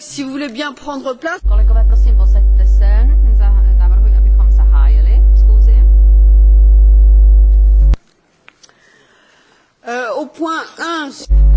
si Kolegové, prosím, posaďte se. Navrhuji, abychom zahájili schůzi. Uh, au point 1.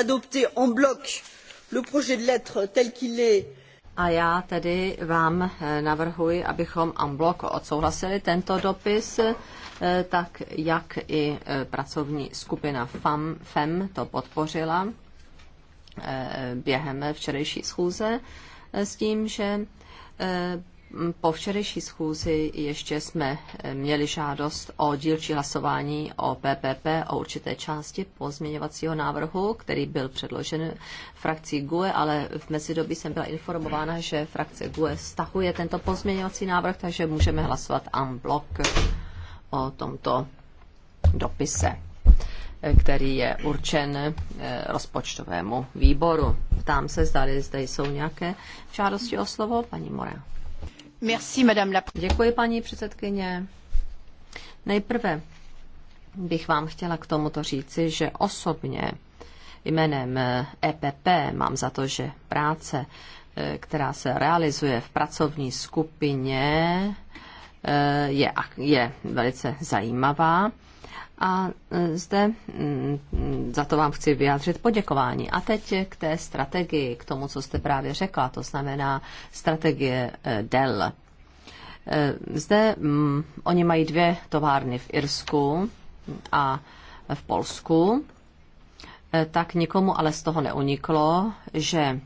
d'adopter en bloc le projet de lettre tel qu'il est. A já tedy vám eh, navrhuji, abychom en bloc odsouhlasili tento dopis, eh, tak jak i eh, pracovní skupina FAM, FEM to podpořila během včerejší schůze s tím, že po včerejší schůzi ještě jsme eh, měli žádost o dílčí hlasování o PPP, o určité části pozměňovacího návrhu, který byl předložen frakcí GUE, ale v mezidobí jsem byla informována, že frakce GUE stahuje tento pozměňovací návrh, takže můžeme hlasovat en bloc o tomto dopise eh, který je určen eh, rozpočtovému výboru. Ptám se, zda zde jsou nějaké žádosti o slovo, paní Mora. Děkuji, paní předsedkyně. Nejprve bych vám chtěla k tomuto říci, že osobně jménem EPP eh, e mám za to, že práce, eh, která se realizuje v pracovní skupině, eh, je, je velice zajímavá a e, zde mm, za to vám chci vyjádřit poděkování. A teď k té strategii, k tomu, co jste právě řekla, to znamená strategie e, Dell. E, zde mm, oni mají dvě továrny v Irsku a v Polsku. Tak nikomu ale z toho neuniklo, že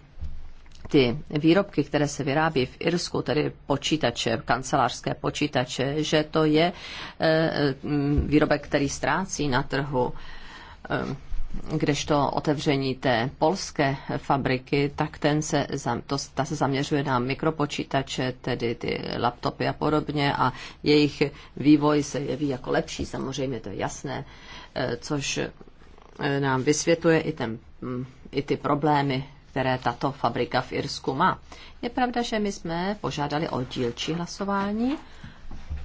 ty výrobky, které se vyrábí v Irsku, tedy počítače, kancelářské počítače, že to je eh, mm, výrobek, který ztrácí na trhu eh, kdežto otevření té polské fabriky, tak ten se, to, ta se zaměřuje na mikropočítače, tedy ty laptopy a podobně a jejich vývoj se jeví jako lepší, samozřejmě to je jasné, eh, což nám vysvětluje i, ten, mm, i ty problémy které tato fabrika v Irsku má. Je pravda, že my jsme požádali o dílčí hlasování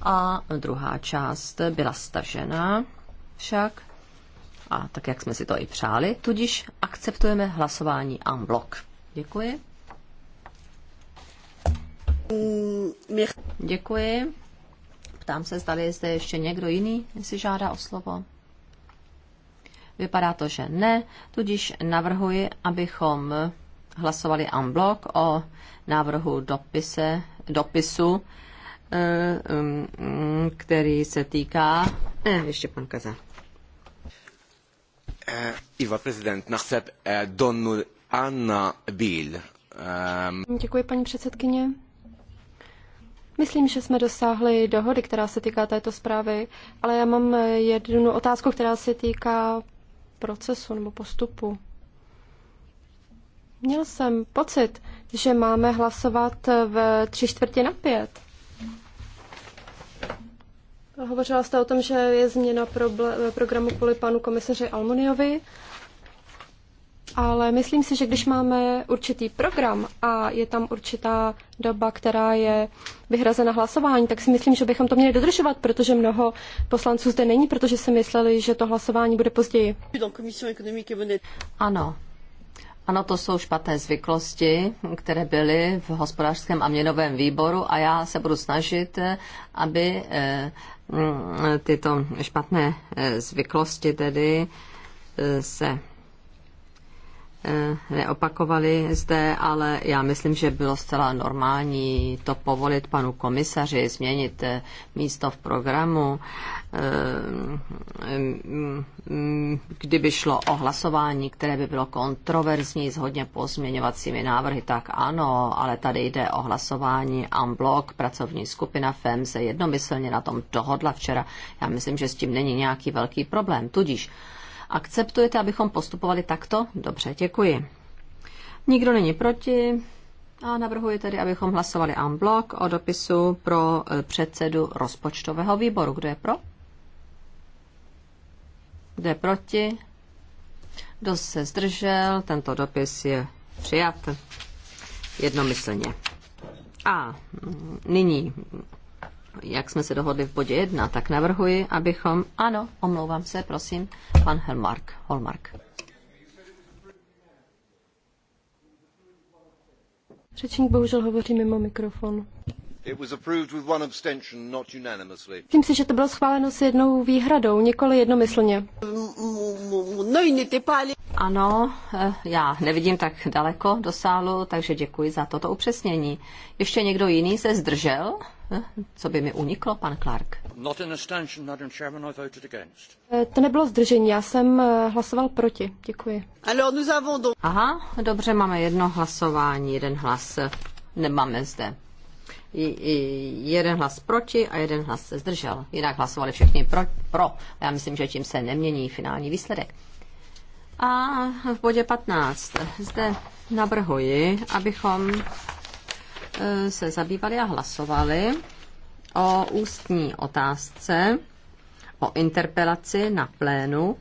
a druhá část byla stažena však, a tak, jak jsme si to i přáli, tudíž akceptujeme hlasování en bloc. Děkuji. Děkuji. Ptám se, zdali je zde ještě někdo jiný, jestli žádá o slovo. Vypadá to, že ne, tudíž navrhuji, abychom hlasovali en bloc o návrhu dopise, dopisu, eh, mm, který se týká... Ne, ještě pan Kaza. Eh, iva prezident, nachseb eh, donu Anna Bíl. Ehm. Děkuji, paní předsedkyně. Myslím, že jsme dosáhli dohody, která se týká této zprávy, ale já mám jednu otázku, která se týká procesu nebo postupu. Měl jsem pocit, že máme hlasovat v tři čtvrtě na pět. Hovořila jste o tom, že je změna programu kvůli panu komisaři Almoniovi ale myslím si, že když máme určitý program a je tam určitá doba, která je vyhrazena hlasování, tak si myslím, že bychom to měli dodržovat, protože mnoho poslanců zde není, protože si mysleli, že to hlasování bude později. Ano. Ano, to jsou špatné zvyklosti, které byly v hospodářském a měnovém výboru a já se budu snažit, aby eh, tyto špatné eh, zvyklosti tedy eh, se Eh, neopakovali zde, ale já myslím, že bylo zcela normální to povolit panu komisaři, změnit eh, místo v programu. Eh, mm, mm, kdyby šlo o hlasování, které by bylo kontroverzní s hodně pozměňovacími návrhy, tak ano, ale tady jde o hlasování Amblok, pracovní skupina FEM se jednomyslně na tom dohodla včera. Já myslím, že s tím není nějaký velký problém. Tudíž Akceptujete, abychom postupovali takto? Dobře, děkuji. Nikdo není proti a navrhuji tedy, abychom hlasovali en bloc o dopisu pro e, předsedu rozpočtového výboru. Kdo je pro? Kdo je proti? Kdo se zdržel? Tento dopis je přijat jednomyslně. A mm, nyní jak jsme se dohodli v bodě 1, tak navrhuji, abychom... Ano, omlouvám se, prosím, pan Helmark. Holmark. Řečník bohužel hovoří mimo mikrofon. Myslím si, že to bylo schváleno s jednou výhradou, nikoli jednomyslně. No ano, eh, já nevidím tak daleko do sálu, takže děkuji za toto upřesnění. Ještě někdo jiný se zdržel? Eh, co by mi uniklo, pan Clark? Eh, to nebylo zdržení, já jsem hlasoval proti. Děkuji. Aha, dobře, máme jedno hlasování, jeden hlas. Nemáme zde jeden hlas proti a jeden hlas se zdržel. Jinak hlasovali všichni pro. pro. Já myslím, že tím se nemění finální výsledek. A v bodě 15 zde navrhuji, abychom e, se zabývali a hlasovali o ústní otázce, o interpelaci na plénu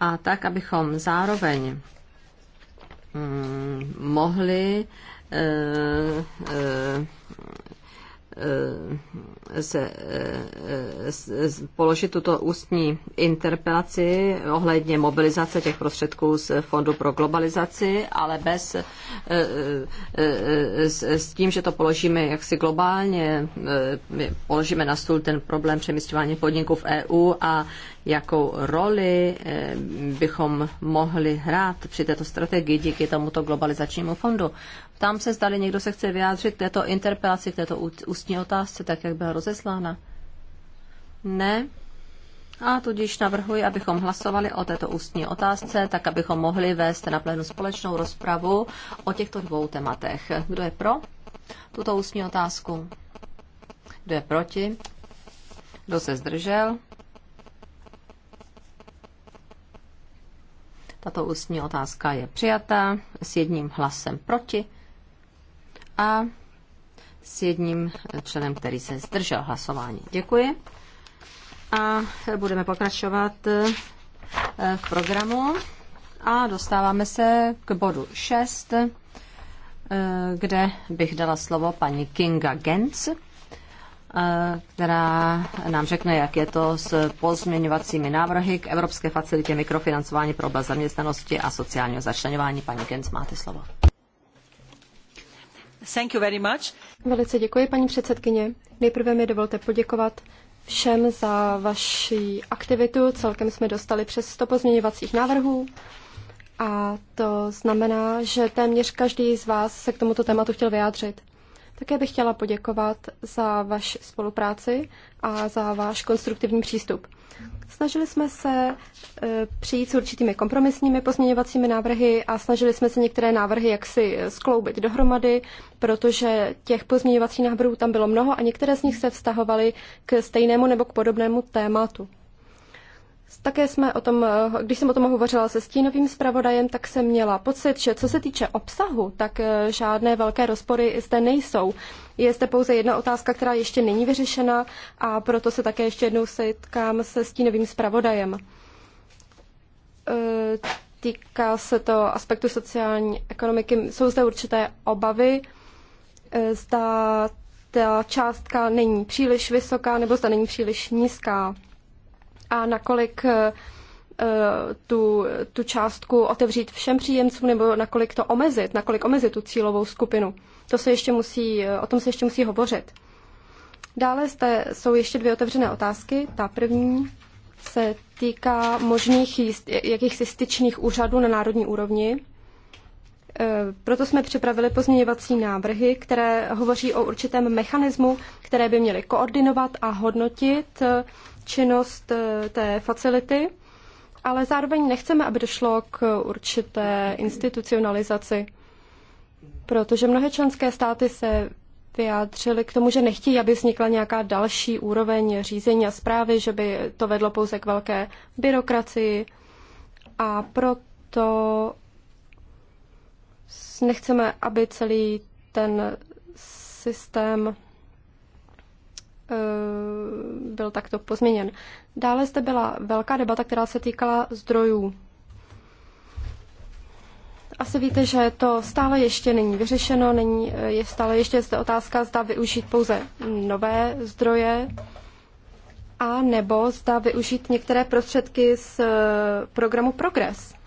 a tak, abychom zároveň mm, mohli e, e, Eh, se, eh, položit tuto ústní interpelaci ohledně mobilizace těch prostředků z Fondu pro globalizaci, ale bez eh, s, s tím, že to položíme jaksi globálně, položíme na stůl ten problém přemysťování podniků v EU a jakou roli bychom mohli hrát při této strategii díky tomuto globalizačnímu fondu. Tam se zdali někdo se chce vyjádřit k této interpelaci, k této ústní otázce, tak jak byla rozeslána. Ne. A tudíž navrhuji, abychom hlasovali o této ústní otázce, tak abychom mohli vést na plénu společnou rozpravu o těchto dvou tématech. Kdo je pro tuto ústní otázku? Kdo je proti? Kdo se zdržel? Tato ústní otázka je přijata s jedním hlasem proti a s jedním členem, který se zdržel hlasování. Děkuji. A budeme pokračovat eh, v programu a dostáváme se k bodu 6, eh, kde bych dala slovo paní Kinga Gens, eh, která nám řekne, jak je to s pozměňovacími návrhy k Evropské facilitě mikrofinancování pro oblast zaměstnanosti a sociálního začlenování. Paní Gens, máte slovo. Thank you very much. Velice děkuji, paní předsedkyně. Nejprve mi dovolte poděkovat všem za vaši aktivitu. Celkem jsme dostali přes 100 pozměňovacích návrhů. A to znamená, že téměř každý z vás se k tomuto tématu chtěl vyjádřit. Také bych chtěla poděkovat za vaši spolupráci a za váš konstruktivní přístup. Snažili jsme se e, přijít s určitými kompromisními pozměňovacími návrhy a snažili jsme se některé návrhy jaksi skloubit dohromady, protože těch pozměňovacích návrhů tam bylo mnoho a některé z nich se vztahovaly k stejnému nebo k podobnému tématu. Také jsme o tom, eh, když jsem o tom hovořila se stínovým zpravodajem, tak jsem měla pocit, že co se týče obsahu, tak eh, žádné velké rozpory zde nejsou. Je zde pouze jedna otázka, která ještě není vyřešena a proto se také ještě jednou setkám se stínovým zpravodajem. Eh, týká se to aspektu sociální ekonomiky. Jsou zde určité obavy, zda ta částka není příliš vysoká nebo zda není příliš nízká a nakolik eh, tu, tu částku otevřít všem příjemcům nebo nakolik to omezit, nakolik omezit tu cílovou skupinu. To se ještě musí, eh, o tom se ještě musí hovořit. Dále jste, jsou ještě dvě otevřené otázky. Ta první se týká možných jakýchsi styčných úřadů na národní úrovni. Eh, proto jsme připravili pozměňovací návrhy, které hovoří o určitém mechanismu, které by měly koordinovat a hodnotit činnost eh, té facility, ale zároveň nechceme, aby došlo k určité institucionalizaci, protože mnohé členské státy se vyjádřili k tomu, že nechtějí, aby vznikla nějaká další úroveň řízení a zprávy, že by to vedlo pouze k velké byrokracii a proto nechceme, aby celý ten systém Eh, byl takto pozměněn. Dále zde byla velká debata, která se týkala zdrojů. Asi víte, že to stále ještě není vyřešeno, není, eh, je stále ještě zde otázka, zda využít pouze nové zdroje, a nebo zda využít některé prostředky z eh, programu Progress.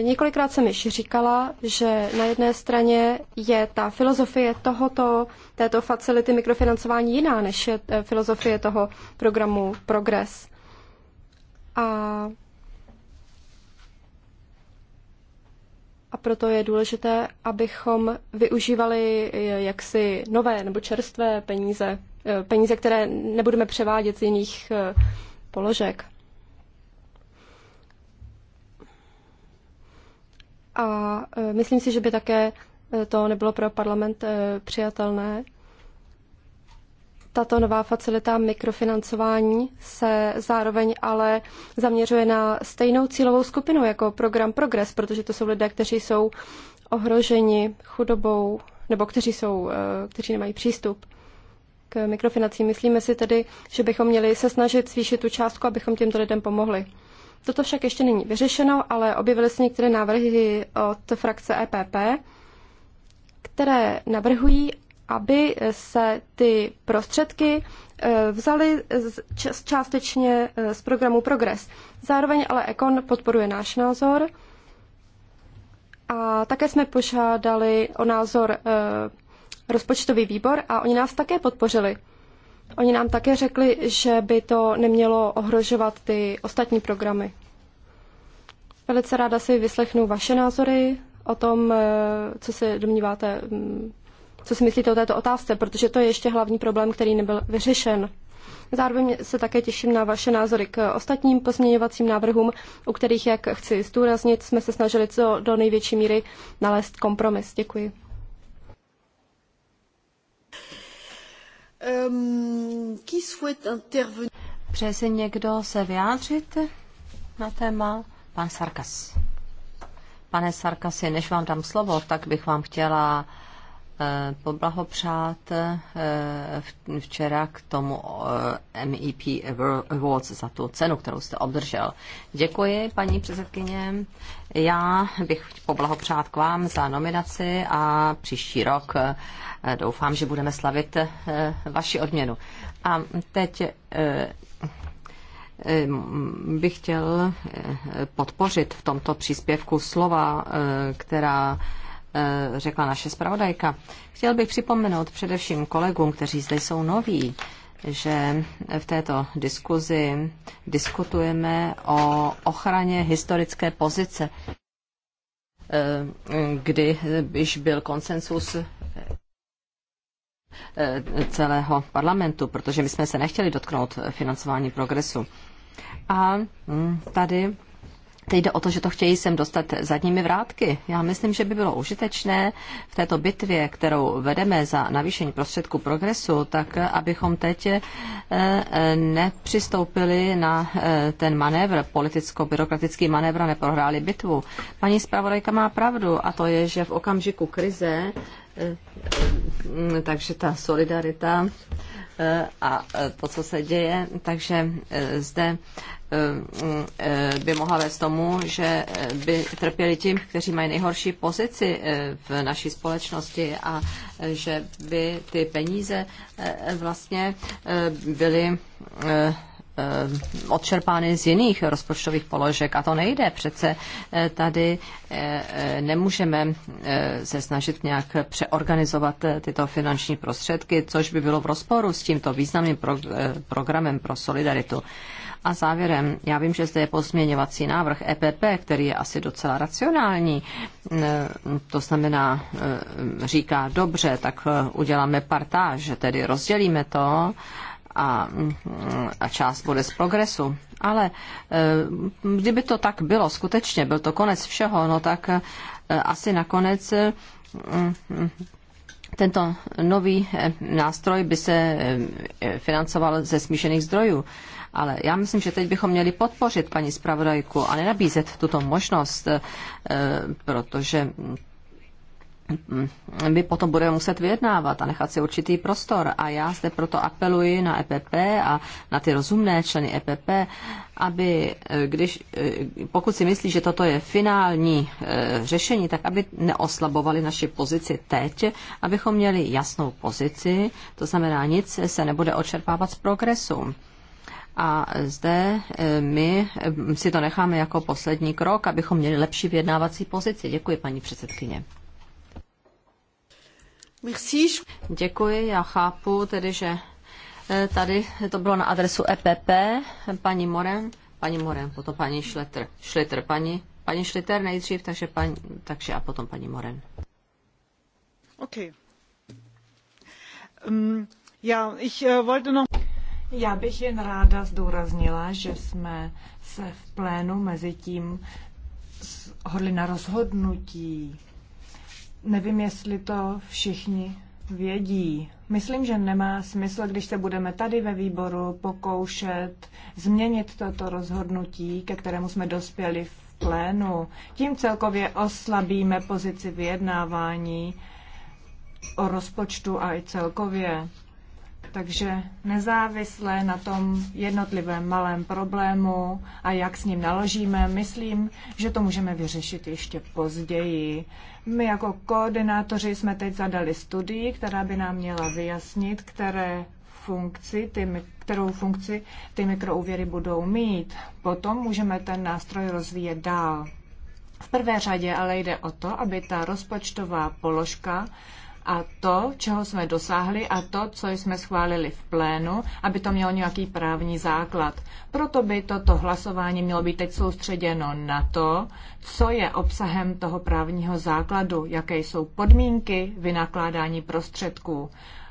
Několikrát jsem již říkala, že na jedné straně je ta filozofie tohoto, této facility mikrofinancování jiná, než je eh, filozofie toho programu Progress. A, a proto je důležité, abychom využívali eh, jaksi nové nebo čerstvé peníze, eh, peníze, které nebudeme převádět z jiných položek. A e, myslím si, že by také e, to nebylo pro parlament e, přijatelné. Tato nová facilita mikrofinancování se zároveň ale zaměřuje na stejnou cílovou skupinu jako program Progress, protože to jsou lidé, kteří jsou ohroženi chudobou nebo kteří, jsou, kteří nemají přístup k mikrofinancím. Myslíme si tedy, že bychom měli se snažit zvýšit tu částku, abychom těmto lidem pomohli. Toto však ještě není vyřešeno, ale objevily se některé návrhy od frakce EPP, které navrhují, aby se ty prostředky e, vzali částečně e, z programu Progress. Zároveň ale Econ podporuje náš názor a také jsme požádali o názor e, rozpočtový výbor a oni nás také podpořili. Oni nám také řekli, že by to nemělo ohrožovat ty ostatní programy. Velice ráda si vyslechnu vaše názory o tom, eh, co si domníváte, mm, co si myslíte o této otázce, protože to je ještě hlavní problém, který nebyl vyřešen. Zároveň se také těším na vaše názory k ostatním pozměňovacím návrhům, u kterých, jak chci zdůraznit, jsme se snažili co do největší míry nalézt kompromis. Děkuji. Přeje si někdo se vyjádřit na téma? Pan Sarkas. Pane Sarkasy, než vám dám slovo, tak bych vám chtěla Eh, poblahopřát eh, včera k tomu eh, MEP Awards za tu cenu, kterou jste obdržel. Děkuji, paní předsedkyně. Já bych poblahopřát k vám za nominaci a příští rok doufám, že budeme slavit vaši odměnu. A teď bych chtěl podpořit v tomto příspěvku slova, která Eh, řekla naše zpravodajka. Chtěl bych připomenout především kolegům, kteří zde jsou noví, že v této diskuzi diskutujeme o ochraně historické pozice, eh, kdy již byl konsensus eh, celého parlamentu, protože my jsme se nechtěli dotknout financování progresu. A hm, tady Teď jde o to, že to chtějí sem dostat zadními vrátky. Já myslím, že by bylo užitečné v této bitvě, kterou vedeme za navýšení prostředků progresu, tak abychom teď eh, nepřistoupili na eh, ten manévr, politicko-byrokratický manévr a neprohráli bitvu. Paní zpravodajka má pravdu a to je, že v okamžiku krize eh, takže ta solidarita a to, co se děje. Takže e, zde e, e, by mohla vést tomu, že by trpěli tím, kteří mají nejhorší pozici v naší společnosti a že by ty peníze vlastně byly Eh, odčerpány z jiných rozpočtových položek a to nejde. Přece eh, tady eh, nemůžeme se snažit nějak přeorganizovat tyto finanční prostředky, což by bylo v rozporu s tímto významným programem pro solidaritu. A závěrem, já vím, že zde je pozměňovací návrh EPP, který je asi docela racionální. To znamená, říká, dobře, tak uděláme partáž, tedy rozdělíme to a, a část bude z progresu. Ale e, kdyby to tak bylo skutečně, byl to konec všeho, no tak e, asi nakonec e, tento nový nástroj by se financoval ze smíšených zdrojů. Ale já myslím, že teď bychom měli podpořit paní zpravodajku a nenabízet tuto možnost, protože my potom budeme muset vyjednávat a nechat si určitý prostor. A já zde proto apeluji na EPP a na ty rozumné členy EPP, aby, eh, když, eh, pokud si myslí, že toto je finální eh, řešení, tak aby neoslabovali naši pozici teď, abychom měli jasnou pozici, to znamená, nic se nebude očerpávat z progresu. A zde my si to necháme jako poslední krok, abychom měli lepší vyjednávací pozici. Děkuji, paní předsedkyně. Merci. Děkuji, já chápu tedy, že eh, tady to bylo na adresu EPP, paní Moren, paní Moren, potom paní Schlitter, Schlitter paní, paní Schlitter nejdřív, takže, paní, takže a potom paní Moren. OK. Um, já, ich, uh, no. noch... Já bych jen ráda zdůraznila, že jsme se v plénu mezi tím hodli na rozhodnutí Nevím, jestli to všichni vědí. Myslím, že nemá smysl, když se budeme tady ve výboru pokoušet změnit toto rozhodnutí, ke kterému jsme dospěli v plénu. Tím celkově oslabíme pozici vyjednávání o rozpočtu a i celkově. Takže nezávisle na tom jednotlivém malém problému a jak s ním naložíme, myslím, že to můžeme vyřešit ještě později. My jako koordinátoři jsme teď zadali studii, která by nám měla vyjasnit, které funkci, ty, kterou funkci ty mikrouvěry budou mít. Potom můžeme ten nástroj rozvíjet dál. V prvé řadě ale jde o to, aby ta rozpočtová položka a to, čeho jsme dosáhli a to, co jsme schválili v plénu, aby to mělo nějaký právní základ. Proto by toto hlasování mělo být teď soustředěno na to, co je obsahem toho právního základu, jaké jsou podmínky vynakládání prostředků.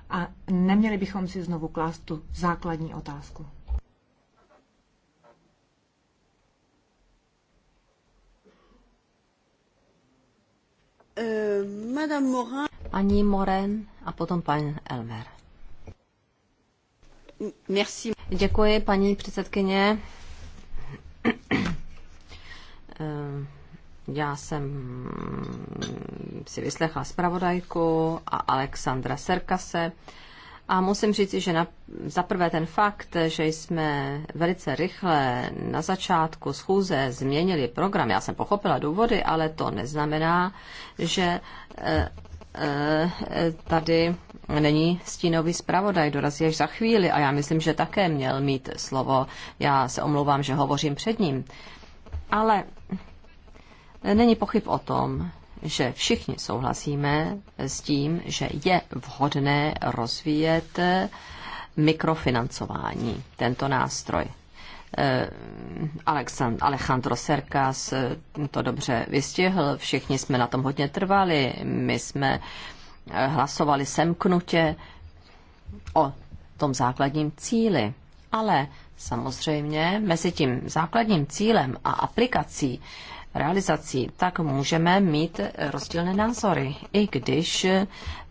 A neměli bychom si znovu klást tu základní otázku. Eh, Madame Morin. Paní Moren a potom pan Elmer. Merci. Děkuji, paní předsedkyně. Eh, já jsem si vyslechla zpravodajku a Alexandra Serkase a musím říct, že na, zaprvé ten fakt, že jsme velice rychle na začátku schůze změnili program, já jsem pochopila důvody, ale to neznamená, že e, e, tady není stínový zpravodaj, dorazí až za chvíli a já myslím, že také měl mít slovo. Já se omlouvám, že hovořím před ním. Ale není pochyb o tom, že všichni souhlasíme s tím, že je vhodné rozvíjet eh, mikrofinancování, tento nástroj. Eh, Alejandro Serkas eh, to dobře vystihl, všichni jsme na tom hodně trvali, my jsme hlasovali semknutě o tom základním cíli. Ale samozřejmě mezi tím základním cílem a aplikací realizací, tak můžeme mít rozdílné názory, i když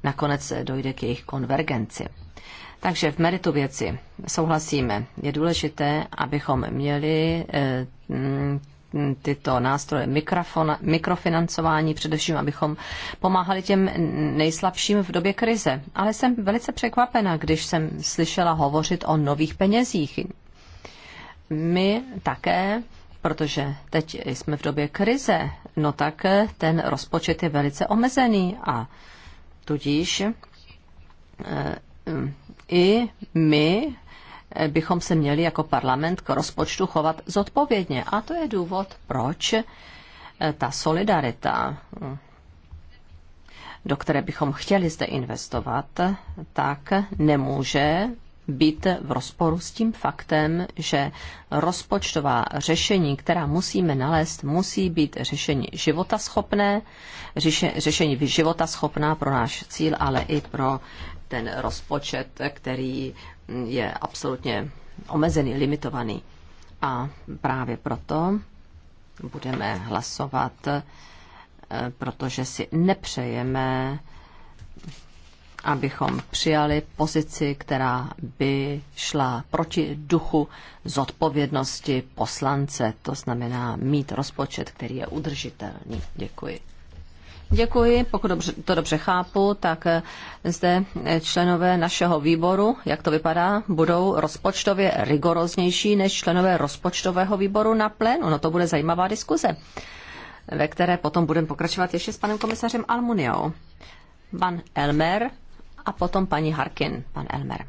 nakonec dojde k jejich konvergenci. Takže v meritu věci souhlasíme. Je důležité, abychom měli eh, mm, tyto nástroje mikrofinancování, především abychom pomáhali těm nejslabším v době krize. Ale jsem velice překvapena, když jsem slyšela hovořit o nových penězích. My také protože teď jsme v době krize, no tak eh, ten rozpočet je velice omezený a tudíž eh, mm, i my eh, bychom se měli jako parlament k rozpočtu chovat zodpovědně. A to je důvod, proč ta solidarita, do které bychom chtěli zde investovat, tak nemůže být v rozporu s tím faktem, že rozpočtová řešení, která musíme nalézt, musí být řešení života schopné, řešení života schopná pro náš cíl, ale i pro ten rozpočet, který je absolutně omezený, limitovaný. A právě proto budeme hlasovat, eh, protože si nepřejeme abychom přijali pozici, která by šla proti duchu zodpovědnosti poslance, to znamená mít rozpočet, který je udržitelný. Děkuji. Děkuji. Pokud to dobře chápu, tak eh, zde eh, členové našeho výboru, jak to vypadá, budou rozpočtově rigoroznější než členové rozpočtového výboru na plénu. No to bude zajímavá diskuze, ve které potom budeme pokračovat ještě s panem komisařem Almuniou. Pan Elmer a potom paní Harkin, pan Elmer.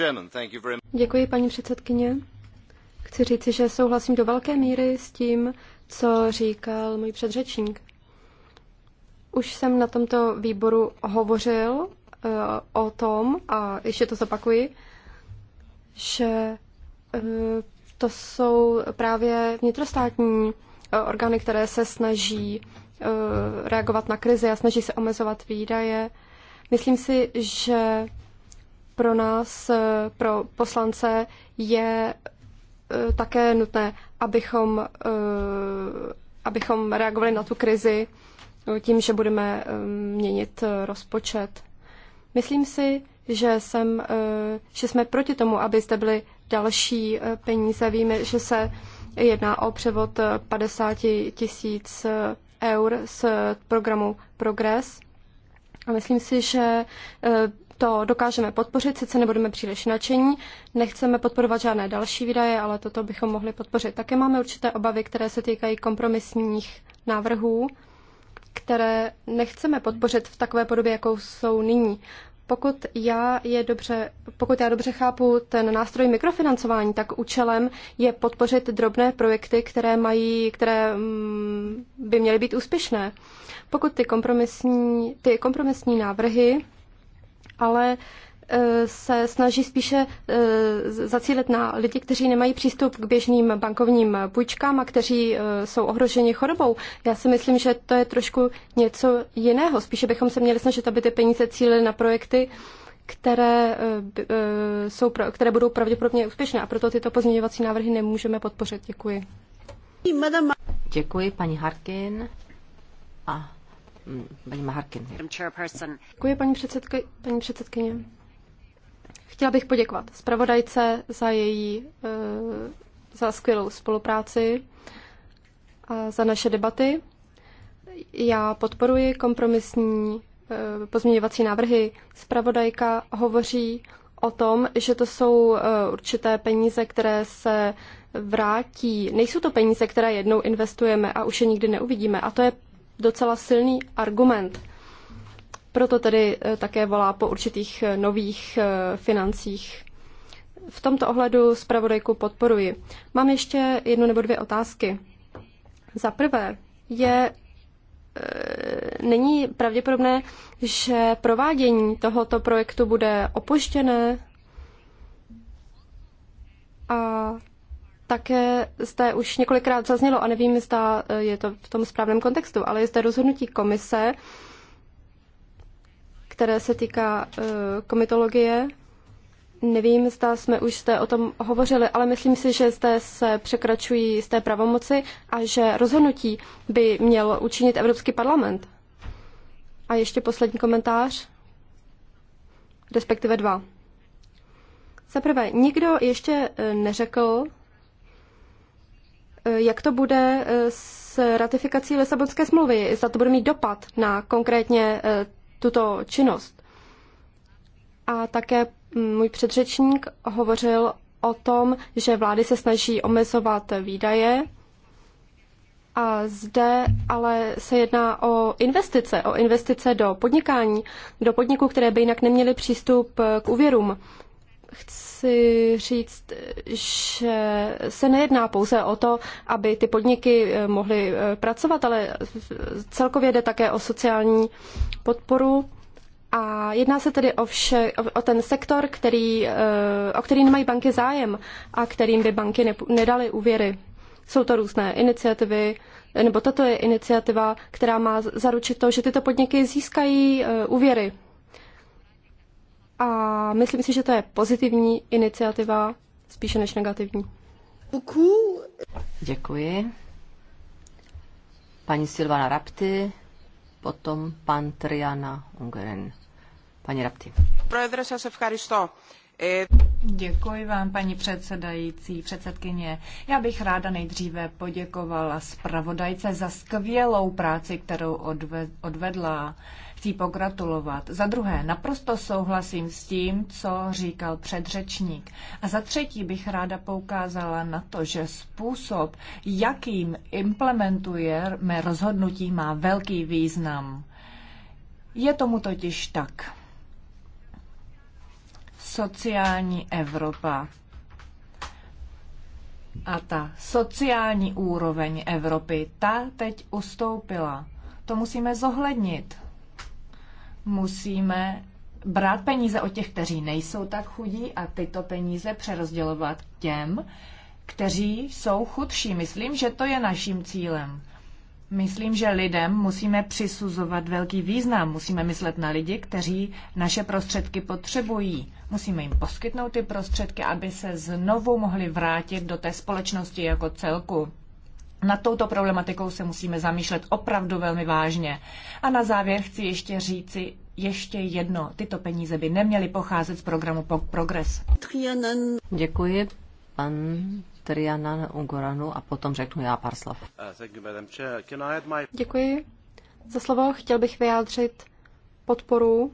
Um, Děkuji, paní předsedkyně. Chci říci, že souhlasím do velké míry s tím, co říkal můj předřečník. Už jsem na tomto výboru hovořil uh, o tom, a ještě to zopakuji, že uh, to jsou právě vnitrostátní uh, orgány, které se snaží Eh, reagovat na krize a snaží se omezovat výdaje. Myslím si, že pro nás, eh, pro poslance, je eh, také nutné, abychom, abychom reagovali na tu krizi tím, že budeme měnit rozpočet. Myslím si, že, jsem, že jsme proti tomu, aby zde byly další peníze. Víme, že se jedná o převod 50 tisíc eur z programu Progress. A myslím si, že e, to dokážeme podpořit, sice nebudeme příliš nadšení, nechceme podporovat žádné další výdaje, ale toto bychom mohli podpořit. Také máme určité obavy, které se týkají kompromisních návrhů, které nechceme podpořit v takové podobě, jakou jsou nyní. Pokud já, je dobře, pokud já dobře chápu ten nástroj mikrofinancování, tak účelem je podpořit drobné projekty, které, mají, které mm, by měly být úspěšné. Pokud ty kompromisní, ty kompromisní návrhy ale Eh, se snaží spíše eh, zacílit na lidi, kteří nemají přístup k běžným bankovním půjčkám a kteří eh, jsou ohroženi chorobou. Já si myslím, že to je trošku něco jiného. Spíše bychom se měli snažit, aby ty peníze cílily na projekty, které, jsou, které budou pravděpodobně úspěšné a proto tyto pozměňovací návrhy nemůžeme podpořit. Děkuji. Děkuji, paní Harkin. A mm, paní Harkin. Děkuji, paní, předsedky, paní předsedkyně. Chtěla bych poděkovat zpravodajce za její eh, za skvělou spolupráci a za naše debaty. Já podporuji kompromisní eh, pozměňovací návrhy. Spravodajka hovoří o tom, že to jsou eh, určité peníze, které se vrátí. Nejsou to peníze, které jednou investujeme a už je nikdy neuvidíme. A to je docela silný argument proto tedy eh, také volá po určitých eh, nových eh, financích. V tomto ohledu zpravodajku podporuji. Mám ještě jednu nebo dvě otázky. Za prvé, je není pravděpodobné, že provádění tohoto projektu bude opuštěné a také zde už několikrát zaznělo, a nevím, zda je to v tom správném kontextu, ale je zde rozhodnutí komise, které se týká eh, komitologie. Nevím, zda jsme už jste o tom hovořili, ale myslím si, že zde se překračují z té pravomoci a že rozhodnutí by měl učinit Evropský parlament. A ještě poslední komentář, respektive dva. Za prvé, nikdo ještě eh, neřekl, eh, jak to bude s ratifikací Lisabonské smlouvy, zda to bude mít dopad na konkrétně tuto činnost. A také můj předřečník hovořil o tom, že vlády se snaží omezovat výdaje a zde ale se jedná o investice, o investice do podnikání, do podniků, které by jinak neměly přístup k úvěrům chci říct, že se nejedná pouze o to, aby ty podniky eh, mohly eh, pracovat, ale celkově jde také o sociální podporu. A jedná se tedy o, vše, o ten sektor, který, eh, o který nemají banky zájem a kterým by banky nedaly úvěry. Jsou to různé iniciativy, nebo toto je iniciativa, která má zaručit to, že tyto podniky získají úvěry a myslím si, že to je pozitivní iniciativa, spíše než negativní. Děkuji. Paní Silvana Rapty, potom pan Triana Ungeren. Paní Rapty. se Děkuji vám, paní předsedající, předsedkyně. Já bych ráda nejdříve poděkovala zpravodajce za skvělou práci, kterou odvedla chci pogratulovat. Za druhé, naprosto souhlasím s tím, co říkal předřečník. A za třetí bych ráda poukázala na to, že způsob, jakým implementujeme rozhodnutí, má velký význam. Je tomu totiž tak. Sociální Evropa a ta sociální úroveň Evropy, ta teď ustoupila. To musíme zohlednit musíme brát peníze od těch, kteří nejsou tak chudí a tyto peníze přerozdělovat těm, kteří jsou chudší. Myslím, že to je naším cílem. Myslím, že lidem musíme přisuzovat velký význam. Musíme myslet na lidi, kteří naše prostředky potřebují. Musíme jim poskytnout ty prostředky, aby se znovu mohli vrátit do té společnosti jako celku. Nad touto problematikou se musíme zamýšlet opravdu velmi vážně. A na závěr chci ještě říci ještě jedno. Tyto peníze by neměly pocházet z programu Progress. Děkuji, pan Trianan Ugoranu a potom řeknu já pár slov. Uh, Děkuji za slovo. Chtěl bych vyjádřit podporu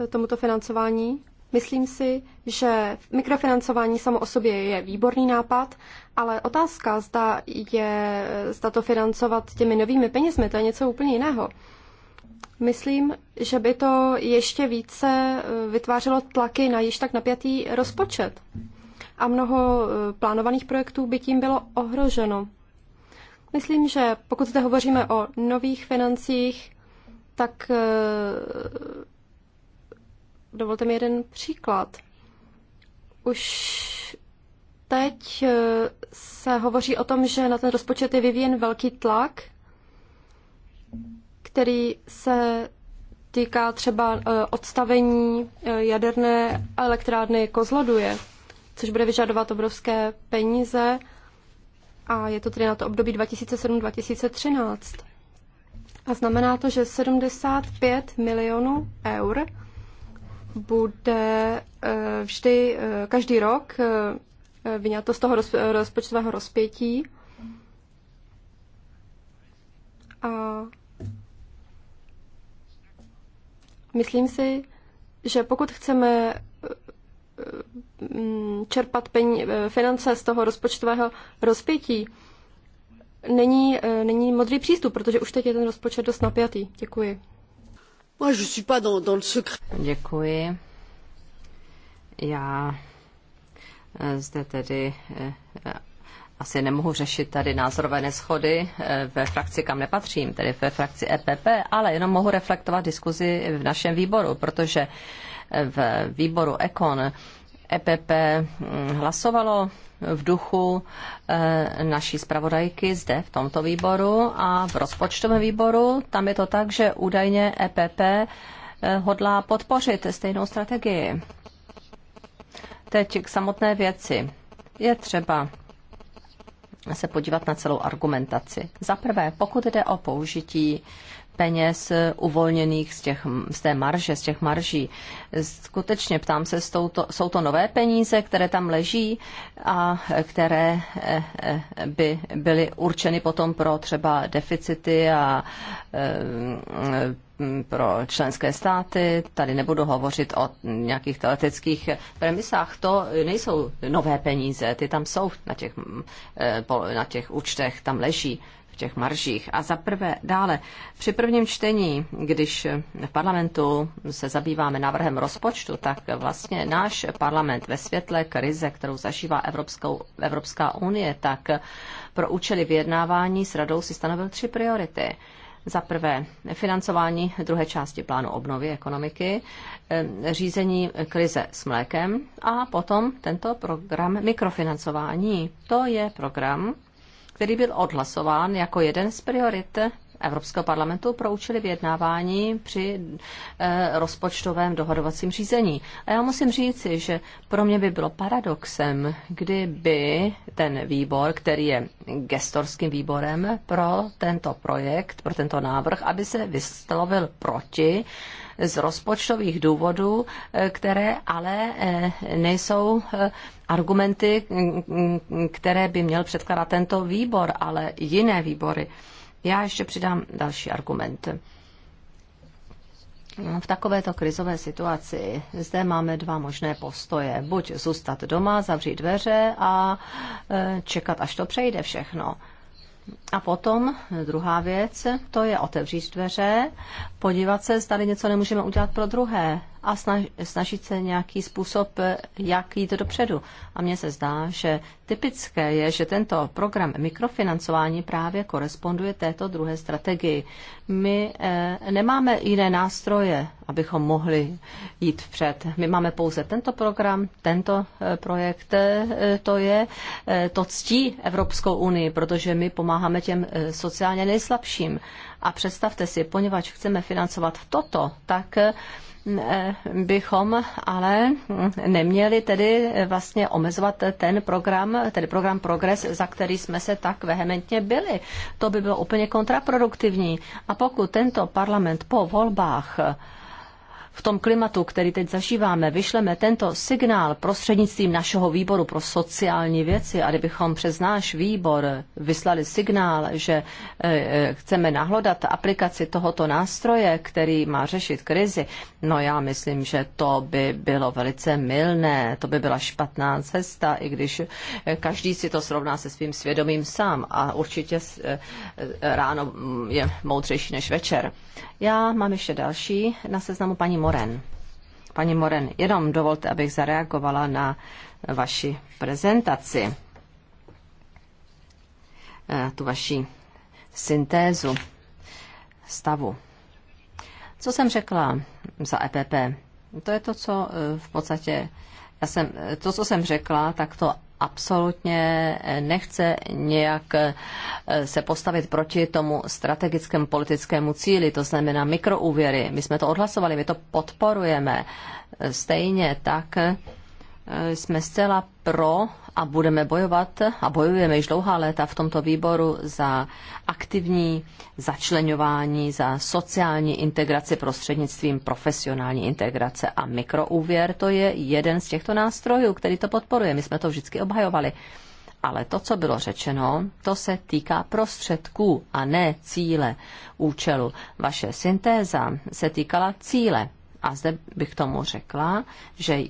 eh, tomuto financování Myslím si, že mikrofinancování samo o sobě je výborný nápad, ale otázka, zda, je, zda to financovat těmi novými penězmi, to je něco úplně jiného. Myslím, že by to ještě více eh, vytvářelo tlaky na již tak napjatý rozpočet. A mnoho eh, plánovaných projektů by tím bylo ohroženo. Myslím, že pokud zde hovoříme o nových financích, tak eh, dovolte mi jeden příklad. Už teď eh, se hovoří o tom, že na ten rozpočet je vyvíjen velký tlak, který se týká třeba eh, odstavení eh, jaderné elektrárny Kozloduje, což bude vyžadovat obrovské peníze a je to tedy na to období 2007-2013. A znamená to, že 75 milionů eur bude eh, vždy, eh, každý rok eh, vyňato z toho rozpočtového rozpětí. A myslím si, že pokud chceme mm, čerpat finance z toho rozpočtového rozpětí, není, není modrý přístup, protože už teď je ten rozpočet dost napjatý. Děkuji. Moi, je suis pas dans, dans le secret. Děkuji. Já eh, zde tedy eh, asi nemohu řešit tady názorové neschody eh, ve frakci, kam nepatřím, tedy ve frakci EPP, ale jenom mohu reflektovat diskuzi v našem výboru, protože v výboru Ekon EPP hm, hlasovalo v duchu eh, naší zpravodajky zde v tomto výboru a v rozpočtovém výboru. Tam je to tak, že údajně EPP eh, hodlá podpořit stejnou strategii. Teď k samotné věci. Je třeba se podívat na celou argumentaci. Za prvé, pokud jde o použití peněz uvolněných z, těch, z té marže, z těch marží. Skutečně ptám se, jsou to, jsou to nové peníze, které tam leží a které eh, eh, by byly určeny potom pro třeba deficity a eh, pro členské státy. Tady nebudu hovořit o nějakých teoretických premisách. To nejsou nové peníze, ty tam jsou na těch, na těch účtech, tam leží v těch maržích. A za prvé, dále, při prvním čtení, když v parlamentu se zabýváme návrhem rozpočtu, tak vlastně náš parlament ve světle krize, kterou zažívá Evropskou, Evropská unie, tak pro účely vyjednávání s radou si stanovil tři priority. Za prvé financování druhé části plánu obnovy ekonomiky, eh, řízení krize s mlékem a potom tento program mikrofinancování. To je program, který byl odhlasován jako jeden z priorit Evropského parlamentu pro účely vyjednávání při eh, rozpočtovém dohodovacím řízení. A já musím říci, že pro mě by bylo paradoxem, kdyby ten výbor, který je gestorským výborem pro tento projekt, pro tento návrh, aby se vyslovil proti z rozpočtových důvodů, eh, které ale eh, nejsou eh, argumenty, mm, které by měl předkládat tento výbor, ale jiné výbory. Já ještě přidám další argument. V takovéto krizové situaci zde máme dva možné postoje. Buď zůstat doma, zavřít dveře a čekat, až to přejde všechno. A potom druhá věc, to je otevřít dveře, podívat se, zda něco nemůžeme udělat pro druhé a snažit se nějaký způsob, jak jít dopředu. A mně se zdá, že typické je, že tento program mikrofinancování právě koresponduje této druhé strategii. My eh, nemáme jiné nástroje abychom mohli jít vpřed. My máme pouze tento program, tento e, projekt, e, to je, e, to ctí Evropskou unii, protože my pomáháme těm sociálně nejslabším. A představte si, poněvadž chceme financovat toto, tak bychom ale neměli tedy vlastně omezovat ten program, tedy program Progres, za který jsme se tak vehementně byli. To by bylo úplně kontraproduktivní. A pokud tento parlament po volbách v tom klimatu, který teď zažíváme, vyšleme tento signál prostřednictvím našeho výboru pro sociální věci a kdybychom přes náš výbor vyslali signál, že eh, eh, chceme nahlodat aplikaci tohoto nástroje, který má řešit krizi, no já myslím, že to by bylo velice milné, to by byla špatná cesta, i když eh, každý si to srovná se svým svědomím sám a určitě ráno mm, je moudřejší než večer. Já mám ještě další na seznamu paní Moren. Paní Moren, jenom dovolte, abych zareagovala na vaši prezentaci, eh, tu vaši syntézu stavu. Co jsem řekla za EPP? To je to, co eh, v podstatě, já jsem, eh, to, co jsem řekla, tak to absolutně nechce nějak eh, se postavit proti tomu strategickému politickému cíli, to znamená mikroúvěry. My jsme to odhlasovali, my to podporujeme. Stejně tak eh, jsme zcela pro a budeme bojovat a bojujeme již dlouhá léta v tomto výboru za aktivní začlenování, za sociální integraci prostřednictvím profesionální integrace a mikroúvěr. To je jeden z těchto nástrojů, který to podporuje. My jsme to vždycky obhajovali. Ale to, co bylo řečeno, to se týká prostředků a ne cíle účelu. Vaše syntéza se týkala cíle. A zde bych tomu řekla, že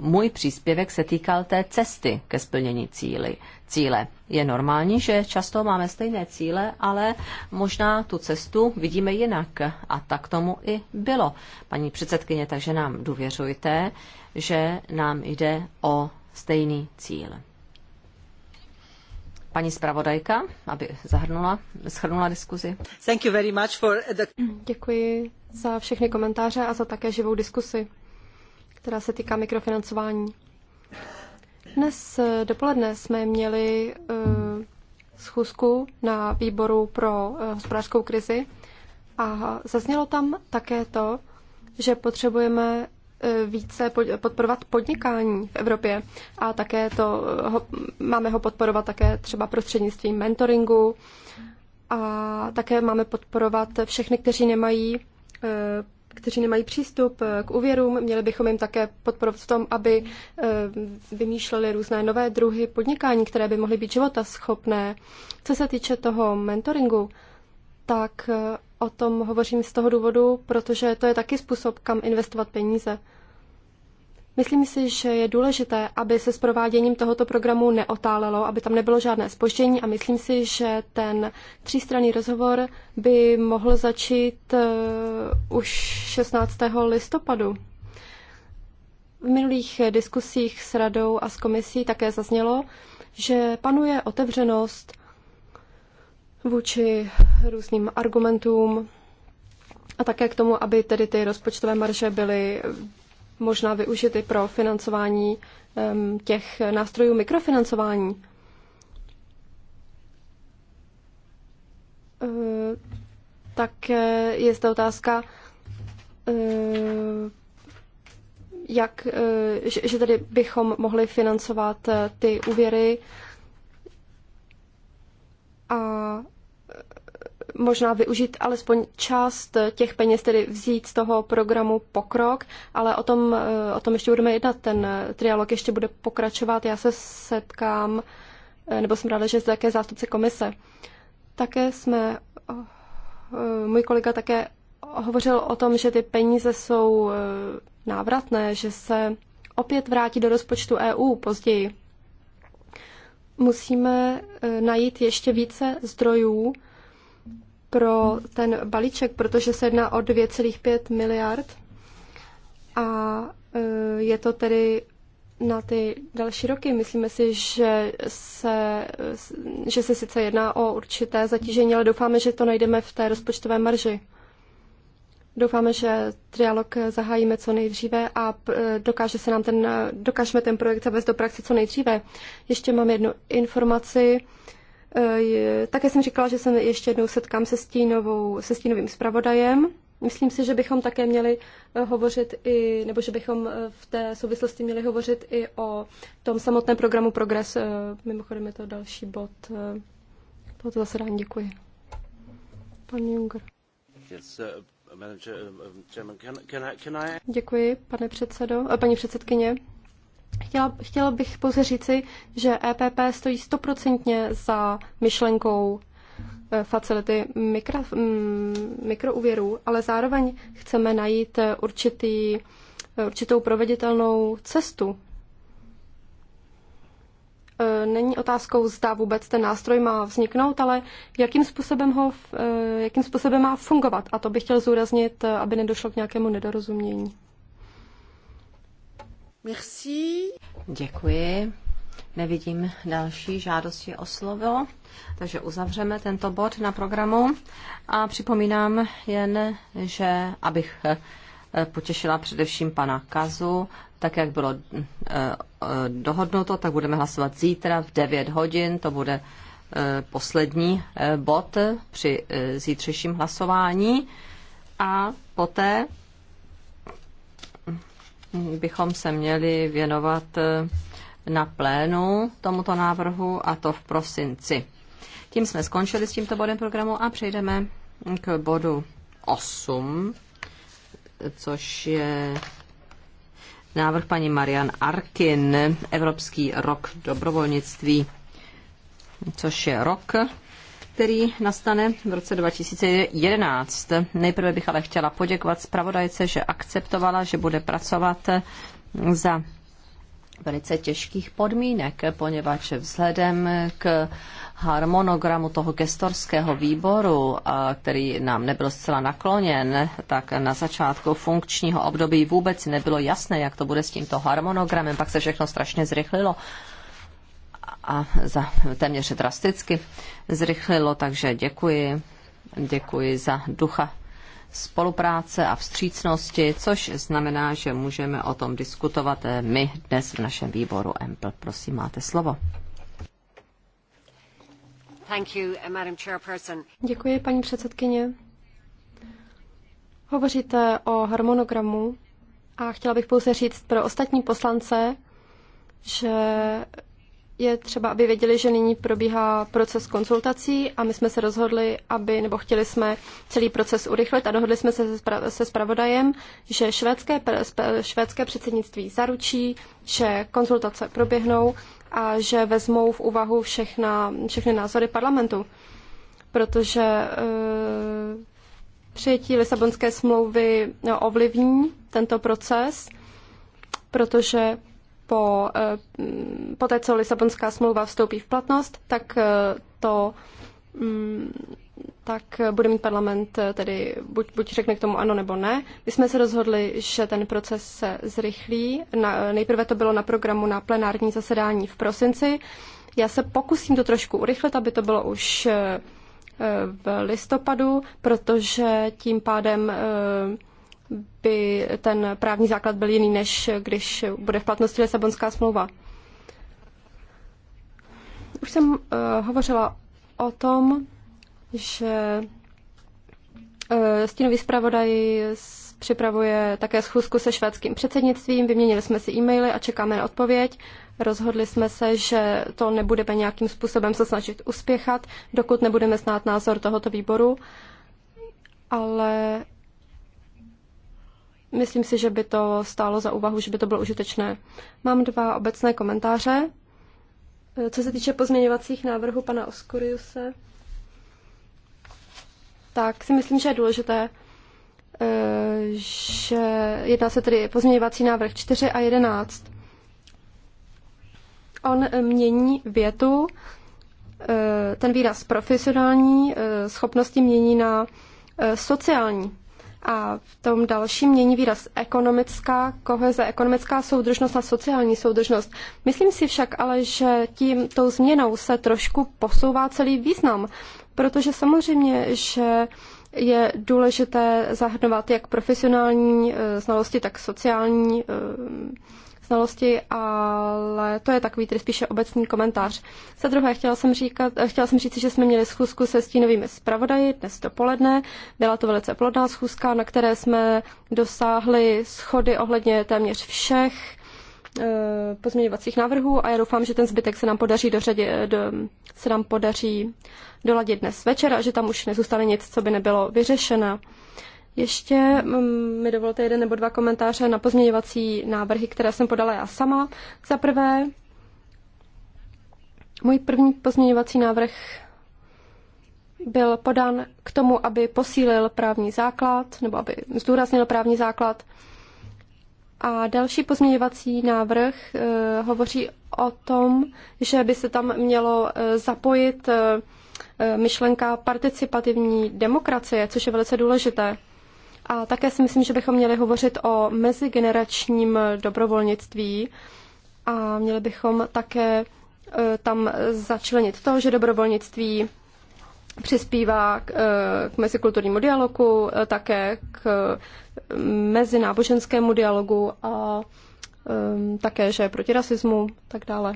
můj příspěvek se týkal té cesty ke splnění cíly, cíle. Je normální, že často máme stejné cíle, ale možná tu cestu vidíme jinak. A tak tomu i bylo, paní předsedkyně, takže nám důvěřujte, že nám jde o stejný cíl. Paní zpravodajka, aby zahrnula, schrnula diskuzi. Thank you very much for the... Děkuji za všechny komentáře a za také živou diskusi která se týká mikrofinancování. Dnes eh, dopoledne jsme měli eh, schůzku na výboru pro eh, hospodářskou krizi a zaznělo tam také to, že potřebujeme více podporovat podnikání v Evropě a také to ho, máme ho podporovat také třeba prostřednictvím mentoringu a také máme podporovat všechny, kteří nemají kteří nemají přístup eh, k úvěrům. Měli bychom jim také podporovat v tom, aby eh, vymýšleli různé nové druhy podnikání, které by mohly být života schopné. Co se týče toho mentoringu, tak eh, o tom hovořím z toho důvodu, protože to je taky způsob, kam investovat peníze. Myslím si, že je důležité, aby se s prováděním tohoto programu neotálelo, aby tam nebylo žádné spoždění a myslím si, že ten třístranný rozhovor by mohl začít eh, už 16. listopadu. V minulých diskusích s radou a s komisí také zaznělo, že panuje otevřenost vůči různým argumentům a také k tomu, aby tedy ty rozpočtové marže byly možná využit i pro financování těch nástrojů mikrofinancování. E, tak e, je zde otázka, e, jak, že tady bychom mohli financovat ty úvěry a možná využít alespoň část těch peněz, tedy vzít z toho programu pokrok, ale o tom, eh, o tom ještě budeme jednat. Ten eh, trialog ještě bude pokračovat. Já se setkám, eh, nebo jsem ráda, že zde také zástupce komise. Také jsme, můj kolega také hovořil o tom, že ty peníze jsou návratné, že se opět vrátí do rozpočtu EU později. Musíme najít ještě více zdrojů, pro ten balíček, protože se jedná o 2,5 miliard a e, je to tedy na ty další roky. Myslíme si, že se, e, že se sice jedná o určité zatížení, ale doufáme, že to najdeme v té rozpočtové marži. Doufáme, že trialog zahájíme co nejdříve a e, dokáže se nám ten, dokážeme ten projekt zavést do praxe co nejdříve. Ještě mám jednu informaci. Eh, také jsem říkala, že se ještě jednou setkám se, stínovou, se stínovým zpravodajem. Myslím si, že bychom také měli eh, hovořit i, nebo že bychom eh, v té souvislosti měli hovořit i o tom samotném programu Progress. Mimochodem je to další bod zase rád Děkuji. Pan Junger. Děkuji, pane předsedo, paní předsedkyně. Chtěla, chtěla bych pouze říci, že EPP stojí stoprocentně za myšlenkou eh, facility mikro, mm, mikrouvěrů, ale zároveň chceme najít eh, určitý, eh, určitou proveditelnou cestu. Není otázkou, zda vůbec ten nástroj má vzniknout, ale jakým způsobem, ho, jakým způsobem má fungovat. A to bych chtěl zúraznit, aby nedošlo k nějakému nedorozumění. Merci. Děkuji. Nevidím další žádosti o slovo, takže uzavřeme tento bod na programu a připomínám jen, že abych eh, potěšila především pana Kazu, tak jak bylo eh, eh, dohodnuto, tak budeme hlasovat zítra v 9 hodin, to bude poslední bod při zítřejším hlasování a poté bychom se měli věnovat eh, na plénu tomuto návrhu a to v prosinci. Tím jsme skončili s tímto bodem programu a přejdeme k bodu 8, což je návrh paní Marian Arkin, Evropský rok dobrovolnictví, což je rok, který nastane v roce 2011. Nejprve bych ale chtěla poděkovat zpravodajce, že akceptovala, že bude pracovat za velice těžkých podmínek, poněvadž vzhledem k harmonogramu toho gestorského výboru, který nám nebyl zcela nakloněn, tak na začátku funkčního období vůbec nebylo jasné, jak to bude s tímto harmonogramem, pak se všechno strašně zrychlilo a za, téměř drasticky zrychlilo, takže děkuji. Děkuji za ducha spolupráce a vstřícnosti, což znamená, že můžeme o tom diskutovat my dnes v našem výboru EMPL. Prosím, máte slovo. Děkuji, paní předsedkyně. Hovoříte o harmonogramu a chtěla bych pouze říct pro ostatní poslance, že je třeba, aby věděli, že nyní probíhá proces konzultací a my jsme se rozhodli, aby, nebo chtěli jsme celý proces urychlit a dohodli jsme se se spravodajem, že švédské, švédské předsednictví zaručí, že konzultace proběhnou a že vezmou v úvahu všechna, všechny názory parlamentu. Protože e, přijetí Lisabonské smlouvy no, ovlivní tento proces, protože po, eh, po té, co Lisabonská smlouva vstoupí v platnost, tak eh, to mm, tak bude mít parlament eh, tedy buď, buď řekne k tomu ano nebo ne. My jsme se rozhodli, že ten proces se zrychlí. Na, nejprve to bylo na programu na plenární zasedání v prosinci. Já se pokusím to trošku urychlit, aby to bylo už v listopadu, protože tím pádem by ten právní základ byl jiný, než když bude v platnosti Lisabonská smlouva. Už jsem uh, hovořila o tom, že uh, stínový zpravodaj připravuje také schůzku se švédským předsednictvím, vyměnili jsme si e-maily a čekáme na odpověď. Rozhodli jsme se, že to nebudeme nějakým způsobem se snažit uspěchat, dokud nebudeme znát názor tohoto výboru, ale Myslím si, že by to stálo za úvahu, že by to bylo užitečné. Mám dva obecné komentáře. Co se týče pozměňovacích návrhů pana Oskuriuse, tak si myslím, že je důležité, eh, že jedná se tedy pozměňovací návrh 4 a 11. On mění větu, eh, ten výraz profesionální eh, schopnosti mění na sociální. A v tom dalším mění výraz ekonomická koheze, ekonomická soudržnost a sociální soudržnost. Myslím si však ale, že tím tou změnou se trošku posouvá celý význam, protože samozřejmě, že je důležité zahrnovat jak profesionální eh, znalosti, tak sociální eh, znalosti, ale to je takový tedy spíše obecný komentář. Za druhé, chtěla jsem, říkat, chtěla jsem říct, že jsme měli schůzku se stínovými zpravodaji dnes dopoledne. Byla to velice plodná schůzka, na které jsme dosáhli schody ohledně téměř všech eh, pozměňovacích návrhů a já doufám, že ten zbytek se nám podaří řadě, do, se nám podaří doladit dnes večer a že tam už nezůstane nic, co by nebylo vyřešeno. Ještě mm, mi dovolte jeden nebo dva komentáře na pozměňovací návrhy, které jsem podala já sama. Za prvé, můj první pozměňovací návrh byl podán k tomu, aby posílil právní základ, nebo aby zdůraznil právní základ. A další pozměňovací návrh e, hovoří o tom, že by se tam mělo e, zapojit e, myšlenka participativní demokracie, což je velice důležité. A také si myslím, že bychom měli hovořit o mezigeneračním dobrovolnictví a měli bychom také e, tam začlenit to, že dobrovolnictví přispívá k, e, k mezikulturnímu dialogu, e, také k mezináboženskému dialogu a také, že je proti rasismu a tak dále.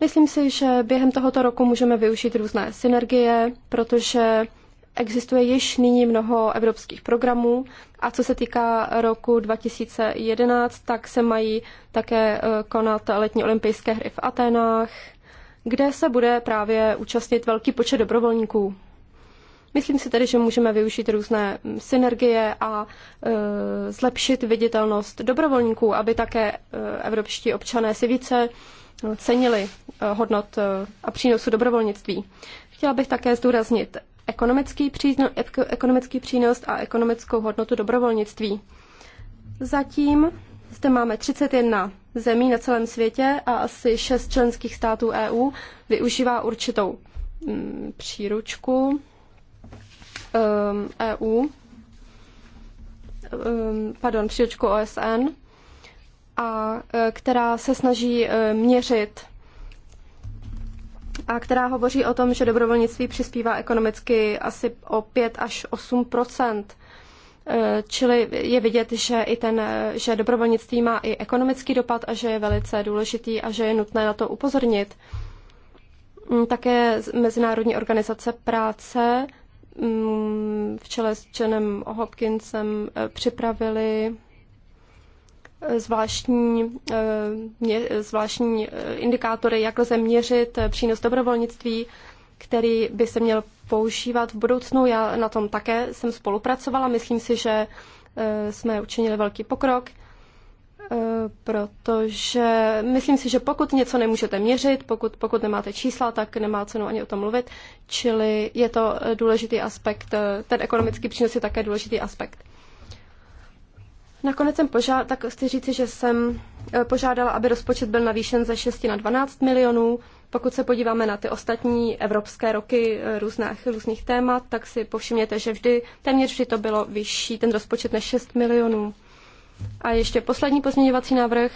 Myslím si, že během tohoto roku můžeme využít různé synergie, protože Existuje již nyní mnoho evropských programů a co se týká roku 2011, tak se mají také eh, konat letní olympijské hry v Atenách, kde se bude právě účastnit velký počet dobrovolníků. Myslím si tedy, že můžeme využít různé mm, synergie a e, zlepšit viditelnost dobrovolníků, aby také eh, evropští občané si více cenili hodnot a přínosu dobrovolnictví. Chtěla bych také zdůraznit ekonomický, přízno, ekonomický přínos a ekonomickou hodnotu dobrovolnictví. Zatím zde máme 31 zemí na celém světě a asi 6 členských států EU využívá určitou mm, příručku um, ehm, EU, um, ehm, pardon, příručku OSN, a e, která se snaží e, měřit a která hovoří o tom, že dobrovolnictví přispívá ekonomicky asi o 5 až 8 e, Čili je vidět, že, i ten, že dobrovolnictví má i ekonomický dopad a že je velice důležitý a že je nutné na to upozornit. Mm, také Mezinárodní organizace práce mm, v čele s Janem Hopkinsem e, připravili zvláštní, eh, zvláštní eh, indikátory, jak lze měřit eh, přínos dobrovolnictví, který by se měl používat v budoucnu. Já na tom také jsem spolupracovala. Myslím si, že jsme učinili velký pokrok, protože myslím si, že pokud něco nemůžete měřit, pokud, pokud nemáte čísla, tak nemá cenu ani o tom mluvit. Čili je to důležitý aspekt, ten ekonomický přínos je také důležitý aspekt. Nakonec jsem požádala, tak chci říci, že jsem eh, požádala, aby rozpočet byl navýšen ze 6 na 12 milionů. Pokud se podíváme na ty ostatní evropské roky eh, různých, různých témat, tak si povšimněte, že vždy, téměř vždy to bylo vyšší, ten rozpočet než 6 milionů. A ještě poslední pozměňovací návrh.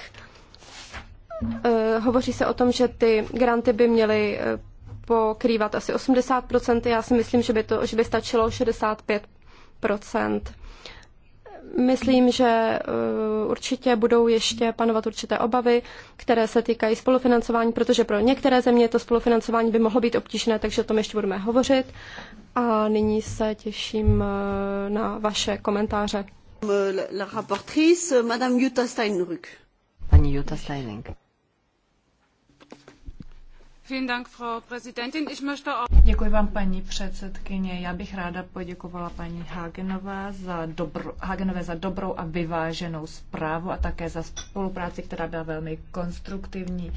Eh, hovoří se o tom, že ty granty by měly pokrývat asi 80%. Já si myslím, že by, to, že by stačilo 65%. Myslím, že e, určitě budou ještě panovat určité obavy, které se týkají spolufinancování, protože pro některé země to spolufinancování by mohlo být obtížné, takže o tom ještě budeme hovořit. A nyní se těším e, na vaše komentáře. Euh, la rapportrice, Madame Jutta Steinruck. Paní Jutta Steinruck. Děkuji vám, paní předsedkyně. Já bych ráda poděkovala paní Hagenové za, dobro, Hagenové za dobrou a vyváženou zprávu a také za spolupráci, která byla velmi konstruktivní.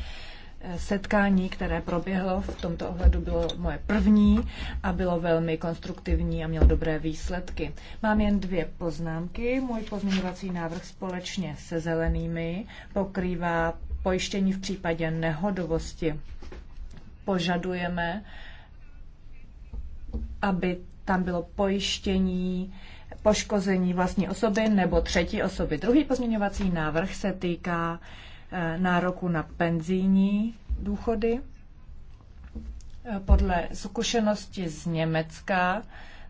Eh, setkání, které proběhlo v tomto ohledu, bylo moje první a bylo velmi konstruktivní a mělo dobré výsledky. Mám jen dvě poznámky. Můj pozměňovací návrh společně se zelenými pokrývá pojištění v případě nehodovosti požadujeme, aby tam bylo pojištění, poškození vlastní osoby nebo třetí osoby. Druhý pozměňovací návrh se týká eh, nároku na penzijní důchody. Eh, podle zkušenosti z Německa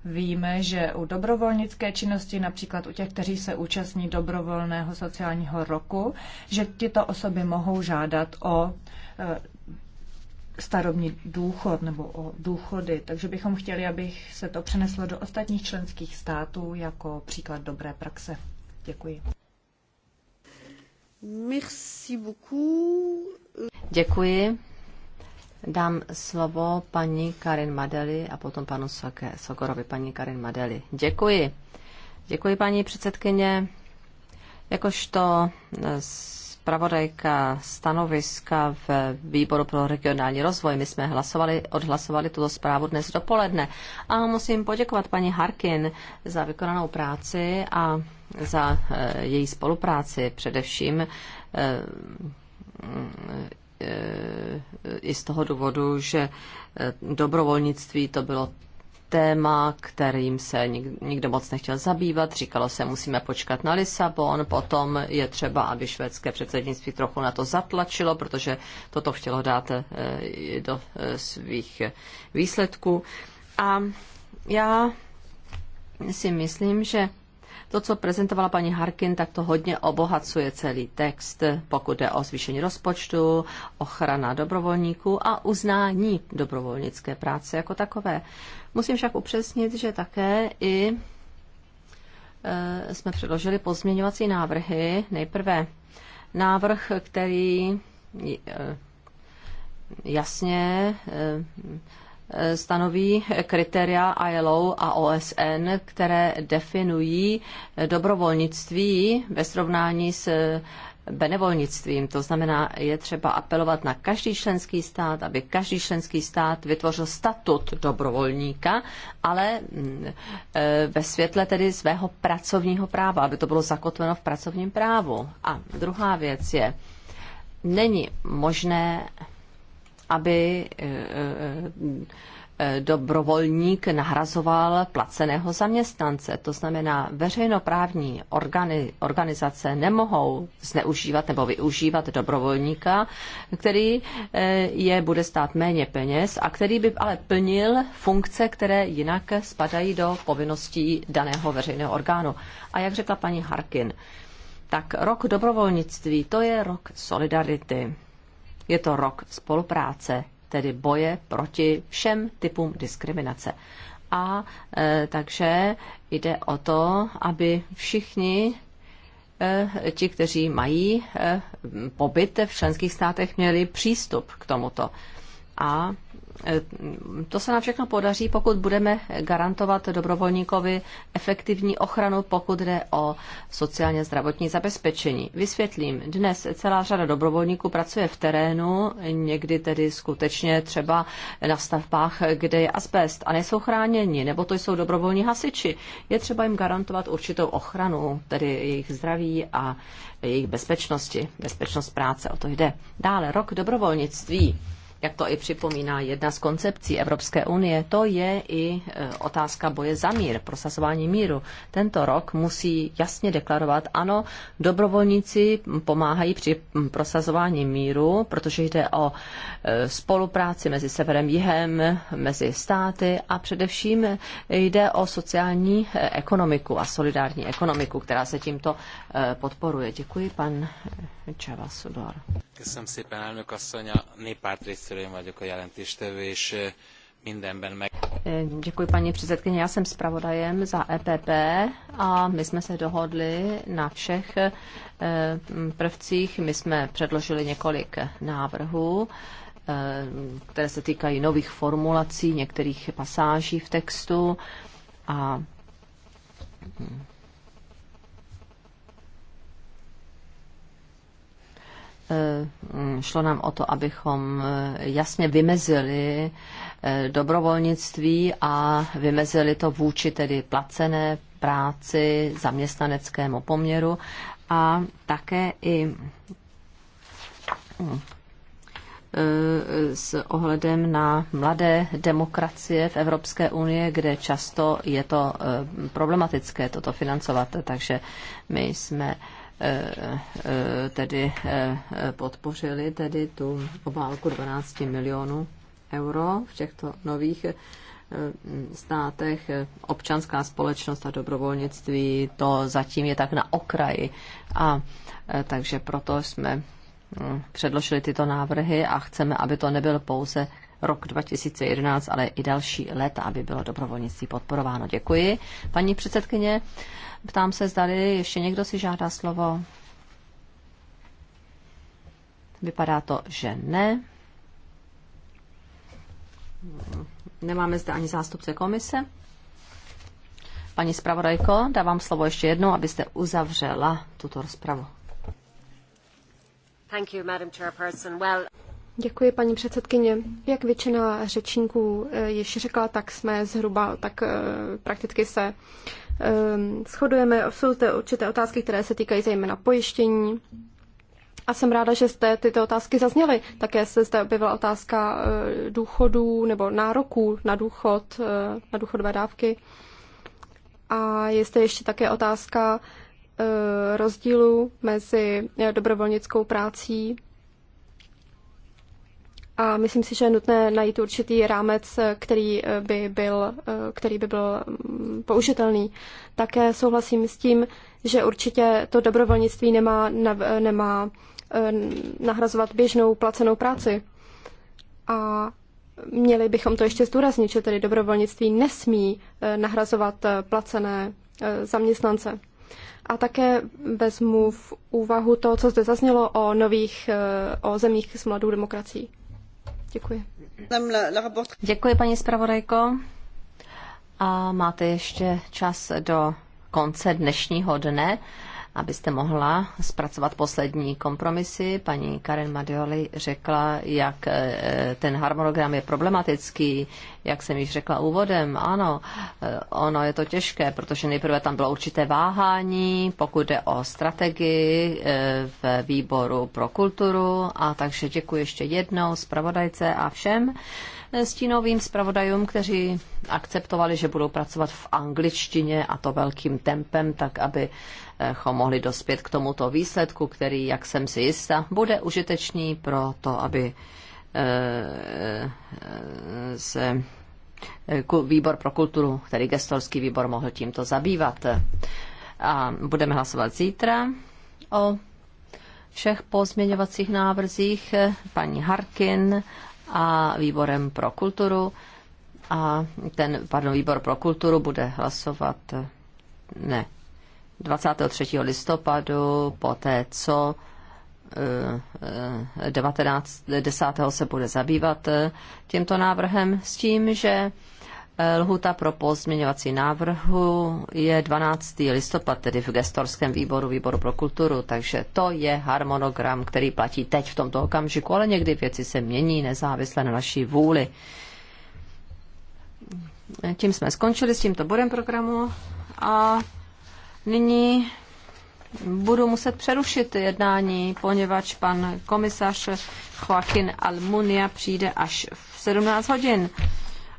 víme, že u dobrovolnické činnosti, například u těch, kteří se účastní dobrovolného sociálního roku, že tyto osoby mohou žádat o eh, starobní důchod nebo o důchody, takže bychom chtěli, aby se to přeneslo do ostatních členských států jako příklad dobré praxe. Děkuji. Merci beaucoup. Děkuji. Dám slovo paní Karin Madeli a potom panu Sokorovi. Paní Karin Madeli. Děkuji. Děkuji, paní předsedkyně. Jakožto eh, zpravodajka stanoviska v výboru pro regionální rozvoj. My jsme hlasovali, odhlasovali tuto zprávu dnes dopoledne. A musím poděkovat paní Harkin za vykonanou práci a za eh, její spolupráci především eh, eh, i z toho důvodu, že dobrovolnictví to bylo téma, kterým se nikdo moc nechtěl zabývat. Říkalo se, musíme počkat na Lisabon, potom je třeba, aby švédské předsednictví trochu na to zatlačilo, protože toto chtělo dát eh, do eh, svých výsledků. A já si myslím, že to, co prezentovala paní Harkin, tak to hodně obohacuje celý text, pokud jde o zvýšení rozpočtu, ochrana dobrovolníků a uznání dobrovolnické práce jako takové. Musím však upřesnit, že také i eh, jsme předložili pozměňovací návrhy. Nejprve návrh, který eh, jasně eh, stanoví kritéria ILO a OSN, které definují dobrovolnictví ve srovnání s benevolnictvím. To znamená, je třeba apelovat na každý členský stát, aby každý členský stát vytvořil statut dobrovolníka, ale mm, e, ve světle tedy svého pracovního práva, aby to bylo zakotveno v pracovním právu. A druhá věc je, není možné aby eh, eh, eh, dobrovolník nahrazoval placeného zaměstnance. To znamená, veřejnoprávní organi- organizace nemohou zneužívat nebo využívat dobrovolníka, který je bude stát méně peněz a který by ale plnil funkce, které jinak spadají do povinností daného veřejného orgánu. A jak řekla paní Harkin, tak rok dobrovolnictví to je rok solidarity. Je to rok spolupráce, tedy boje proti všem typům diskriminace. A e, takže jde o to, aby všichni e, ti, kteří mají e, pobyt v členských státech, měli přístup k tomuto. A Eh, to se nám všechno podaří, pokud budeme garantovat dobrovolníkovi efektivní ochranu, pokud jde o sociálně zdravotní zabezpečení. Vysvětlím, dnes celá řada dobrovolníků pracuje v terénu, někdy tedy skutečně třeba na stavbách, kde je asbest a nejsou chráněni, nebo to jsou dobrovolní hasiči. Je třeba jim garantovat určitou ochranu, tedy jejich zdraví a jejich bezpečnosti, bezpečnost práce, o to jde. Dále rok dobrovolnictví jak to i připomíná jedna z koncepcí Evropské unie, to je i e, otázka boje za mír, prosazování míru. Tento rok musí jasně deklarovat, ano, dobrovolníci pomáhají při prosazování míru, protože jde o e, spolupráci mezi severem, jihem, mezi státy a především jde o sociální e, ekonomiku a solidární ekonomiku, která se tímto podporuje. Děkuji, pan Čavasudor. Köszönöm szépen, elnök asszony, a én vagyok a jelentéstevő, és mindenben meg... Eh, děkuji paní předsedkyně, já jsem zpravodajem za EPP a my jsme se dohodli na všech eh, prvcích. My jsme předložili několik návrhů, eh, které se týkají nových formulací, některých pasáží v textu a hm, Eh, šlo nám o to, abychom eh, jasně vymezili eh, dobrovolnictví a vymezili to vůči tedy placené práci, zaměstnaneckému poměru a také i hm, s ohledem na mladé demokracie v Evropské unii, kde často je to problematické toto financovat. Takže my jsme Eh, eh, tedy eh, podpořili tedy tu obálku 12 milionů euro v těchto nových státech občanská společnost a dobrovolnictví, to zatím je tak na okraji. A takže proto jsme hm, předložili tyto návrhy a chceme, aby to nebyl pouze rok 2011, ale i další let, aby bylo dobrovolnictví podporováno. Děkuji, paní předsedkyně. Ptám se, zda ještě někdo si žádá slovo. Vypadá to, že ne. Nemáme zde ani zástupce komise. Paní zpravodajko, dávám slovo ještě jednou, abyste uzavřela tuto rozpravu. You, well... Děkuji, paní předsedkyně. Jak většina řečníků eh, již řekla, tak jsme zhruba, tak eh, prakticky se Ehm, shodujeme, jsou to určité otázky, které se týkají zejména pojištění. A jsem ráda, že jste tyto otázky zazněly. Také se zde objevila otázka eh, důchodů nebo nároků na důchod, eh, na důchodové dávky. A je zde ještě také otázka eh, rozdílu mezi dobrovolnickou prácí a myslím si, že je nutné najít určitý rámec, který eh, by byl, eh, který by byl mm, použitelný. Také souhlasím s tím, že určitě to dobrovolnictví nemá, eh, nemá nahrazovat běžnou placenou práci. A měli bychom to ještě zdůraznit, že tedy dobrovolnictví nesmí nahrazovat placené zaměstnance. A také vezmu v úvahu to, co zde zaznělo o nových, o zemích s mladou demokracií. Děkuji. Děkuji, paní zpravodajko. A máte ještě čas do konce dnešního dne abyste mohla zpracovat poslední kompromisy. Paní Karen Madioli řekla, jak eh, ten harmonogram je problematický, jak jsem již řekla úvodem. Ano, eh, ono je to těžké, protože nejprve tam bylo určité váhání, pokud jde o strategii eh, v výboru pro kulturu. A takže děkuji ještě jednou zpravodajce a všem stínovým zpravodajům, kteří akceptovali, že budou pracovat v angličtině a to velkým tempem, tak aby mohli dospět k tomuto výsledku, který, jak jsem si jistá, bude užitečný pro to, aby eh, eh, se eh, výbor pro kulturu, tedy gestorský výbor, mohl tímto zabývat. A budeme hlasovat zítra o všech pozměňovacích návrzích. Paní Harkin a výborem pro kulturu. A ten, pardon, výbor pro kulturu bude hlasovat ne, 23. listopadu, poté co 19, eh, 10. Eh, se bude zabývat eh, tímto návrhem s tím, že Eh, lhuta pro pozměňovací návrhu je 12. listopad, tedy v gestorském výboru, výboru pro kulturu, takže to je harmonogram, který platí teď v tomto okamžiku, ale někdy věci se mění nezávisle na naší vůli. Eh, tím jsme skončili s tímto bodem programu a nyní budu muset přerušit jednání, poněvadž pan komisař Joaquin Almunia přijde až v 17 hodin.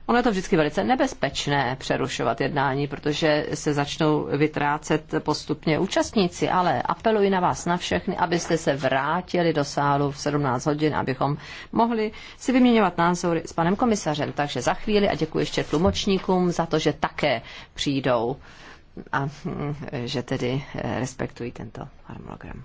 Ono je to vždycky velice nebezpečné přerušovat jednání, protože se začnou vytrácet postupně účastníci, ale apeluji na vás na všechny, abyste se vrátili do sálu v 17 hodin, abychom mohli si vyměňovat názory s panem komisařem. Takže za chvíli a děkuji ještě tlumočníkům za to, že také přijdou a že tedy eh, respektují tento harmonogram.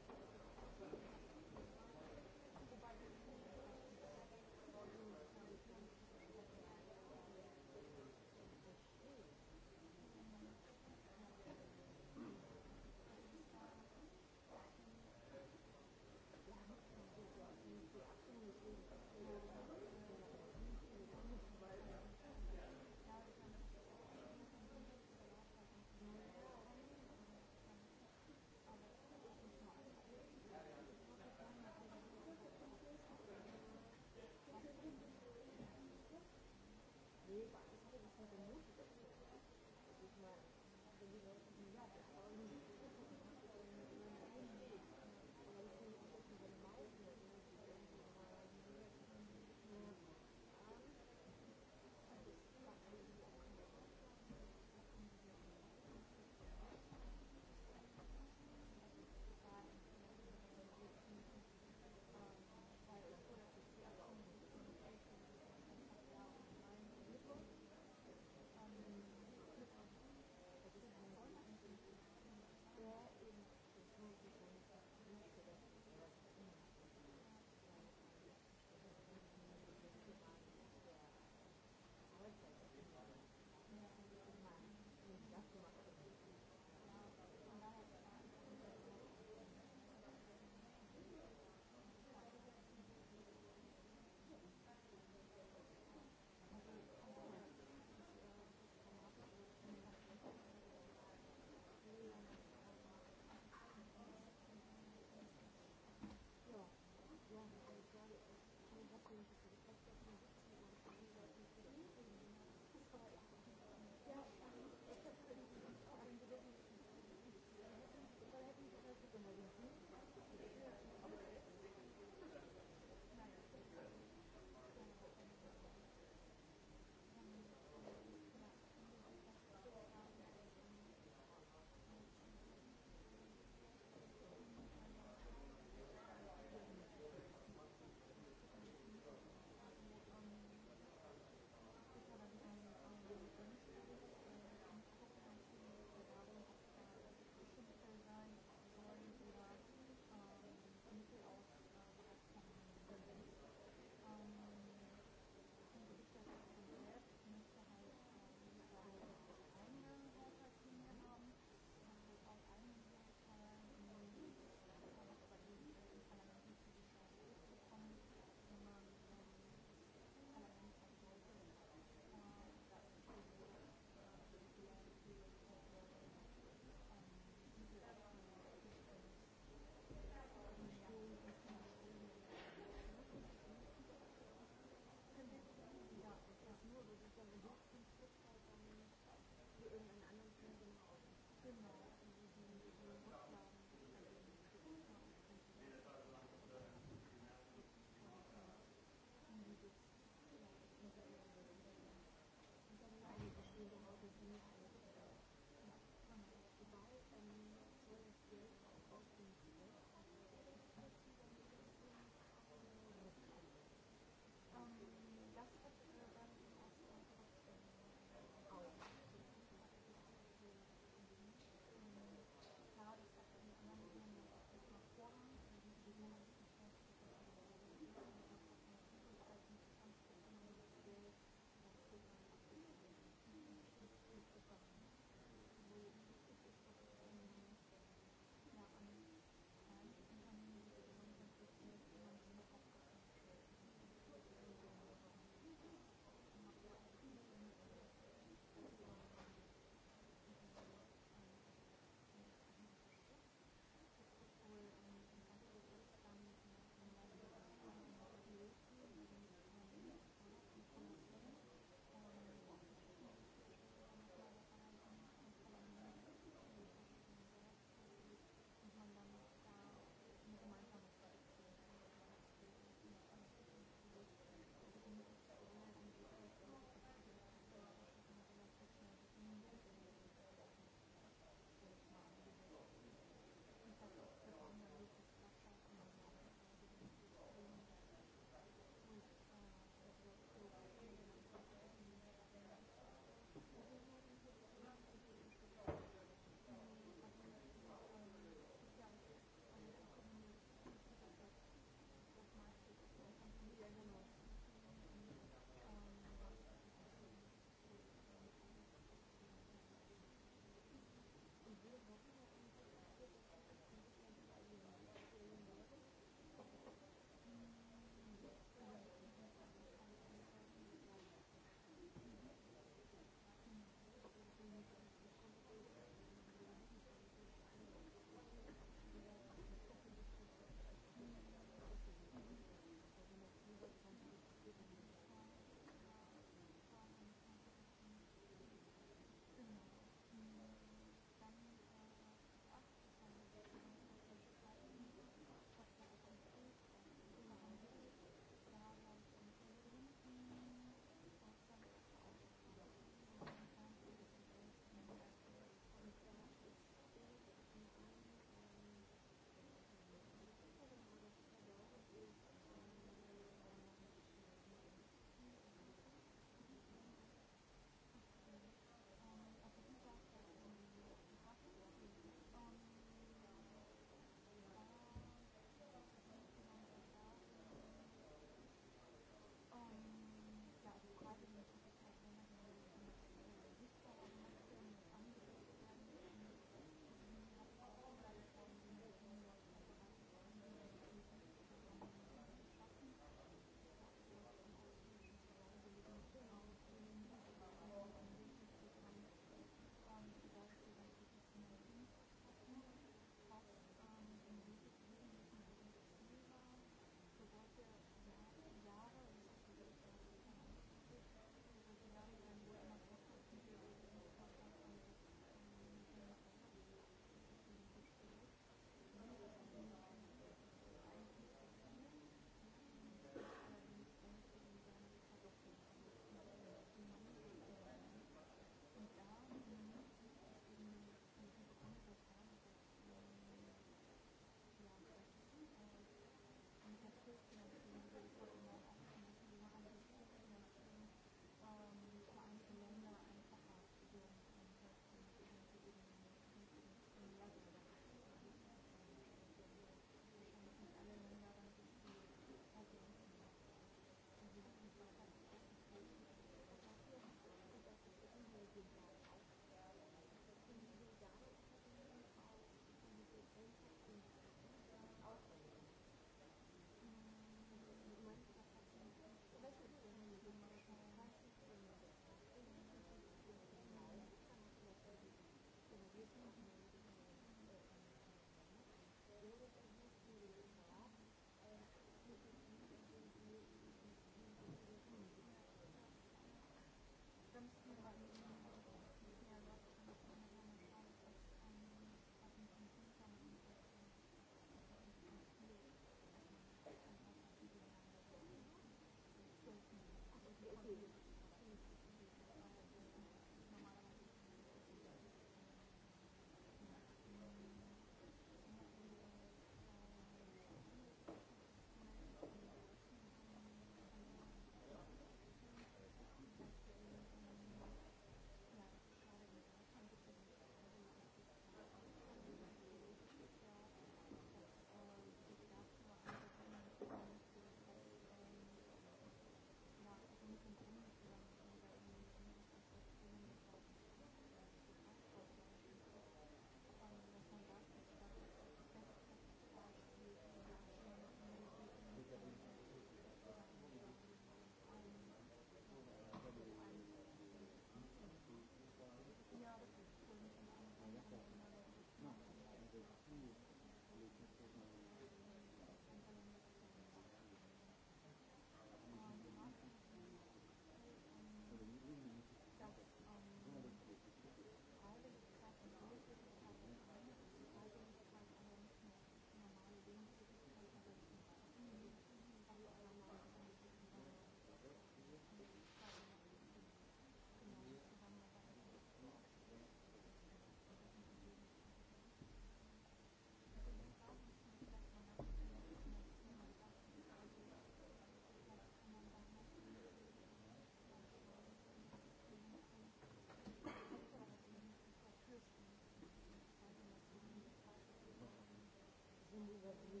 Thank you.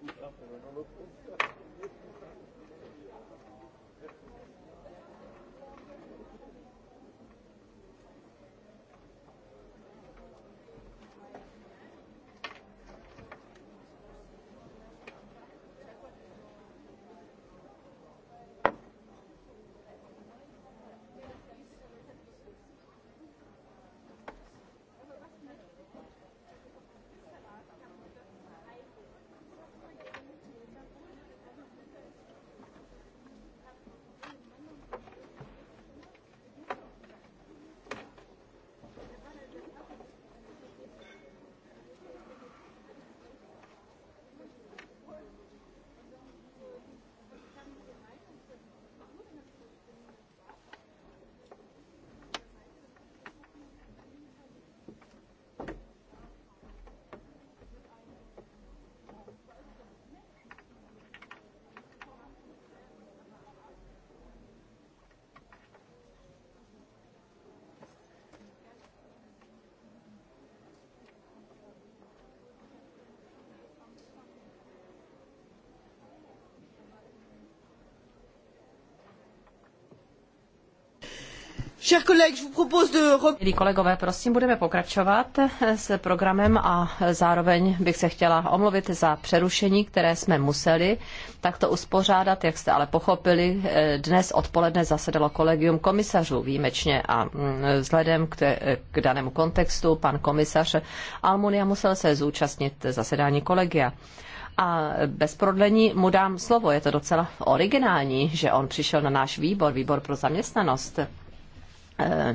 gut ab, aber nur noch Milí kolegové, prosím, budeme pokračovat s programem a zároveň bych se chtěla omluvit za přerušení, které jsme museli takto uspořádat, jak jste ale pochopili. Dnes odpoledne zasedalo kolegium komisařů výjimečně a mm, vzhledem k, te, k danému kontextu pan komisař Almunia musel se zúčastnit zasedání kolegia a bez prodlení mu dám slovo. Je to docela originální, že on přišel na náš výbor, výbor pro zaměstnanost. Eh,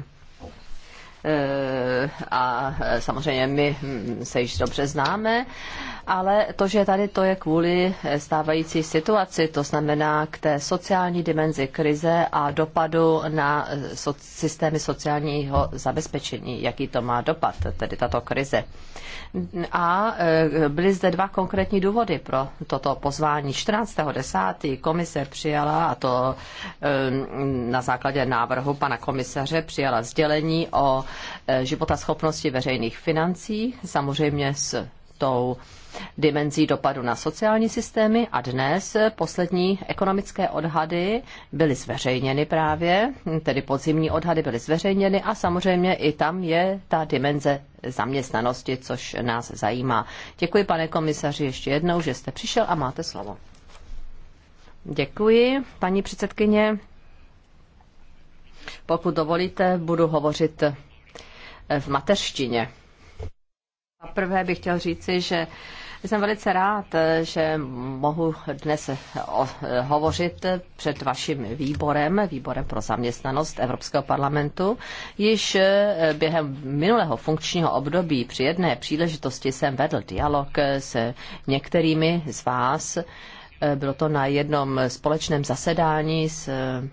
eh, a samozřejmě my se již dobře známe ale to, že tady to je kvůli stávající situaci, to znamená k té sociální dimenzi krize a dopadu na eh, so- systémy sociálního zabezpečení, jaký to má dopad, tedy tato krize. A eh, byly zde dva konkrétní důvody pro toto pozvání. 14.10. komise přijala, a to eh, na základě návrhu pana komisaře, přijala sdělení o životaschopnosti veřejných financí, samozřejmě s tou dimenzí dopadu na sociální systémy a dnes poslední ekonomické odhady byly zveřejněny právě, tedy podzimní odhady byly zveřejněny a samozřejmě i tam je ta dimenze zaměstnanosti, což nás zajímá. Děkuji, pane komisaři, ještě jednou, že jste přišel a máte slovo. Děkuji, paní předsedkyně. Pokud dovolíte, budu hovořit eh, v mateřštině. A prvé bych chtěl říci, že jsem velice rád, že mohu dnes hovořit před vaším výborem, výborem pro zaměstnanost Evropského parlamentu. Již eh, během minulého funkčního období při jedné příležitosti jsem vedl dialog s některými z vás. Eh, bylo to na jednom společném zasedání s eh,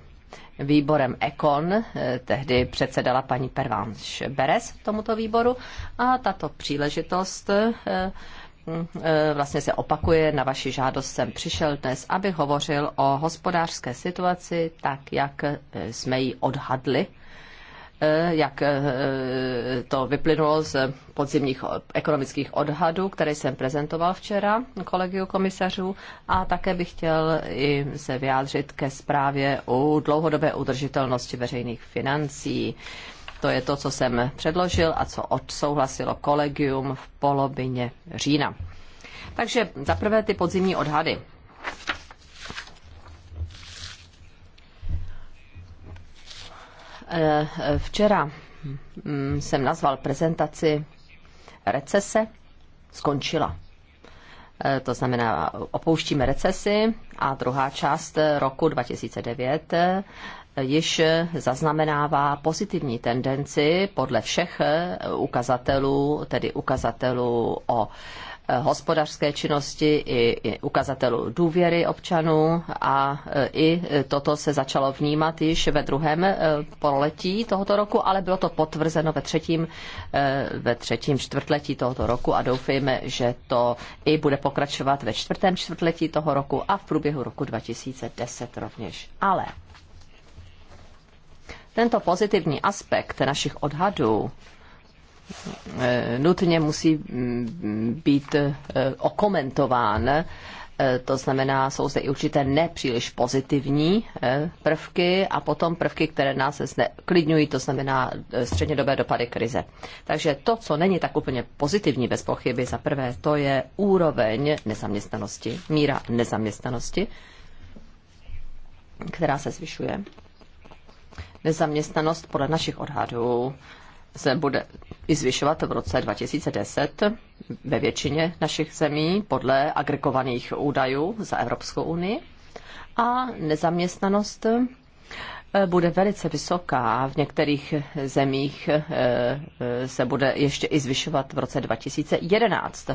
výborem Ekon, tehdy předsedala paní Pervanš Beres tomuto výboru a tato příležitost Eh, vlastně se opakuje, na vaši žádost jsem přišel dnes, abych hovořil o hospodářské situaci, tak jak eh, jsme ji odhadli, eh, jak to vyplynulo z podzimních ekonomických odhadů, které jsem prezentoval včera kolegiu komisařů a také bych chtěl i se vyjádřit ke zprávě o dlouhodobé udržitelnosti veřejných financí. To je to, co jsem předložil a co odsouhlasilo kolegium v polovině října. Takže zaprvé ty podzimní odhady. Eh, včera hm, jsem nazval prezentaci recese skončila. Eh, to znamená, opouštíme recesi a druhá část roku 2009 již zaznamenává pozitivní tendenci podle všech ukazatelů, tedy ukazatelů o eh, hospodářské činnosti i ukazatelů důvěry občanů a eh, i toto se začalo vnímat již ve druhém eh, pololetí tohoto roku, ale bylo to potvrzeno ve třetím, ve třetím čtvrtletí tohoto roku a doufejme, že to i bude pokračovat ve čtvrtém čtvrtletí toho roku a v průběhu roku 2010 rovněž. Ale tento pozitivní aspekt našich odhadů eh, nutně musí mm, být eh, okomentován. Eh, to znamená, jsou zde i určité nepříliš pozitivní prvky a potom prvky, které nás zneklidňují, to znamená střednědobé dopady krize. Takže to, co není tak úplně pozitivní bez pochyby, za prvé, to je úroveň nezaměstnanosti, míra nezaměstnanosti, která se zvyšuje nezaměstnanost podle našich odhadů se bude i zvyšovat v roce 2010 ve většině našich zemí podle agregovaných údajů za Evropskou unii a nezaměstnanost eh, bude velice vysoká. V některých zemích eh, eh, se bude ještě i zvyšovat v roce 2011.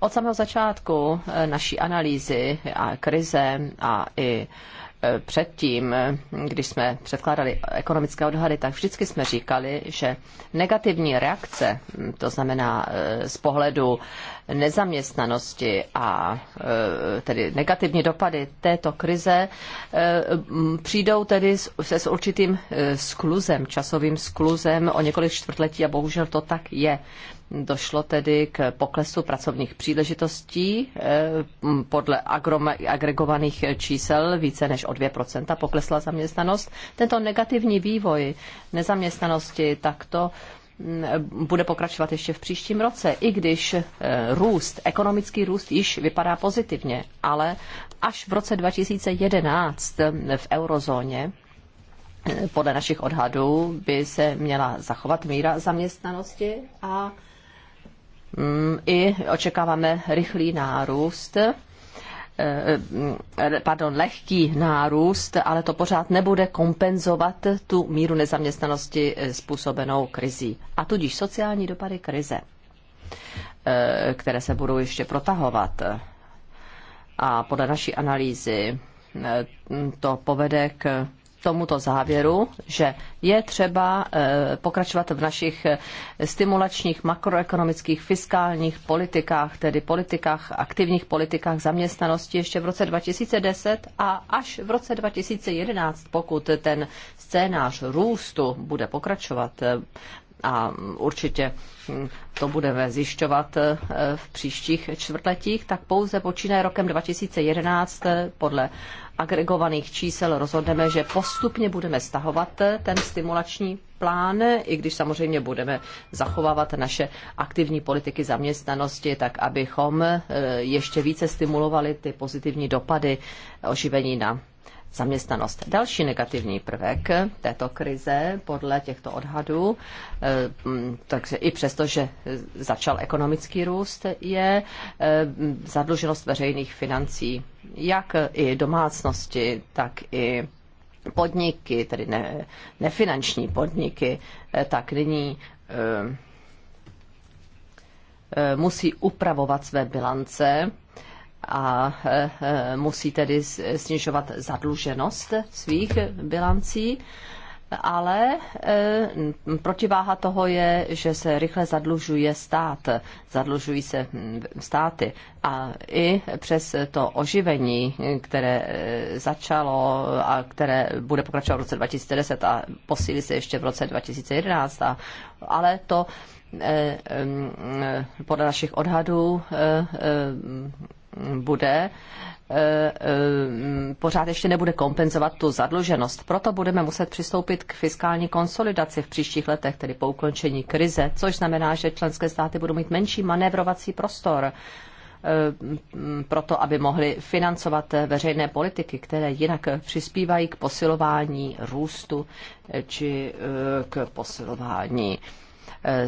Od samého začátku naší analýzy a krize a i Eh, předtím, eh, když jsme předkládali ekonomické odhady, tak vždycky jsme říkali, že negativní reakce, hm, to znamená eh, z pohledu nezaměstnanosti a tedy negativní dopady této krize, hm, přijdou tedy se s určitým skluzem, časovým skluzem o několik čtvrtletí a bohužel to tak je. Došlo tedy k poklesu pracovních příležitostí. Eh, podle agregovaných čísel více než o 2% poklesla zaměstnanost. Tento negativní vývoj nezaměstnanosti takto bude pokračovat ještě v příštím roce, i když eh, růst, ekonomický růst již vypadá pozitivně, ale až v roce 2011 eh, v eurozóně podle našich odhadů by se měla zachovat míra zaměstnanosti a Mm, i očekáváme rychlý nárůst eh, eh, pardon, lehký nárůst, ale to pořád nebude kompenzovat tu míru nezaměstnanosti eh, způsobenou krizí. A tudíž sociální dopady krize, které se budou ještě protahovat. A podle naší analýzy to povede k tomuto závěru, že je třeba eh, pokračovat v našich eh, stimulačních makroekonomických fiskálních politikách, tedy politikách, aktivních politikách zaměstnanosti ještě v roce 2010 a až v roce 2011, pokud ten scénář růstu bude pokračovat, a určitě hm, to budeme zjišťovat eh, v příštích čtvrtletích, tak pouze počínaje rokem 2011 eh, podle agregovaných čísel rozhodneme, že postupně budeme stahovat eh, ten stimulační plán, i když samozřejmě budeme zachovávat naše aktivní politiky zaměstnanosti, tak abychom ještě více stimulovali ty pozitivní dopady oživení na zaměstnanost. Další negativní prvek této krize podle těchto odhadů, eh, takže i přesto, že začal ekonomický růst, je eh, zadluženost veřejných financí, jak i domácnosti, tak i podniky, tedy ne, nefinanční podniky, eh, tak nyní musí upravovat své bilance a e, e, musí tedy snižovat zadluženost svých bilancí. Ale e, protiváha toho je, že se rychle zadlužuje stát, zadlužují se státy. A i přes to oživení, které začalo a které bude pokračovat v roce 2010 a posílí se ještě v roce 2011, a, ale to podle našich odhadů bude, eh, eh, pořád ještě nebude kompenzovat tu zadluženost. Proto budeme muset přistoupit k fiskální konsolidaci v příštích letech, tedy po ukončení krize, což znamená, že členské státy budou mít menší manévrovací prostor eh, proto, aby mohli financovat veřejné politiky, které jinak přispívají k posilování růstu či k posilování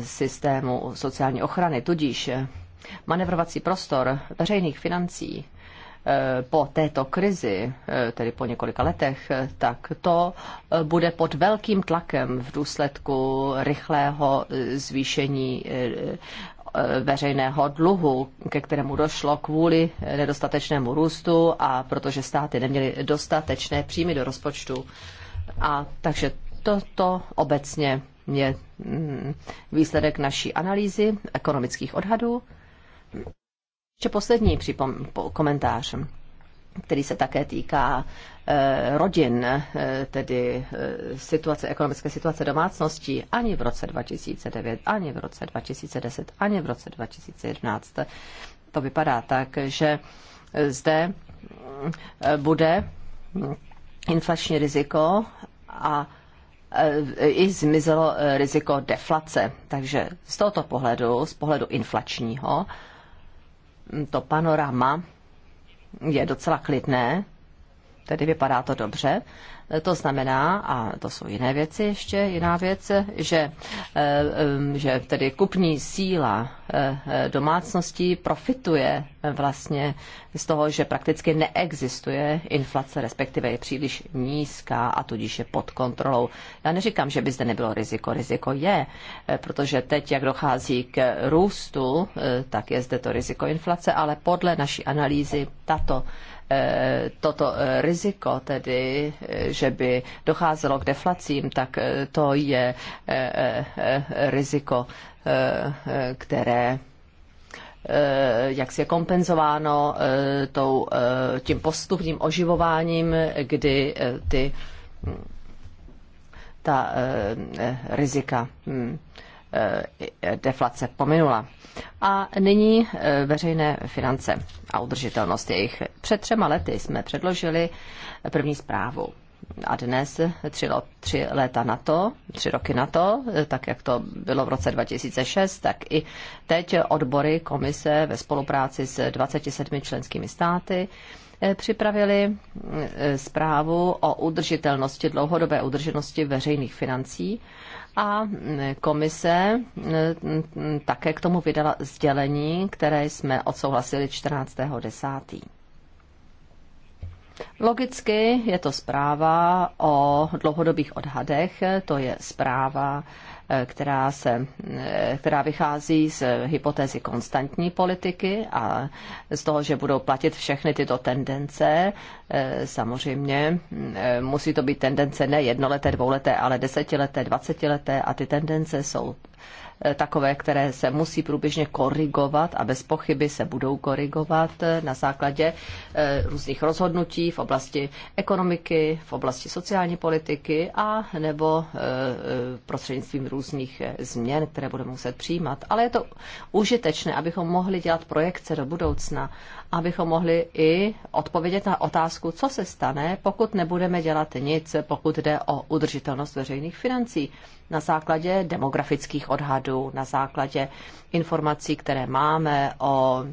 systému sociální ochrany. Tudíž manevrovací prostor veřejných financí eh, po této krizi, eh, tedy po několika letech, eh, tak to bude pod velkým tlakem v důsledku rychlého zvýšení veřejného dluhu, ke kterému došlo kvůli nedostatečnému růstu a protože státy neměly dostatečné příjmy do rozpočtu. A takže toto obecně je mm, výsledek naší analýzy ekonomických odhadů ještě poslední připom- komentář, který se také týká eh, rodin, eh, tedy eh, situace, ekonomické situace domácností, ani v roce 2009, ani v roce 2010, ani v roce 2011. To vypadá tak, že zde bude inflační riziko a i zmizelo riziko deflace. Takže z tohoto pohledu, z pohledu inflačního, to panorama je docela klidné, tedy vypadá to dobře, to znamená, a to jsou jiné věci ještě, jiná věc, že, eh, že tedy kupní síla eh, domácností profituje vlastně z toho, že prakticky neexistuje inflace, respektive je příliš nízká a tudíž je pod kontrolou. Já neříkám, že by zde nebylo riziko. Riziko je, eh, protože teď, jak dochází k růstu, tak je zde to riziko inflace, ale podle naší analýzy tato Eh, toto eh, riziko, tedy, eh, že by docházelo k deflacím, tak to je riziko, které jak si je kompenzováno tou, tím postupným oživováním, kdy ty hm, ta rizika hm, Eh, deflace pominula. A nyní eh, veřejné finance a udržitelnost jejich. Před třema lety jsme předložili první zprávu. A dnes, tři, tři léta na to, tři roky na to, eh, tak jak to bylo v roce 2006, tak i teď odbory komise ve spolupráci s 27 členskými státy připravili zprávu o udržitelnosti, dlouhodobé udržitelnosti veřejných financí a komise eh, také k tomu vydala sdělení, které jsme odsouhlasili 14.10. Logicky je to zpráva o dlouhodobých odhadech, to je zpráva, Eh, která, se, eh, která vychází z hypotézy konstantní politiky a z toho, že budou platit všechny tyto tendence. Eh, samozřejmě musí to být tendence ne jednoleté, dvouleté, ale desetileté, dvacetileté a ty tendence jsou Eh, takové, které se musí průběžně korigovat a bez pochyby se budou korigovat eh, na základě eh, různých rozhodnutí v oblasti ekonomiky, v oblasti sociální politiky a nebo prostřednictvím různých změn, které budeme muset přijímat. Ale je to užitečné, abychom mohli dělat projekce do budoucna abychom mohli i odpovědět na otázku, co se stane, pokud nebudeme dělat nic, pokud jde o udržitelnost veřejných financí na základě demografických odhadů, na základě informací, které máme o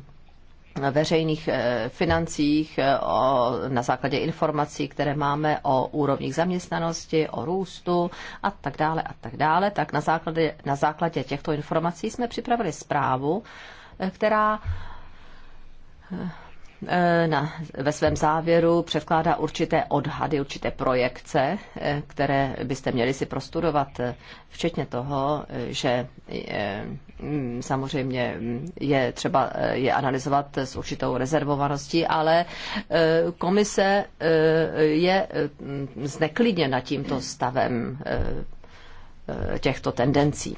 veřejných eh, financích, eh, o, na základě informací, které máme o úrovních zaměstnanosti, o růstu a tak dále a tak dále, tak na základě, na základě těchto informací jsme připravili zprávu, eh, která Eh, na, ve svém závěru předkládá určité odhady, určité projekce, eh, které byste měli si prostudovat, eh, včetně toho, že mm, samozřejmě mm, je třeba je analyzovat s určitou rezervovaností, ale komise je mm, zneklidněna tímto stavem těchto tendencí.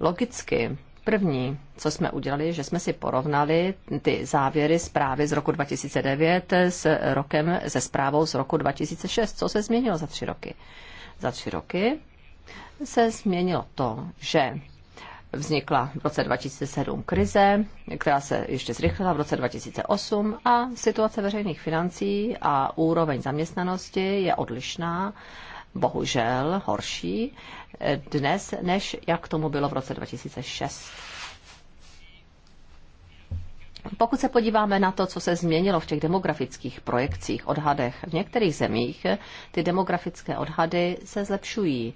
Logicky První, co jsme udělali, že jsme si porovnali ty závěry zprávy z roku 2009 s rokem, se zprávou z roku 2006. Co se změnilo za tři roky? Za tři roky se změnilo to, že vznikla v roce 2007 krize, která se ještě zrychlila v roce 2008 a situace veřejných financí a úroveň zaměstnanosti je odlišná bohužel horší eh, dnes, než jak tomu bylo v roce 2006. Pokud se podíváme na to, co se změnilo v těch demografických projekcích, odhadech, v některých zemích ty demografické odhady se zlepšují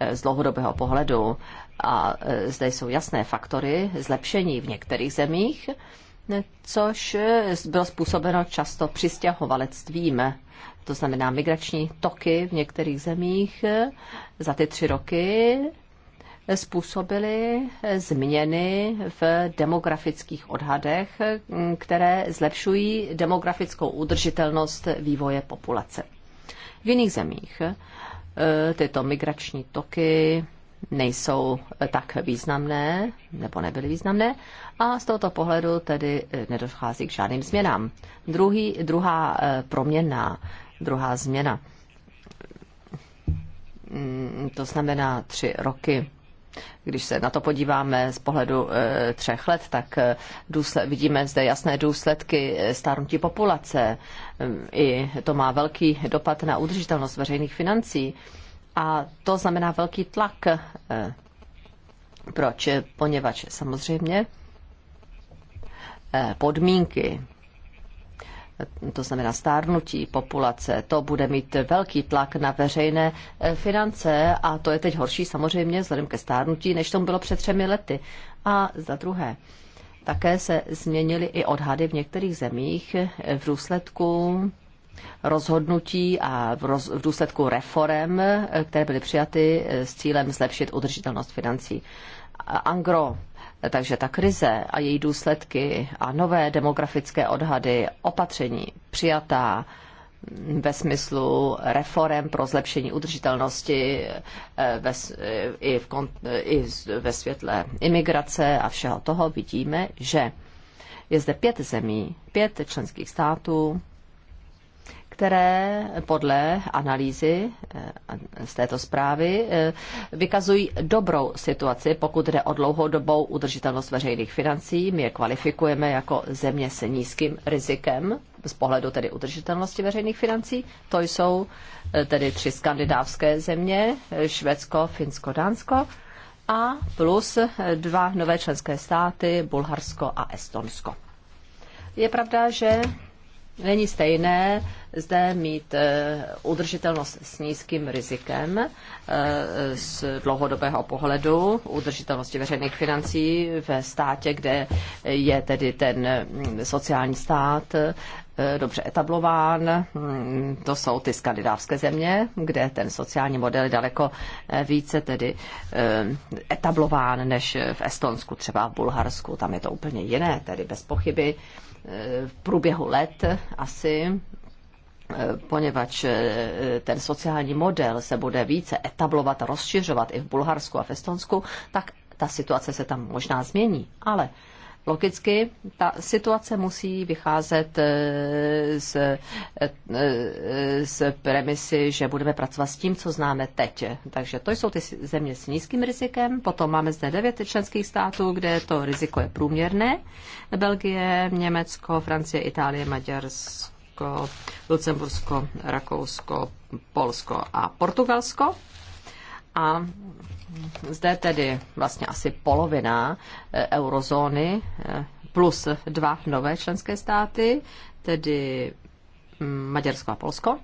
eh, z dlouhodobého pohledu a eh, zde jsou jasné faktory zlepšení v některých zemích, což bylo způsobeno často přistěhovalectvím to znamená migrační toky v některých zemích za ty tři roky způsobily změny v demografických odhadech, které zlepšují demografickou udržitelnost vývoje populace. V jiných zemích eh, tyto migrační toky nejsou tak významné nebo nebyly významné a z tohoto pohledu tedy eh, nedochází k žádným změnám. Druhý, druhá eh, proměna druhá změna. Mm, to znamená tři roky. Když se na to podíváme z pohledu e, třech let, tak e, důsled, vidíme zde jasné důsledky e, stárnutí populace. E, I to má velký dopad na udržitelnost veřejných financí. A to znamená velký tlak. Proč? Poněvadž samozřejmě podmínky to znamená stárnutí populace, to bude mít velký tlak na veřejné eh, finance a to je teď horší samozřejmě vzhledem ke stárnutí, než tomu bylo před třemi lety. A za druhé, také se změnily i odhady v některých zemích eh, v důsledku rozhodnutí a v, roz, v důsledku reform, eh, které byly přijaty s cílem zlepšit udržitelnost financí. Angro takže ta krize a její důsledky a nové demografické odhady, opatření přijatá ve smyslu reform pro zlepšení udržitelnosti eh, ve, eh, i, v, eh, i ve světle imigrace a všeho toho vidíme, že je zde pět zemí, pět členských států, které podle analýzy eh, z této zprávy eh, vykazují dobrou situaci, pokud jde o dlouhodobou udržitelnost veřejných financí. My je kvalifikujeme jako země se nízkým rizikem z pohledu tedy udržitelnosti veřejných financí. To jsou eh, tedy tři skandinávské země, Švédsko, Finsko, Dánsko a plus dva nové členské státy, Bulharsko a Estonsko. Je pravda, že Není stejné zde mít eh, udržitelnost s nízkým rizikem eh, z dlouhodobého pohledu, udržitelnosti veřejných financí ve státě, kde je tedy ten mm, sociální stát eh, dobře etablován. Mm, to jsou ty skandinávské země, kde ten sociální model je daleko více tedy etablován než v Estonsku, třeba v Bulharsku. Tam je to úplně jiné, tedy bez pochyby v průběhu let asi poněvadž eh, ten sociální model se bude více etablovat, a rozšiřovat i v Bulharsku a v Estonsku, tak ta situace se tam možná změní. Ale Logicky ta situace musí vycházet eh, z, eh, eh, z premisy, že budeme pracovat s tím, co známe teď. Takže to jsou ty země s nízkým rizikem. Potom máme zde devět členských států, kde to riziko je průměrné. Belgie, Německo, Francie, Itálie, Maďarsko, Lucembursko, Rakousko, Polsko a Portugalsko. A zde tedy vlastně asi polovina eh, eurozóny eh, plus dva nové členské státy, tedy mm, Maďarsko a Polsko.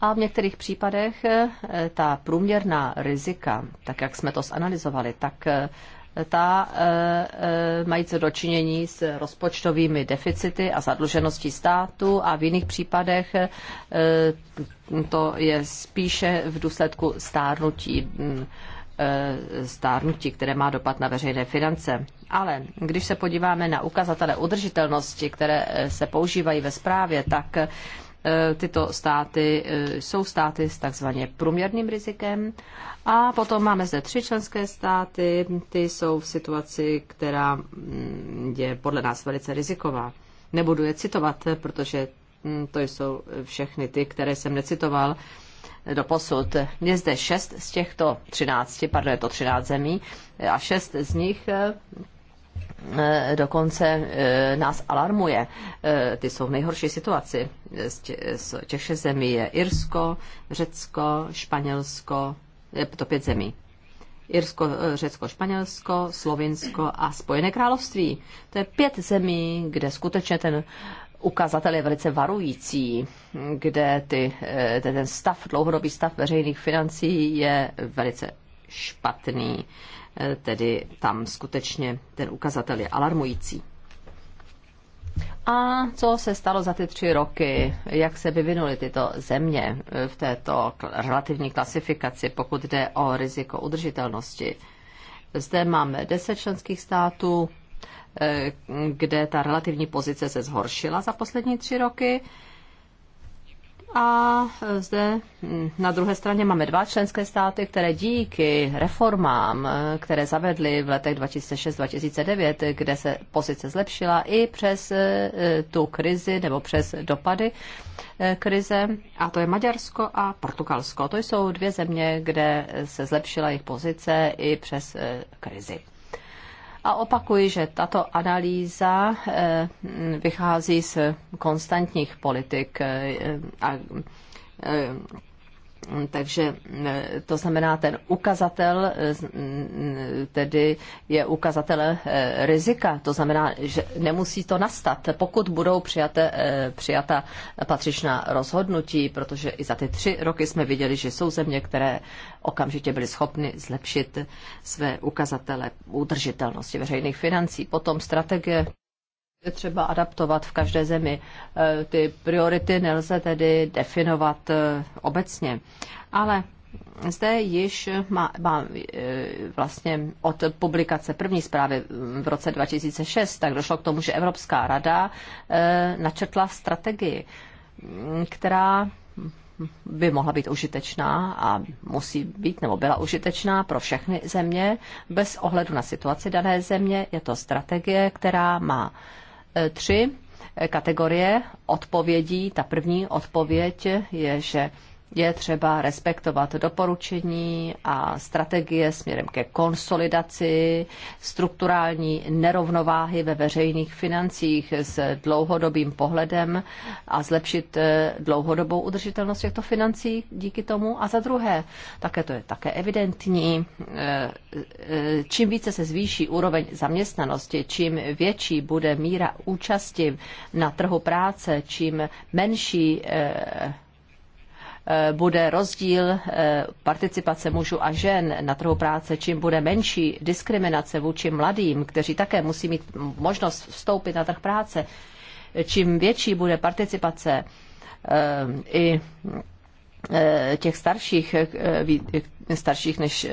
A v některých případech eh, ta průměrná rizika, tak jak jsme to zanalizovali, tak ta mají co dočinění s rozpočtovými deficity a zadlužeností státu a v jiných případech to je spíše v důsledku stárnutí mm, Eh, stárnutí, které má dopad na veřejné finance. Ale když se podíváme na ukazatele udržitelnosti, které eh, se používají ve zprávě, tak eh, tyto státy jsou státy s takzvaně průměrným rizikem. A potom máme zde tři členské státy, ty jsou v situaci, která mm, je podle nás velice riziková. Nebudu je citovat, protože mm, to jsou všechny ty, které jsem necitoval do posud. Je zde šest z těchto třinácti, pardon, je to třináct zemí, a šest z nich eh, eh, dokonce eh, nás alarmuje. Ty jsou v nejhorší situaci. Z těch šest zemí je Irsko, Řecko, Španělsko, je to pět zemí. Irsko, Řecko, Španělsko, Slovinsko a Spojené království. To je pět zemí, kde skutečně ten ukazatel je velice varující, kde ty, eh, ten stav, dlouhodobý stav veřejných financí je velice špatný, eh, tedy tam skutečně ten ukazatel je alarmující. A co se stalo za ty tři roky? Jak se vyvinuly tyto země eh, v této relativní klasifikaci, pokud jde o riziko udržitelnosti? Zde máme 10 členských států, Eh, kde ta relativní pozice se zhoršila za poslední tři roky. A zde hm, na druhé straně máme dva členské státy, které díky reformám, eh, které zavedly v letech 2006-2009, kde se pozice zlepšila i přes eh, tu krizi nebo přes dopady krize, a to je Maďarsko a Portugalsko. To jsou dvě země, kde se zlepšila jejich pozice i přes krizi. A opakuji, že tato analýza eh, vychází z konstantních politik eh, a eh, takže mm, to znamená, ten ukazatel eh, mm, tedy je ukazatel eh, rizika. To znamená, že nemusí to nastat, pokud budou přijaté, eh, přijata patřičná rozhodnutí, protože i za ty tři roky jsme viděli, že jsou země, které okamžitě byly schopny zlepšit své ukazatele udržitelnosti veřejných financí. Potom strategie je třeba adaptovat v každé zemi. E, ty priority nelze tedy definovat e, obecně. Ale zde již má, má e, vlastně od publikace první zprávy v roce 2006, tak došlo k tomu, že Evropská rada načetla strategii, která by mohla být užitečná a musí být nebo byla užitečná pro všechny země bez ohledu na situaci dané země. Je to strategie, která má tři kategorie odpovědí. Ta první odpověď je, že je třeba respektovat doporučení a strategie směrem ke konsolidaci strukturální nerovnováhy ve veřejných financích s dlouhodobým pohledem a zlepšit eh, dlouhodobou udržitelnost těchto financí díky tomu. A za druhé, také to je také evidentní, eh, eh, čím více se zvýší úroveň zaměstnanosti, čím větší bude míra účasti na trhu práce, čím menší Eh, bude rozdíl eh, participace mužů a žen na trhu práce, čím bude menší diskriminace vůči mladým, kteří také musí mít možnost vstoupit na trh práce, čím větší bude participace eh, i těch starších, starších než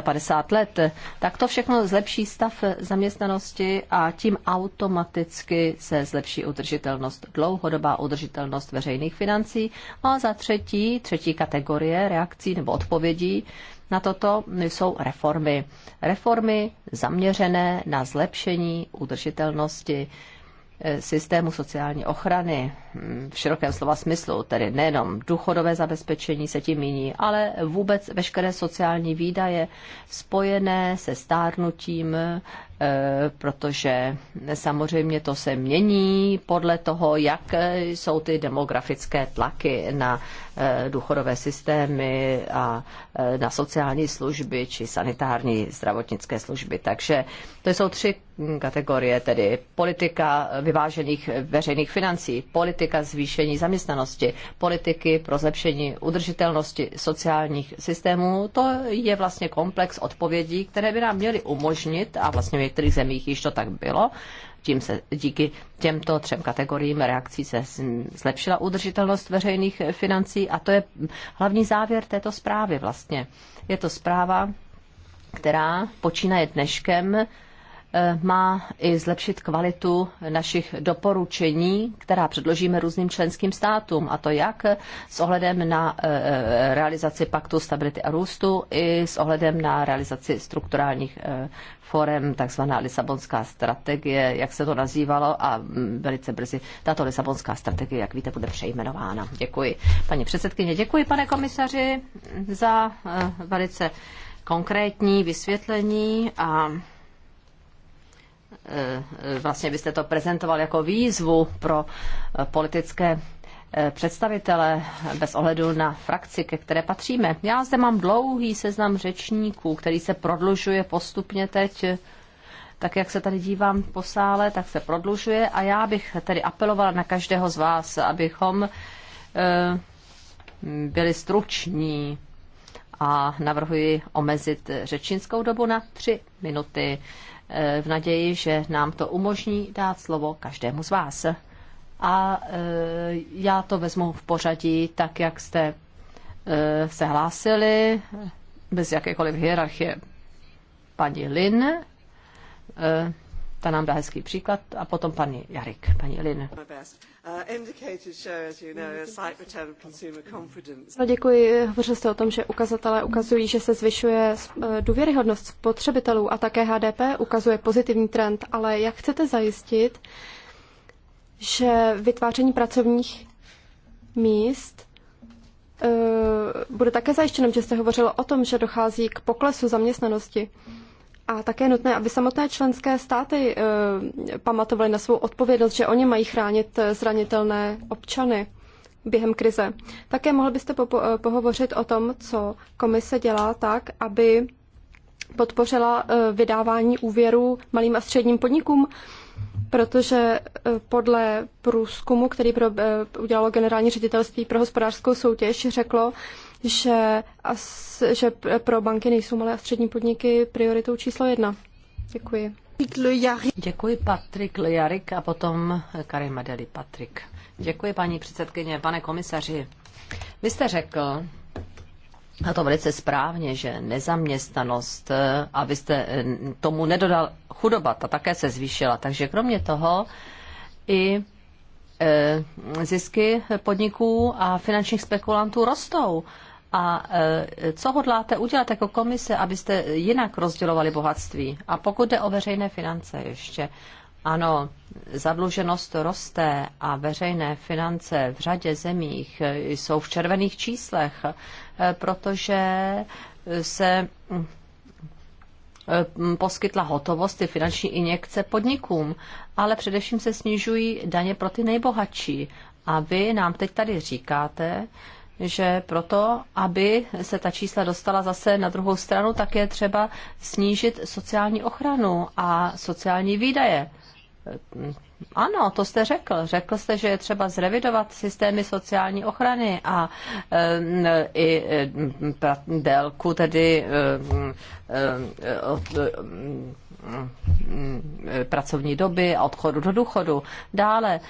55 let, tak to všechno zlepší stav zaměstnanosti a tím automaticky se zlepší udržitelnost, dlouhodobá udržitelnost veřejných financí. A za třetí, třetí kategorie reakcí nebo odpovědí na toto jsou reformy. Reformy zaměřené na zlepšení udržitelnosti systému sociální ochrany mm, v širokém slova smyslu, tedy nejenom důchodové zabezpečení se tím míní, ale vůbec veškeré sociální výdaje spojené se stárnutím Eh, protože samozřejmě to se mění podle toho, jak jsou ty demografické tlaky na eh, důchodové systémy a eh, na sociální služby či sanitární zdravotnické služby. Takže to jsou tři kategorie, tedy politika vyvážených veřejných financí, politika zvýšení zaměstnanosti, politiky pro zlepšení udržitelnosti sociálních systémů. To je vlastně komplex odpovědí, které by nám měly umožnit a vlastně některých zemích již to tak bylo. Tím se díky těmto třem kategoriím reakcí se zlepšila udržitelnost veřejných financí a to je hlavní závěr této zprávy vlastně. Je to zpráva, která počínaje dneškem Eh, má i zlepšit kvalitu našich doporučení, která předložíme různým členským státům, a to jak s ohledem na eh, realizaci paktu stability a růstu, i s ohledem na realizaci strukturálních eh, forem, takzvaná Lisabonská strategie, jak se to nazývalo a mm, velice brzy tato Lisabonská strategie, jak víte, bude přejmenována. Děkuji. Paní předsedkyně, děkuji pane komisaři za velice konkrétní vysvětlení a Eh, vlastně byste to prezentoval jako výzvu pro eh, politické eh, představitele bez ohledu na frakci, ke které patříme. Já zde mám dlouhý seznam řečníků, který se prodlužuje postupně teď. Tak jak se tady dívám po sále, tak se prodlužuje a já bych tedy apelovala na každého z vás, abychom byli struční a navrhuji omezit řečnickou dobu na tři minuty v naději, že nám to umožní dát slovo každému z vás. A e, já to vezmu v pořadí tak, jak jste e, se hlásili, bez jakékoliv hierarchie. Paní Lin, e, ta nám dá hezký příklad a potom paní Jarik, paní Elin. Uh, no, děkuji. Hovořil jste o tom, že ukazatele ukazují, že se zvyšuje uh, důvěryhodnost spotřebitelů a také HDP ukazuje pozitivní trend, ale jak chcete zajistit, že vytváření pracovních míst uh, bude také zajištěno, že jste hovořil o tom, že dochází k poklesu zaměstnanosti. A také je nutné, aby samotné členské státy eh, pamatovaly na svou odpovědnost, že oni mají chránit eh, zranitelné občany během krize. Také mohl byste po- eh, pohovořit o tom, co komise dělá tak, aby podpořila vydávání úvěrů malým a středním podnikům, protože podle průzkumu, který pro, udělalo generální ředitelství pro hospodářskou soutěž, řeklo, že, as, že pro banky nejsou malé a střední podniky prioritou číslo jedna. Děkuji. Děkuji Patrik Lejarik a potom Karim Adeli Patrik. Děkuji paní předsedkyně, pane komisaři. Vy jste řekl, a to velice správně, že nezaměstnanost, eh, abyste eh, tomu nedodal chudoba, ta také se zvýšila. Takže kromě toho i eh, zisky podniků a finančních spekulantů rostou. A e, co hodláte udělat jako komise, abyste jinak rozdělovali bohatství? A pokud jde o veřejné finance ještě, ano, zadluženost roste a veřejné finance v řadě zemích e, jsou v červených číslech, e, protože se poskytla hotovost, ty finanční injekce podnikům, ale především se snižují daně pro ty nejbohatší. A vy nám teď tady říkáte, že proto, aby se ta čísla dostala zase na druhou stranu, tak je třeba snížit sociální ochranu a sociální výdaje ano, to jste řekl. Řekl jste, že je třeba zrevidovat systémy sociální ochrany a eh, i eh, délku tedy eh, pracovní doby a odchodu do důchodu. Dále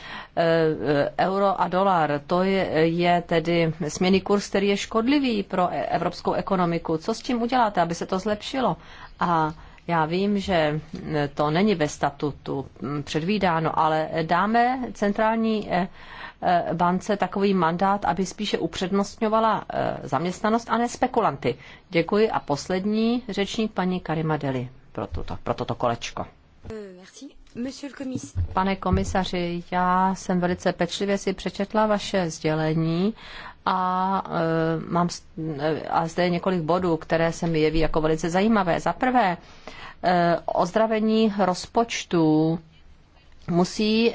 euro a dolar, to je, je tedy směný kurz, který je škodlivý pro e-, evropskou ekonomiku. Co s tím uděláte, aby se to zlepšilo? A já vím, že eh, to není ve statutu hm, předvídáno, ale dáme centrální eh, eh, bance takový mandát, aby spíše upřednostňovala zaměstnanost a ne spekulanty. Děkuji a poslední řečník paní Karima Deli pro, tuto, pro toto kolečko. Pane komisaři, já jsem velice pečlivě si přečetla vaše sdělení a, eh, mám, eh, a zde je několik bodů, které se mi jeví jako velice zajímavé. Za prvé, eh, ozdravení rozpočtu musí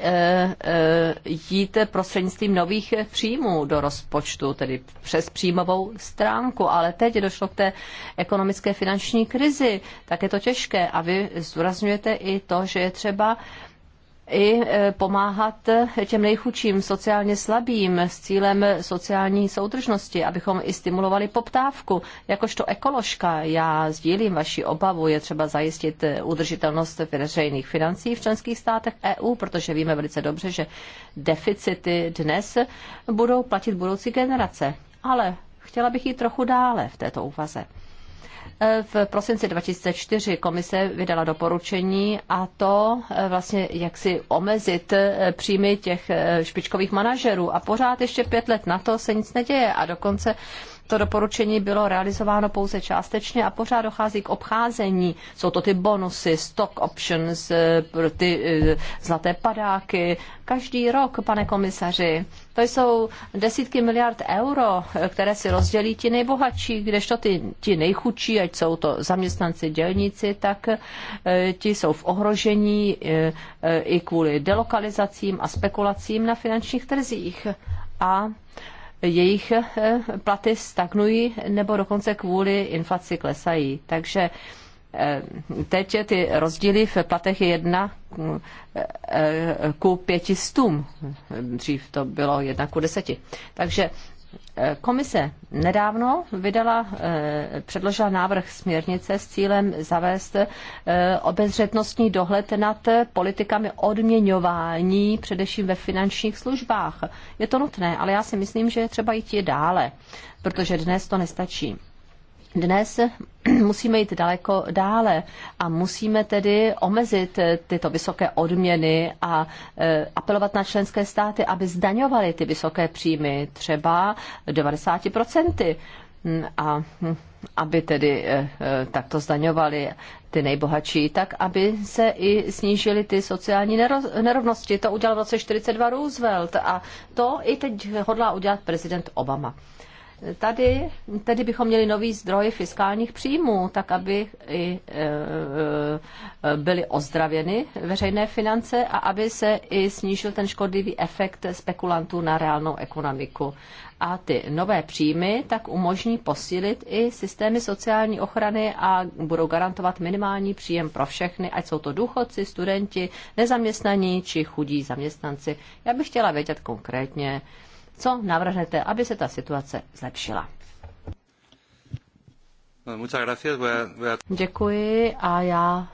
jít prostřednictvím nových příjmů do rozpočtu, tedy přes příjmovou stránku. Ale teď došlo k té ekonomické finanční krizi, tak je to těžké. A vy zdůrazňujete i to, že je třeba i e, pomáhat těm nejchudším, sociálně slabým s cílem sociální soudržnosti, abychom i stimulovali poptávku. Jakožto ekoložka já sdílím vaši obavu, je třeba zajistit udržitelnost veřejných financí v členských státech EU, protože víme velice dobře, že deficity dnes budou platit budoucí generace. Ale chtěla bych jít trochu dále v této úvaze. V prosinci 2004 komise vydala doporučení a to eh, vlastně jak si omezit eh, příjmy těch eh, špičkových manažerů a pořád ještě pět let na to se nic neděje a dokonce to doporučení bylo realizováno pouze částečně a pořád dochází k obcházení. Jsou to ty bonusy, stock options, eh, ty eh, zlaté padáky. Každý rok, pane komisaři, to jsou desítky miliard euro, eh, které si rozdělí ti nejbohatší, kdežto ty, ti nejchudší, ať jsou to zaměstnanci, dělníci, tak ti jsou v ohrožení i kvůli delokalizacím a spekulacím na finančních trzích. A jejich eh, platy stagnují nebo dokonce kvůli inflaci klesají. Takže eh, teď ty rozdíly v platech jedna eh, ku pětistům. Dřív to bylo jedna ku deseti. Takže Eh, komise nedávno vydala, eh, předložila návrh směrnice s cílem zavést eh, obezřetnostní dohled nad politikami odměňování, především ve finančních službách. Je to nutné, ale já si myslím, že je třeba jít dále, protože dnes to nestačí. Dnes musíme jít daleko dále a musíme tedy omezit eh, tyto vysoké odměny a eh, apelovat na členské státy, aby zdaňovaly ty vysoké příjmy třeba 90%. Hm, a hm, aby tedy eh, takto zdaňovali ty nejbohatší, tak aby se i snížily ty sociální nerovnosti. To udělal v roce 42 Roosevelt a to i teď hodlá udělat prezident Obama. Tady tedy bychom měli nový zdroj fiskálních příjmů, tak aby i e, e, byly ozdravěny veřejné finance a aby se i snížil ten škodlivý efekt spekulantů na reálnou ekonomiku. A ty nové příjmy tak umožní posílit i systémy sociální ochrany a budou garantovat minimální příjem pro všechny, ať jsou to důchodci, studenti, nezaměstnaní či chudí zaměstnanci. Já bych chtěla vědět konkrétně, co navrhnete, aby se ta situace zlepšila? Děkuji a já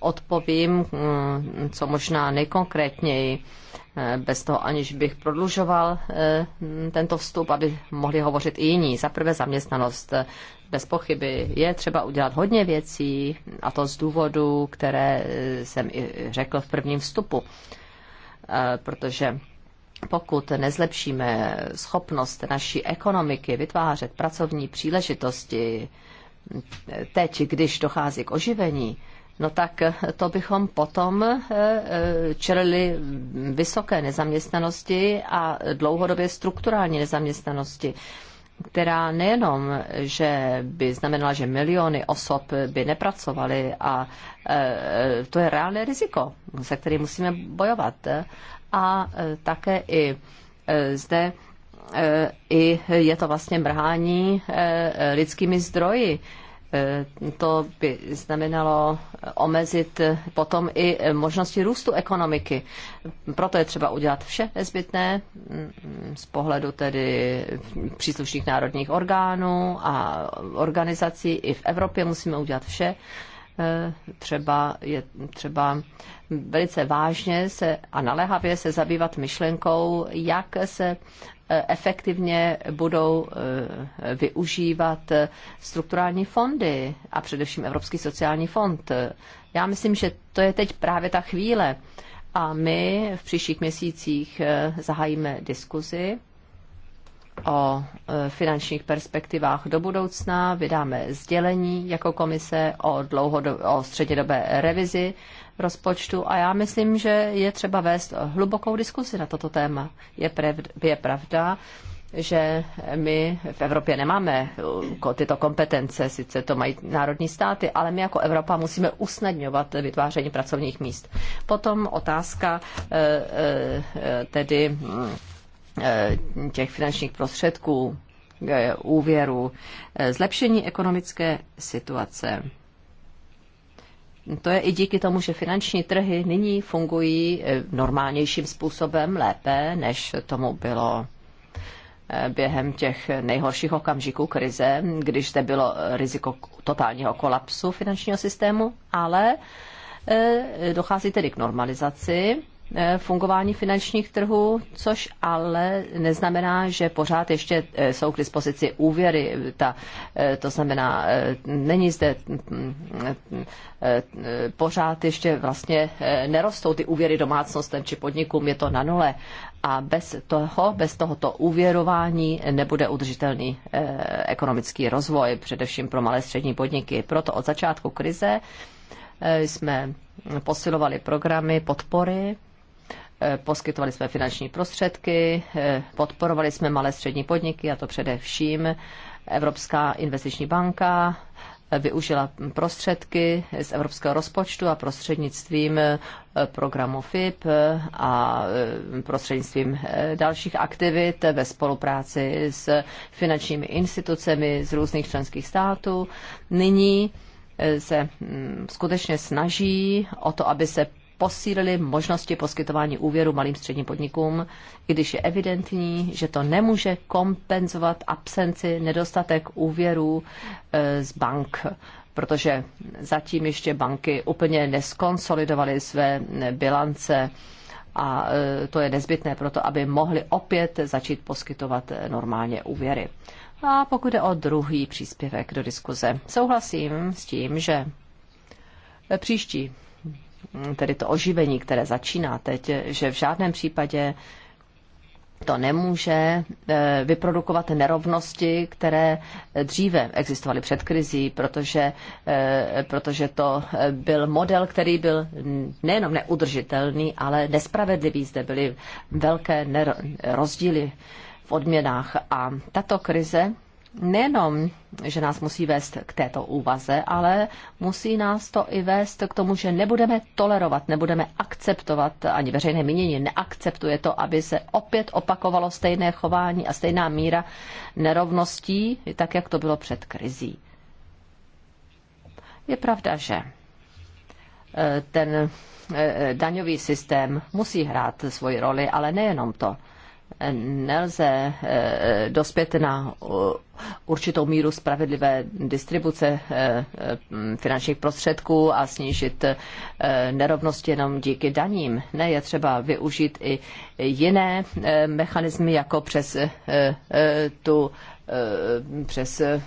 odpovím, mm, co možná nejkonkrétněji, eh, bez toho aniž bych prodlužoval eh, mm, tento vstup, aby mohli hovořit i jiní. Za prvé zaměstnanost. Eh, bez pochyby je třeba udělat hodně věcí, a to z důvodu, které jsem i řekl v prvním vstupu, protože pokud nezlepšíme schopnost naší ekonomiky vytvářet pracovní příležitosti teď, když dochází k oživení, no tak to bychom potom eh, eh, čelili vysoké nezaměstnanosti a dlouhodobě strukturální nezaměstnanosti která nejenom, že by znamenala, že miliony osob by nepracovaly a eh, to je reálné riziko, se kterým musíme bojovat a e, také i e, zde e, i je to vlastně mrhání lidskými zdroji. To by znamenalo omezit potom i možnosti růstu ekonomiky. Proto je třeba udělat vše nezbytné mm, z pohledu tedy příslušných národních orgánů a organizací. I v Evropě musíme udělat vše Eh, třeba, je třeba velice vážně se a naléhavě se zabývat myšlenkou, jak se eh, efektivně budou eh, využívat strukturální fondy a především Evropský sociální fond. Já myslím, že to je teď právě ta chvíle. A my v příštích měsících zahájíme diskuzi o e, finančních perspektivách do budoucna, vydáme sdělení jako komise o, dlouhodob- o střednědobé revizi rozpočtu a já myslím, že je třeba vést hlubokou diskusi na toto téma. Je, prev- je pravda, že my v Evropě nemáme e, tyto kompetence, sice to mají národní státy, ale my jako Evropa musíme usnadňovat vytváření pracovních míst. Potom otázka e, tedy Eh, těch finančních prostředků, eh, úvěru, eh, zlepšení ekonomické situace. To je i díky tomu, že finanční trhy nyní fungují normálnějším způsobem lépe, než tomu bylo během těch nejhorších okamžiků krize, když zde bylo riziko totálního kolapsu finančního systému, ale dochází tedy k normalizaci Eh, fungování finančních trhů, což ale neznamená, že pořád ještě eh, jsou k dispozici úvěry. Ta, eh, to znamená, není zde mm, pořád ještě vlastně nerostou ty úvěry domácnostem či podnikům, je to na nule. A bez toho, bez tohoto úvěrování nebude udržitelný ekonomický rozvoj, především pro malé střední podniky. Proto od začátku krize jsme posilovali programy podpory Eh, poskytovali své finanční prostředky, eh, podporovali jsme malé střední podniky, a to především Evropská investiční banka, eh, využila prostředky z evropského rozpočtu a prostřednictvím programu FIP a prostřednictvím dalších aktivit ve spolupráci s finančními institucemi z různých členských států. Nyní se mm, skutečně snaží o to, aby se posílili možnosti poskytování úvěru malým středním podnikům, i když je evidentní, že to nemůže kompenzovat absenci nedostatek úvěrů e, z bank protože zatím ještě banky úplně neskonsolidovaly své bilance a e, to je nezbytné proto, aby mohly opět začít poskytovat normálně úvěry. A pokud je o druhý příspěvek do diskuze, souhlasím s tím, že příští tedy to oživení, které začíná teď, že v žádném případě to nemůže eh, vyprodukovat nerovnosti, které dříve existovaly před krizí, protože, eh, protože to eh, byl model, který byl nejenom neudržitelný, ale nespravedlivý. Zde byly velké rozdíly v odměnách. A tato krize nejenom, že nás musí vést k této úvaze, ale musí nás to i vést k tomu, že nebudeme tolerovat, nebudeme akceptovat, ani veřejné mínění neakceptuje to, aby se opět opakovalo stejné chování a stejná míra nerovností, tak jak to bylo před krizí. Je pravda, že e, ten e, e, daňový systém musí hrát svoji roli, ale nejenom to nelze eh, dospět na eh, určitou míru spravedlivé distribuce eh, finančních prostředků a snížit nerovnost jenom díky daním. Ne, je třeba využít i jiné mechanismy, jako přes tu Eh, přes eh,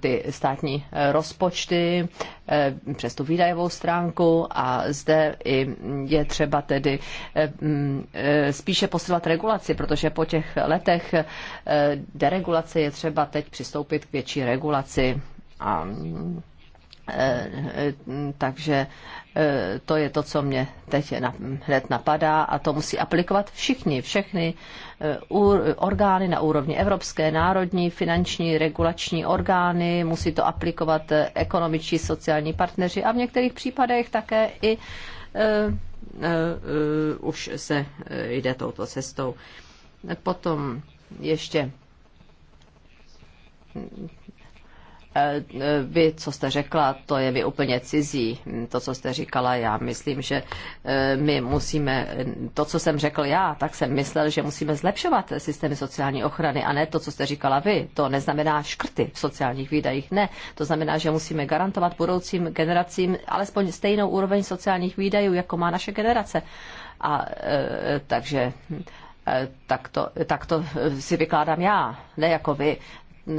ty státní rozpočty, eh, přes tu výdajovou stránku a zde i je třeba tedy mm, spíše posilovat regulaci, protože po těch letech deregulace je třeba teď přistoupit k větší regulaci a Eh, eh, takže eh, to je to, co mě teď hned napadá a to musí aplikovat všichni, všechny orgány na úrovni evropské, národní, finanční, regulační orgány, musí to aplikovat ekonomičtí, sociální partneři a v některých případech také i už se jde touto cestou. Potom ještě Eh, eh, vy, co jste řekla, to je mi úplně cizí, hm, to, co jste říkala. Já myslím, že eh, my musíme, hm, to, co jsem řekl já, tak jsem myslel, že musíme zlepšovat systémy sociální ochrany a ne to, co jste říkala vy. To neznamená škrty v sociálních výdajích, ne. To znamená, že musíme garantovat budoucím generacím alespoň stejnou úroveň sociálních výdajů, jako má naše generace. A takže hm, tak to, tak to si vykládám já, ne jako vy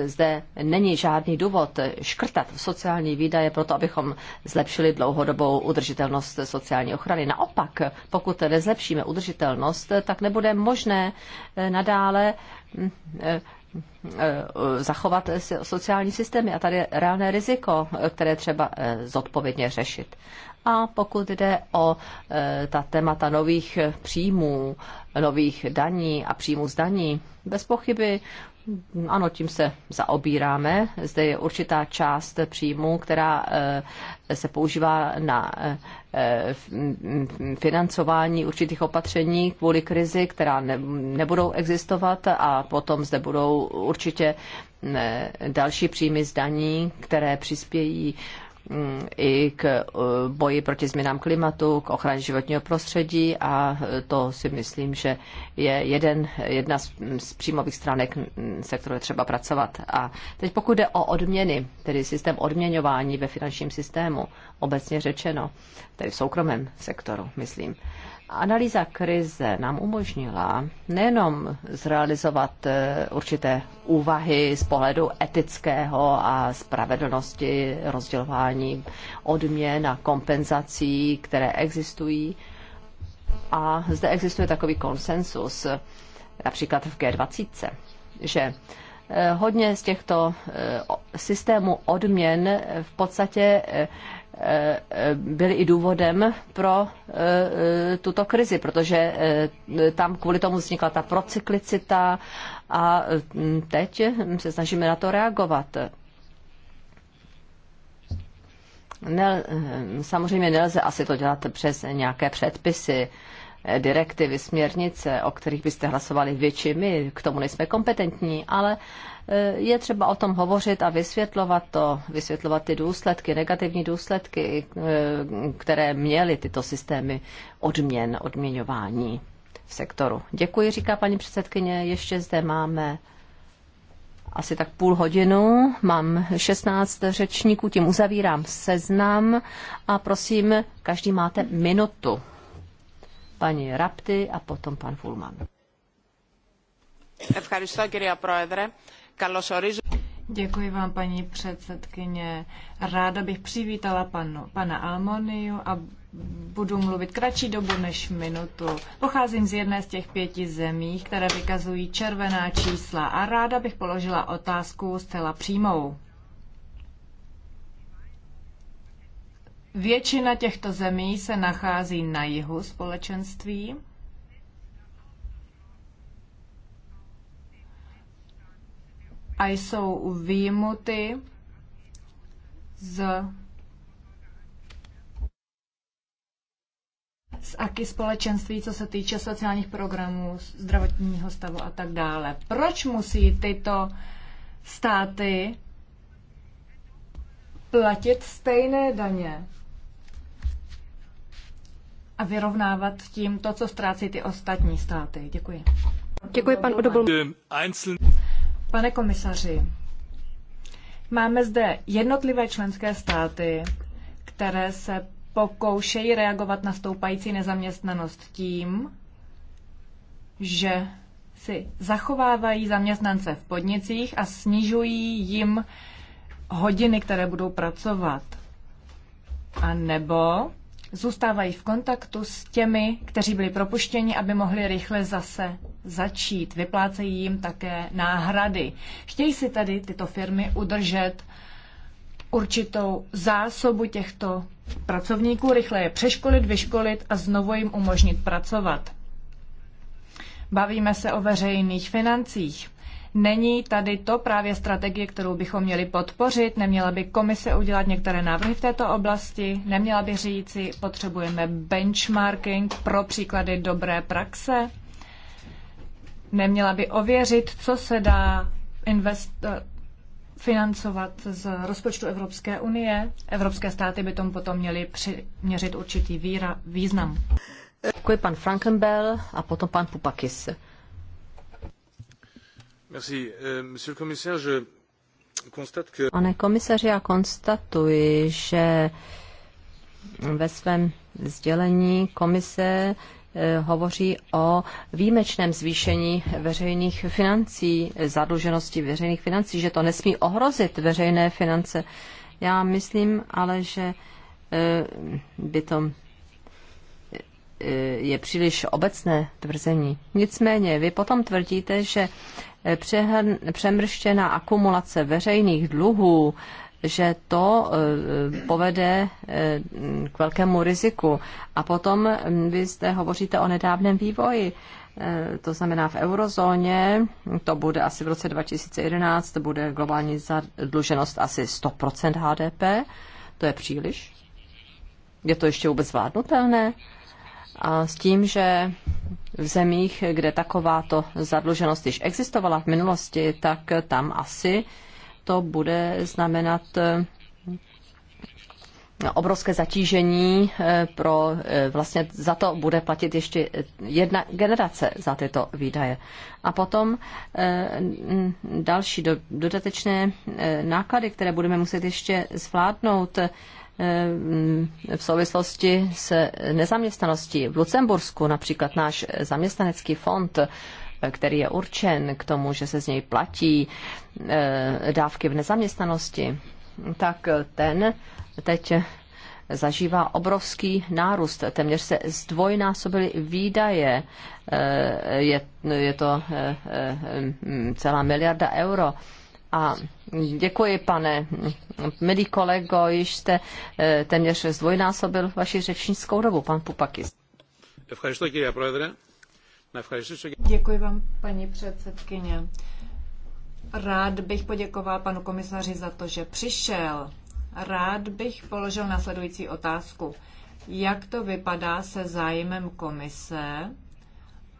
zde není žádný důvod škrtat sociální výdaje proto, abychom zlepšili dlouhodobou udržitelnost sociální ochrany. Naopak, pokud nezlepšíme udržitelnost, tak nebude možné eh, nadále hm, eh, eh, zachovat sociální systémy. A tady je reálné riziko, které třeba zodpovědně řešit. A pokud jde o ta témata nových příjmů, nových daní a příjmů z daní, bez pochyby ano, tím se zaobíráme. Zde je určitá část příjmů, která eh, se používá na eh, mm, financování určitých opatření kvůli krizi, která nebudou existovat a potom zde budou určitě eh, další příjmy zdaní, které přispějí Mm, i k eh, boji proti změnám klimatu, k ochraně životního prostředí a eh, to si myslím, že je jeden, jedna z, mm, z příjmových stránek, mm, se kterou je třeba pracovat. A teď pokud jde o odměny, tedy systém odměňování ve finančním systému, obecně řečeno, tedy v soukromém sektoru, myslím. Analýza krize nám umožnila nejenom zrealizovat eh, určité úvahy z pohledu etického a spravedlnosti rozdělování odměn a kompenzací, které existují. A zde existuje takový konsensus, například v G20, že eh, hodně z těchto eh, systémů odměn v podstatě byly i důvodem pro e, e, tuto krizi, protože e, tam kvůli tomu vznikla ta procyklicita a teď se snažíme na to reagovat. Nel, samozřejmě nelze asi to dělat přes nějaké předpisy, direktivy, směrnice, o kterých byste hlasovali většími, k tomu nejsme kompetentní, ale eh, je třeba o tom hovořit a vysvětlovat to, vysvětlovat ty důsledky, negativní důsledky, eh, které měly tyto systémy odměn, odměňování v sektoru. Děkuji, říká paní předsedkyně. Ještě zde máme asi tak půl hodinu. Mám 16 řečníků, tím uzavírám seznam a prosím, každý máte minutu. Paní Rapty a potom pan Fulman. Ευχαριστώ κυρία Děkuji vám, paní předsedkyně. Ráda bych přivítala panu, pana Almoniu a budu mluvit kratší dobu než minutu. Pocházím z jedné z těch pěti zemí, které vykazují červená čísla a ráda bych položila otázku zcela přímou. Většina těchto zemí se nachází na jihu společenství. a jsou výjimuty z, z aky společenství, co se týče sociálních programů, zdravotního stavu a tak dále. Proč musí tyto státy platit stejné daně a vyrovnávat tím to, co ztrácí ty ostatní státy? Děkuji. Děkuji, pan Odobl. Pane komisaři, máme zde jednotlivé členské státy, které se pokoušejí reagovat na stoupající nezaměstnanost tím, že si zachovávají zaměstnance v podnicích a snižují jim hodiny, které budou pracovat. A nebo zůstávají v kontaktu s těmi, kteří byli propuštěni, aby mohli rychle zase začít. Vyplácejí jim také náhrady. Chtějí si tady tyto firmy udržet určitou zásobu těchto pracovníků, rychle je přeškolit, vyškolit a znovu jim umožnit pracovat. Bavíme se o veřejných financích. Není tady to právě strategie, kterou bychom měli podpořit? Neměla by komise udělat některé návrhy v této oblasti? Neměla by říci, potřebujeme benchmarking pro příklady dobré praxe? Neměla by ověřit, co se dá invest, financovat z rozpočtu Evropské unie? Evropské státy by tomu potom měly přiměřit určitý víra, význam. Děkuji pan Frankenbell a potom pan Pupakis. Euh, Pane komisaři, já konstatuji, že ve svém sdělení komise eh, hovoří o výjimečném zvýšení veřejných financí, zadluženosti veřejných financí, že to nesmí ohrozit veřejné finance. Já myslím ale, že eh, by to eh, je příliš obecné tvrzení. Nicméně, vy potom tvrdíte, že přemrštěná akumulace veřejných dluhů, že to eh, povede eh, k velkému riziku. A potom hm, vy zde hovoříte o nedávném vývoji. Eh, to znamená v eurozóně, to bude asi v roce 2011, to bude globální zadluženost asi 100% HDP. To je příliš? Je to ještě vůbec zvládnutelné? A s tím, že v zemích, kde takováto zadluženost již existovala v minulosti, tak tam asi to bude znamenat eh, obrovské zatížení eh, pro eh, vlastně za to bude platit ještě jedna generace za tyto výdaje. A potom další dodatečné náklady, které budeme muset ještě zvládnout, Eh, v souvislosti s nezaměstnaností. V Lucembursku například náš zaměstnanecký fond eh, který je určen k tomu, že se z něj platí eh, dávky v nezaměstnanosti, tak ten teď zažívá obrovský nárůst. Téměř se zdvojnásobily výdaje. Je, je to celá miliarda euro a děkuji, pane. Milý kolego, již jste eh, téměř zdvojnásobil vaši řečnickou dobu, pan Pupakis. Děkuji vám, paní předsedkyně. Rád bych poděkoval panu komisaři za to, že přišel. Rád bych položil následující otázku. Jak to vypadá se zájmem komise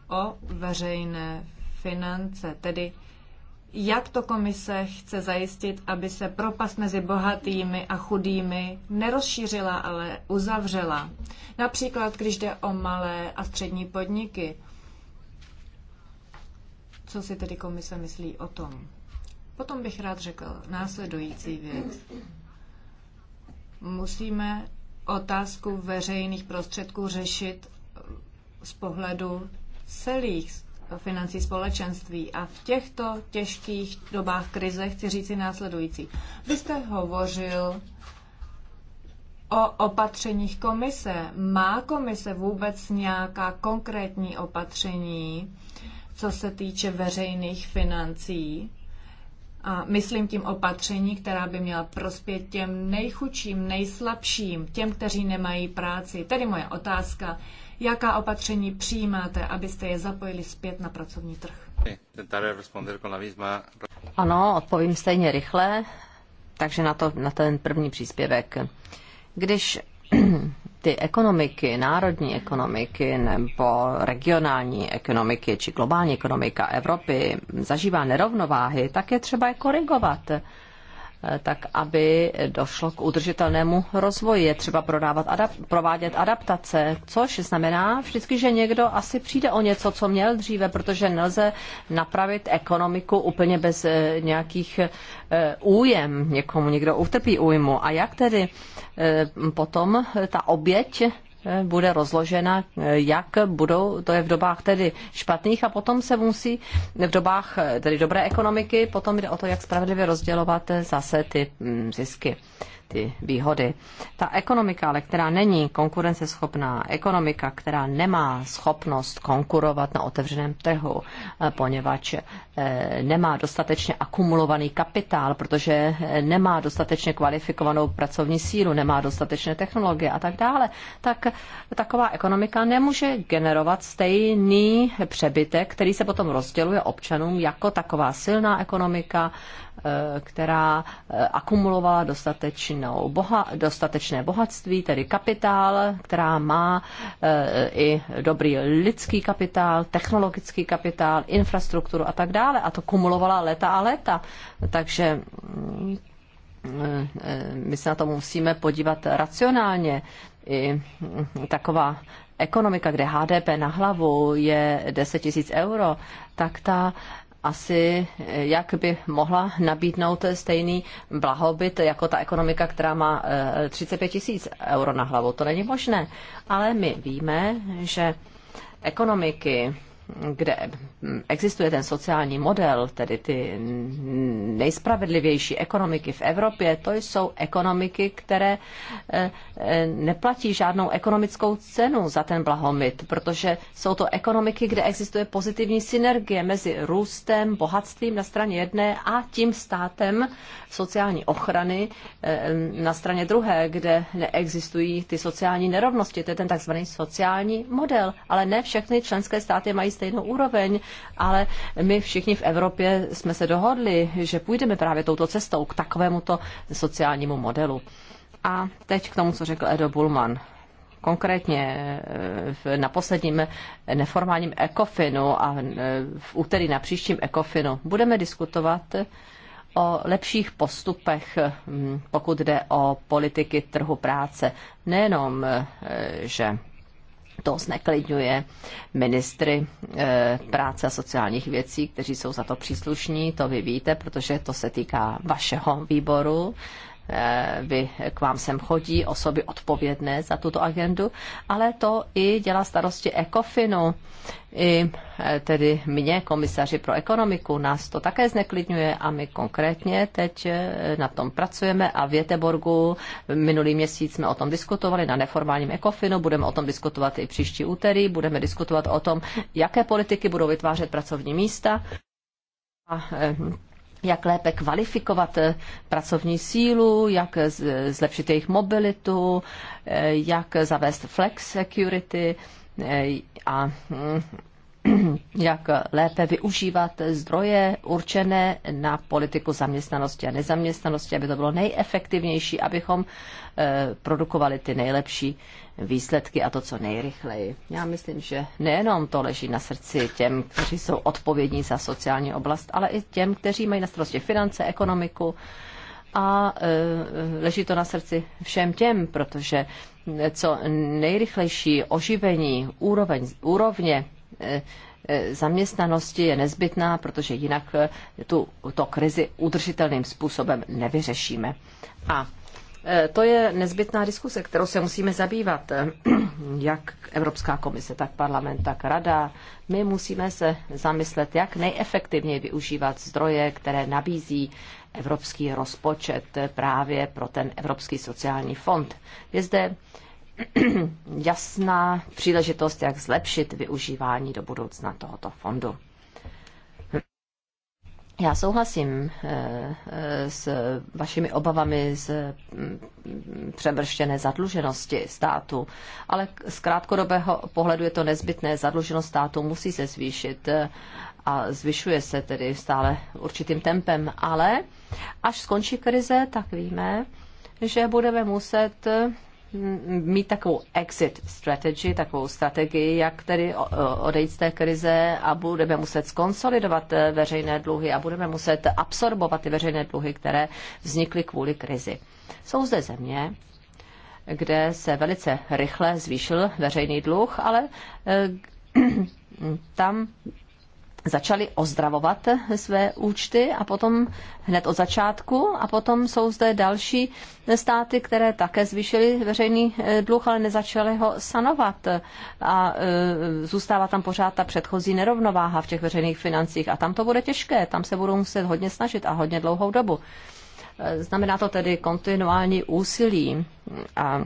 o veřejné finance, tedy jak to komise chce zajistit, aby se propast mezi bohatými a chudými nerozšířila, ale uzavřela. Například, když jde o malé a střední podniky. Co si tedy komise myslí o tom? Potom bych rád řekl následující věc. Musíme otázku veřejných prostředků řešit z pohledu celých financí společenství. A v těchto těžkých dobách krize chci říci následující. Vy jste hovořil o opatřeních komise. Má komise vůbec nějaká konkrétní opatření, co se týče veřejných financí? A myslím tím opatření, která by měla prospět těm nejchučím, nejslabším, těm, kteří nemají práci. Tedy moje otázka, Jaká opatření přijímáte, abyste je zapojili zpět na pracovní trh? Ano, odpovím stejně rychle, takže na, to, na ten první příspěvek. Když ty ekonomiky, národní ekonomiky nebo regionální ekonomiky či globální ekonomika Evropy zažívá nerovnováhy, tak je třeba je korigovat tak aby došlo k udržitelnému rozvoji. Je třeba prodávat, adap- provádět adaptace, což znamená vždycky, že někdo asi přijde o něco, co měl dříve, protože nelze napravit ekonomiku úplně bez eh, nějakých eh, újem. Někomu někdo utrpí újmu. A jak tedy eh, potom ta oběť bude rozložena, jak budou, to je v dobách tedy špatných a potom se musí v dobách tedy dobré ekonomiky, potom jde o to, jak spravedlivě rozdělovat zase ty mm, zisky ty výhody. Ta ekonomika, ale která není konkurenceschopná, ekonomika, která nemá schopnost konkurovat na otevřeném trhu, eh, poněvadž eh, nemá dostatečně akumulovaný kapitál, protože eh, nemá dostatečně kvalifikovanou pracovní sílu, nemá dostatečné technologie a tak dále, tak taková ekonomika nemůže generovat stejný přebytek, který se potom rozděluje občanům jako taková silná ekonomika, Eh, která eh, akumulovala dostatečnou boha, dostatečné bohatství, tedy kapitál, která má eh, i dobrý lidský kapitál, technologický kapitál, infrastrukturu a tak dále. A to kumulovala léta a léta. Takže mm, my se na to musíme podívat racionálně. I mm, taková ekonomika, kde HDP na hlavu je 10 000 euro, tak ta asi, jak by mohla nabídnout stejný blahobyt jako ta ekonomika, která má 35 eh, tisíc euro na hlavu. To není možné. Ale my víme, že ekonomiky kde existuje ten sociální model, tedy ty nejspravedlivější ekonomiky v Evropě, to jsou ekonomiky, které eh, eh, neplatí žádnou ekonomickou cenu za ten blahomit, protože jsou to ekonomiky, kde existuje pozitivní synergie mezi růstem, bohatstvím na straně jedné a tím státem sociální ochrany eh, na straně druhé, kde neexistují ty sociální nerovnosti. To je ten takzvaný sociální model, ale ne všechny členské státy mají stejnou úroveň, ale my všichni v Evropě jsme se dohodli, že půjdeme právě touto cestou k takovémuto sociálnímu modelu. A teď k tomu, co řekl Edo Bulman konkrétně eh, na posledním neformálním ECOFINu a eh, v úterý na příštím ECOFINu budeme diskutovat o lepších postupech, hm, pokud jde o politiky trhu práce. Nejenom, eh, že to zneklidňuje ministry eh, práce a sociálních věcí, kteří jsou za to příslušní, to vy víte, protože to se týká vašeho výboru, Eh, vy, k vám sem chodí osoby odpovědné za tuto agendu, ale to i dělá starosti ECOFINu, i eh, tedy mě, komisaři pro ekonomiku, nás to také zneklidňuje a my konkrétně teď eh, na tom pracujeme a v Jeteborgu minulý měsíc jsme o tom diskutovali na neformálním ECOFINu, budeme o tom diskutovat i příští úterý, budeme diskutovat o tom, jaké politiky budou vytvářet pracovní místa. A, jak lépe kvalifikovat eh, pracovní sílu, jak zlepšit jejich mobilitu, eh, jak zavést flex security eh, a mm, jak lépe využívat zdroje určené na politiku zaměstnanosti a nezaměstnanosti, aby to bylo nejefektivnější, abychom eh, produkovali ty nejlepší výsledky a to co nejrychleji. Já myslím, že nejenom to leží na srdci těm, kteří jsou odpovědní za sociální oblast, ale i těm, kteří mají na starosti finance, ekonomiku a eh, leží to na srdci všem těm, protože co nejrychlejší oživení úroveň, úrovně Eh, eh, zaměstnanosti je nezbytná, protože jinak eh, tu, to krizi udržitelným způsobem nevyřešíme. A to je nezbytná diskuse, kterou se musíme zabývat, jak Evropská komise, tak parlament, tak rada. My musíme se zamyslet, jak nejefektivněji využívat zdroje, které nabízí evropský rozpočet právě pro ten Evropský sociální fond. Je zde jasná příležitost, jak zlepšit využívání do budoucna tohoto fondu. Já souhlasím eh, eh, s vašimi obavami z mm, přebrštěné zadluženosti státu, ale z krátkodobého pohledu je to nezbytné. Zadluženost státu musí se zvýšit eh, a zvyšuje se tedy stále určitým tempem, ale až skončí krize, tak víme, že budeme muset mít takovou exit strategy, takovou strategii, jak tedy odejít z té krize a budeme muset skonsolidovat eh, veřejné dluhy a budeme muset absorbovat ty veřejné dluhy, které vznikly kvůli krizi. Jsou zde země, kde se velice rychle zvýšil veřejný dluh, ale eh, tam začali ozdravovat své účty a potom hned od začátku a potom jsou zde další státy, které také zvýšily veřejný eh, dluh, ale nezačaly ho sanovat a eh, zůstává tam pořád ta předchozí nerovnováha v těch veřejných financích a tam to bude těžké, tam se budou muset hodně snažit a hodně dlouhou dobu. Eh, znamená to tedy kontinuální úsilí a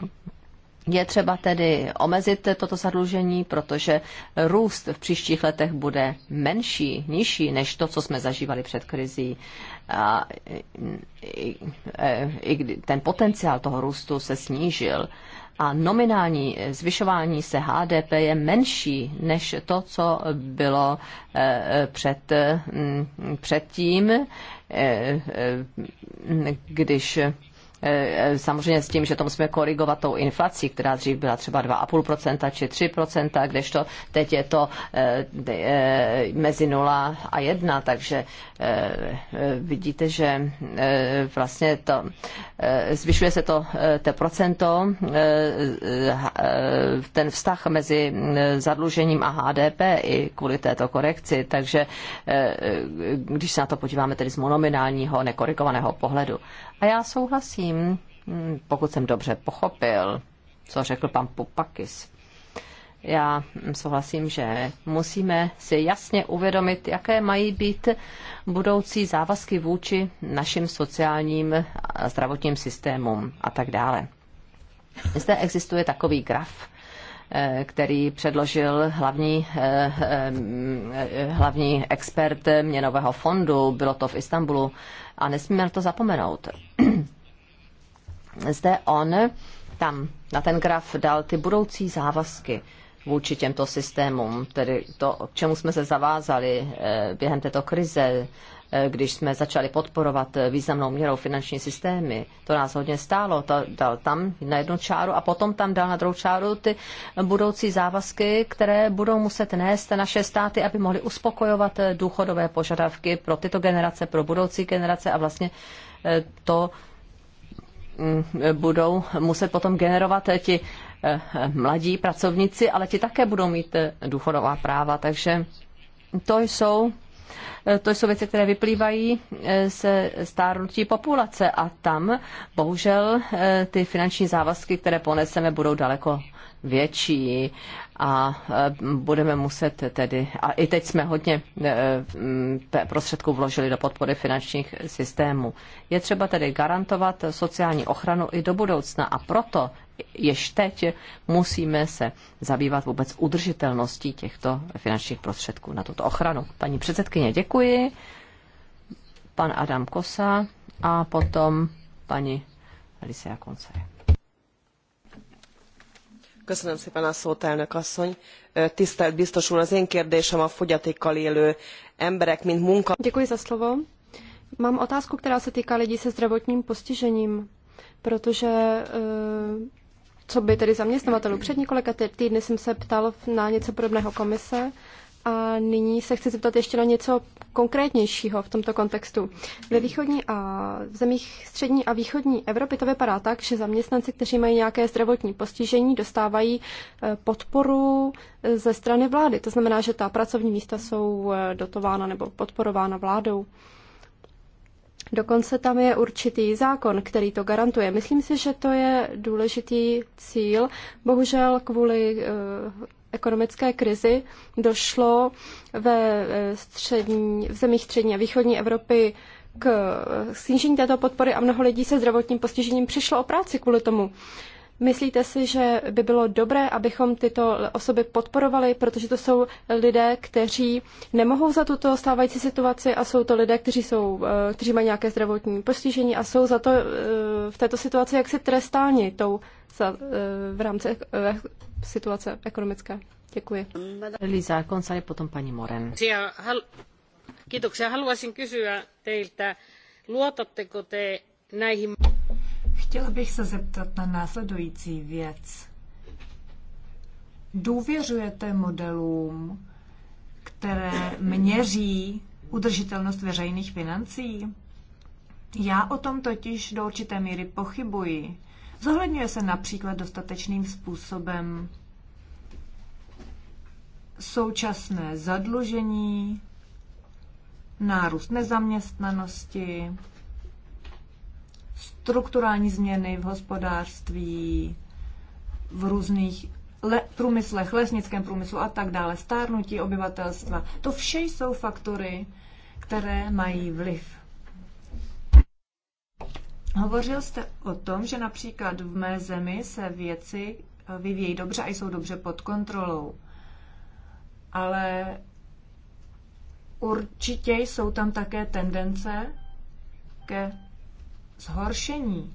je třeba tedy omezit toto zadlužení, protože růst v příštích letech bude menší, nižší než to, co jsme zažívali před krizí. A i, i, ten potenciál toho růstu se snížil a nominální zvyšování se HDP je menší než to, co bylo eh, před, hm, předtím, eh, eh, když Eh, samozřejmě s tím, že to musíme korigovat tou inflací, která dřív byla třeba 2,5% či 3%, kdežto teď je to eh, eh, mezi 0 a 1, takže vidíte, že vlastně to zvyšuje se to, to procento, ten vztah mezi zadlužením a HDP i kvůli této korekci, takže když se na to podíváme tedy z monominálního nekorigovaného pohledu. A já souhlasím, hm, pokud jsem dobře pochopil, co řekl pan Popakis. Já souhlasím, že musíme si jasně uvědomit, jaké mají být budoucí závazky vůči našim sociálním a zdravotním systémům a tak dále. Zde existuje takový graf, eh, který předložil hlavní, eh, eh, hm, hlavní expert Měnového fondu, bylo to v Istanbulu a nesmíme na to zapomenout. Zde on tam na ten graf dal ty budoucí závazky vůči těmto systémům, tedy to, k čemu jsme se zavázali eh, během této krize, když jsme začali podporovat významnou měrou finanční systémy. To nás hodně stálo. To dal tam na jednu čáru a potom tam dal na druhou čáru ty budoucí závazky, které budou muset nést naše státy, aby mohly uspokojovat důchodové požadavky pro tyto generace, pro budoucí generace a vlastně eh, to mm, budou muset potom generovat eh, ti eh, mladí pracovníci, ale ti také budou mít důchodová práva. Takže to jsou Eh, to jsou věci, které vyplývají eh, se stárnutí populace a tam bohužel eh, ty finanční závazky, které poneseme, budou daleko větší a budeme muset tedy, a i teď jsme hodně mm, prostředků vložili do podpory finančních systémů. Je třeba tedy garantovat sociální ochranu i do budoucna a proto jež teď musíme se zabývat vůbec udržitelností těchto finančních prostředků na tuto ochranu. Paní předsedkyně, děkuji. Pan Adam Kosa a potom paní Alicia Konce. Köszönöm szépen a szót, elnök asszony. Tisztelt biztos úr, az én kérdésem a fogyatékkal élő emberek, mint munka... Děkuji za slovo. Mám otázku, která se týká lidí se zdravotním postižením, protože co by tedy zaměstnavatelů. Před několika týdny jsem se ptal na něco podobného komise a nyní se chci zeptat ještě na něco konkrétnějšího v tomto kontextu. Ve východní a v zemích střední a východní Evropy to vypadá tak, že zaměstnanci, kteří mají nějaké zdravotní postižení, dostávají eh, podporu eh, ze strany vlády. To znamená, že ta pracovní místa jsou eh, dotována nebo podporována vládou. Dokonce tam je určitý zákon, který to garantuje. Myslím si, že to je důležitý cíl. Bohužel kvůli eh, ekonomické krizi došlo ve eh, střední, v zemích střední a východní Evropy k eh, snížení této podpory a mnoho lidí se zdravotním postižením přišlo o práci kvůli tomu. Myslíte si, že by bylo dobré, abychom tyto osoby podporovali, protože to jsou lidé, kteří nemohou za tuto stávající situaci a jsou to lidé, kteří, jsou, eh, kteří mají nějaké zdravotní postižení a jsou za to eh, v této situaci jaksi trestáni tou, za, eh, v rámci situace ekonomické. Děkuji. Liza Konsali, potom paní Moren. Kiitoksia. Haluaisin kysyä teiltä, luotatteko te näihin... Chtěla bych se zeptat na následující věc. Důvěřujete modelům, které měří udržitelnost veřejných financí? Já o tom totiž do určité míry pochybuji. Zohledňuje se například dostatečným způsobem současné zadlužení, nárůst nezaměstnanosti, strukturální změny v hospodářství, v různých le- průmyslech, lesnickém průmyslu a tak dále, stárnutí obyvatelstva. To vše jsou faktory, které mají vliv. Hovořil jste o tom, že například v mé zemi se věci vyvíjí dobře a jsou dobře pod kontrolou. Ale určitě jsou tam také tendence ke zhoršení.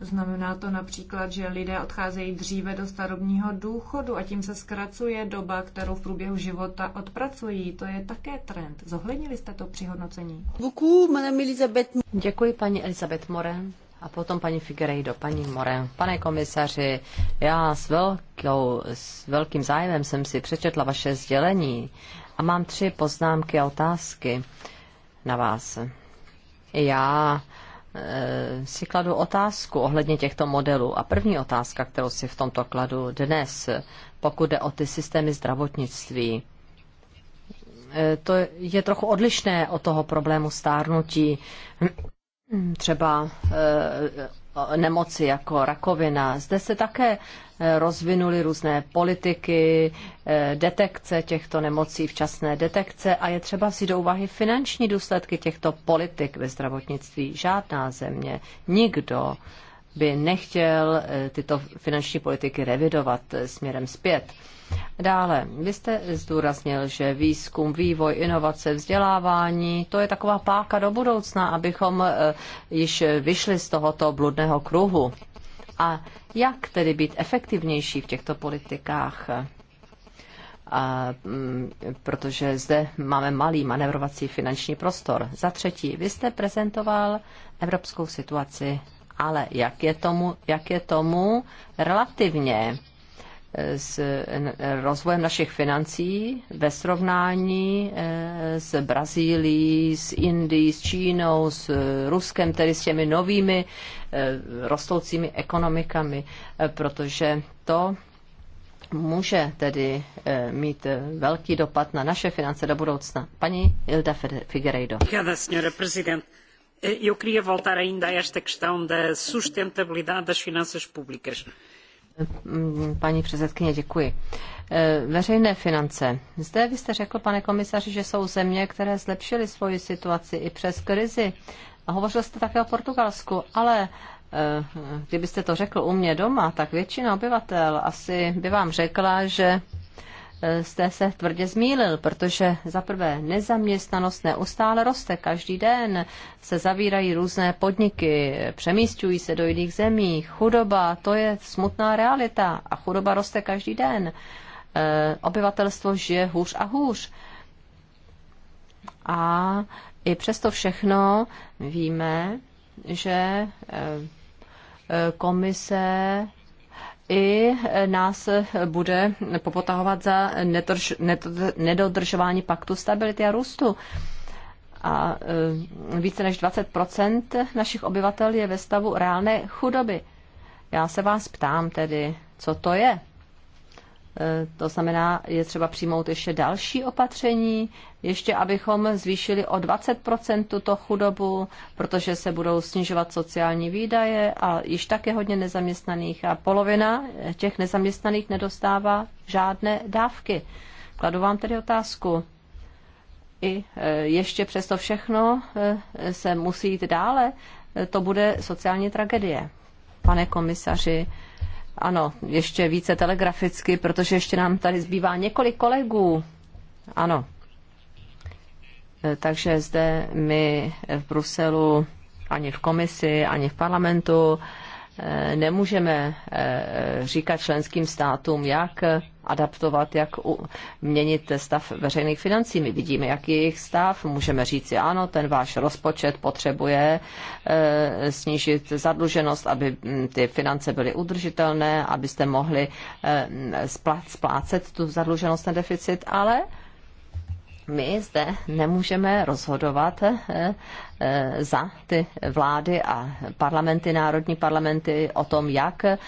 Znamená to například, že lidé odcházejí dříve do starobního důchodu a tím se zkracuje doba, kterou v průběhu života odpracují. To je také trend. Zohlednili jste to při hodnocení? Děkuji, paní Elizabeth Moren. A potom paní Figueiredo, paní Moren. Pane komisaři, já s, velkou, s velkým zájmem jsem si přečetla vaše sdělení a mám tři poznámky a otázky. Uh, na vás. Já eh, si kladu otázku ohledně těchto modelů. A první otázka, kterou si v tomto kladu dnes, pokud jde o ty systémy zdravotnictví, eh, to je trochu odlišné od toho problému stárnutí. Třeba eh, nemoci jako rakovina. Zde se také rozvinuli různé politiky eh, detekce těchto nemocí, včasné detekce a je třeba si do úvahy finanční důsledky těchto politik ve zdravotnictví. Žádná země, nikdo by nechtěl eh, tyto finanční politiky revidovat eh, směrem zpět. Dále, vy jste zdůraznil, že výzkum, vývoj, inovace, vzdělávání, to je taková páka do budoucna, abychom již vyšli z tohoto bludného kruhu. A jak tedy být efektivnější v těchto politikách? a, mm, protože zde máme malý manevrovací finanční prostor. Za třetí, vy jste prezentoval evropskou situaci, ale jak je tomu, jak je tomu relativně? s rozvojem našich financí ve srovnání e, s Brazílií, s Indií, s Čínou, s Ruskem, tedy s těmi novými e, rostoucími ekonomikami, e, protože to může tedy mít velký dopad na naše finance do budoucna. Paní Ilda Figueiredo. Eu queria voltar ainda a esta questão da sustentabilidade das finanças públicas Mm, paní předsedkyně, děkuji. E, veřejné finance. Zde vy jste řekl, pane komisaři, že jsou země, které zlepšily svoji situaci i přes krizi. A hovořil jste také o Portugalsku, ale e, kdybyste to řekl u mě doma, tak většina obyvatel asi by vám řekla, že jste se tvrdě zmýlil, protože za prvé nezaměstnanost neustále roste. Každý den se zavírají různé podniky, přemístují se do jiných zemí. Chudoba, to je smutná realita a chudoba roste každý den. Eh, obyvatelstvo žije hůř a hůř. A i přesto všechno víme, že eh, eh, komise i nás bude popotahovat za nedodržování paktu stability a růstu. A e, více než 20 našich obyvatel je ve stavu reálné chudoby. Já se vás ptám tedy, co to je? To znamená, je třeba přijmout ještě další opatření, ještě abychom zvýšili o 20 tuto chudobu, protože se budou snižovat sociální výdaje a již tak je hodně nezaměstnaných a polovina těch nezaměstnaných nedostává žádné dávky. Kladu vám tedy otázku. I e, ještě přesto všechno e, se musí jít dále. E, to bude sociální tragédie. Pane komisaři, ano, ještě více telegraficky, protože ještě nám tady zbývá několik kolegů. Ano. E, takže zde my v Bruselu, ani v komisi, ani v parlamentu, Eh, nemůžeme eh, říkat členským státům, jak adaptovat, jak měnit stav veřejných financí. My vidíme, jaký je jejich stav, můžeme říct, ano, ten váš rozpočet potřebuje eh, snížit zadluženost, aby mm, ty finance byly udržitelné, abyste mohli splácet tu zadluženost, ten deficit, ale my zde nemůžeme rozhodovat eh, eh, za ty vlády a parlamenty, národní parlamenty o tom, jak eh,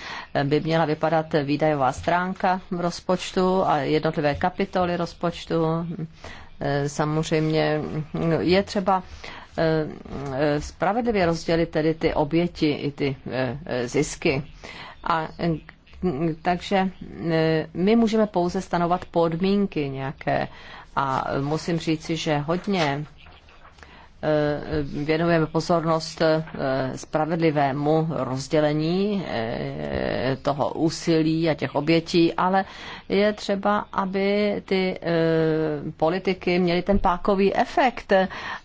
by měla vypadat výdajová stránka rozpočtu a jednotlivé kapitoly rozpočtu. Samozřejmě mm, je třeba spravedlivě rozdělit tedy ty oběti i ty zisky. A mm, takže my můžeme pouze stanovat podmínky nějaké a musím říci, že hodně Eh, věnujeme pozornost eh, spravedlivému rozdělení eh, toho úsilí a těch obětí, ale je třeba, aby ty politiky měly ten pákový efekt.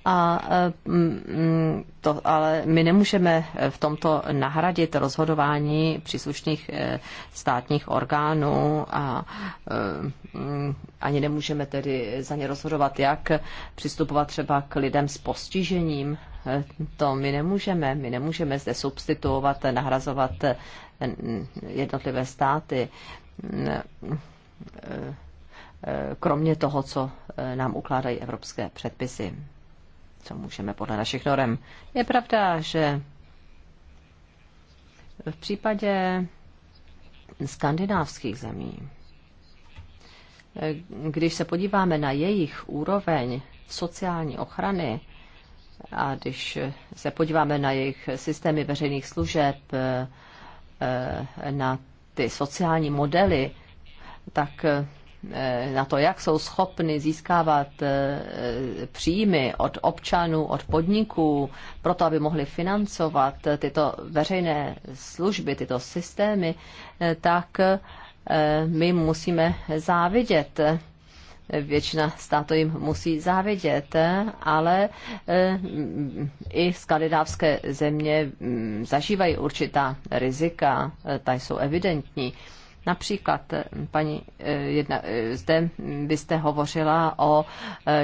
A mm, to, ale my nemůžeme v tomto nahradit rozhodování příslušných státních orgánů a mm, ani nemůžeme tedy za ně rozhodovat, jak přistupovat třeba k lidem z post postižením. Eh, to my nemůžeme. My nemůžeme zde substituovat, nahrazovat eh, jednotlivé státy. Eh, kromě toho, co nám ukládají evropské předpisy, co můžeme podle našich norem. Je pravda, že v případě skandinávských zemí, když se podíváme na jejich úroveň sociální ochrany, a když se podíváme na jejich systémy veřejných služeb, eh, eh, na ty sociální modely, tak eh, na to, jak jsou schopny získávat příjmy od občanů, od podniků, proto aby mohli financovat tyto veřejné služby, tyto systémy, tak my musíme závidět většina států jim musí závidět, ale eh, mm, i skandinávské země mm, zažívají určitá rizika, eh, ta jsou evidentní. Například, eh, paní, jedna, zde byste hovořila o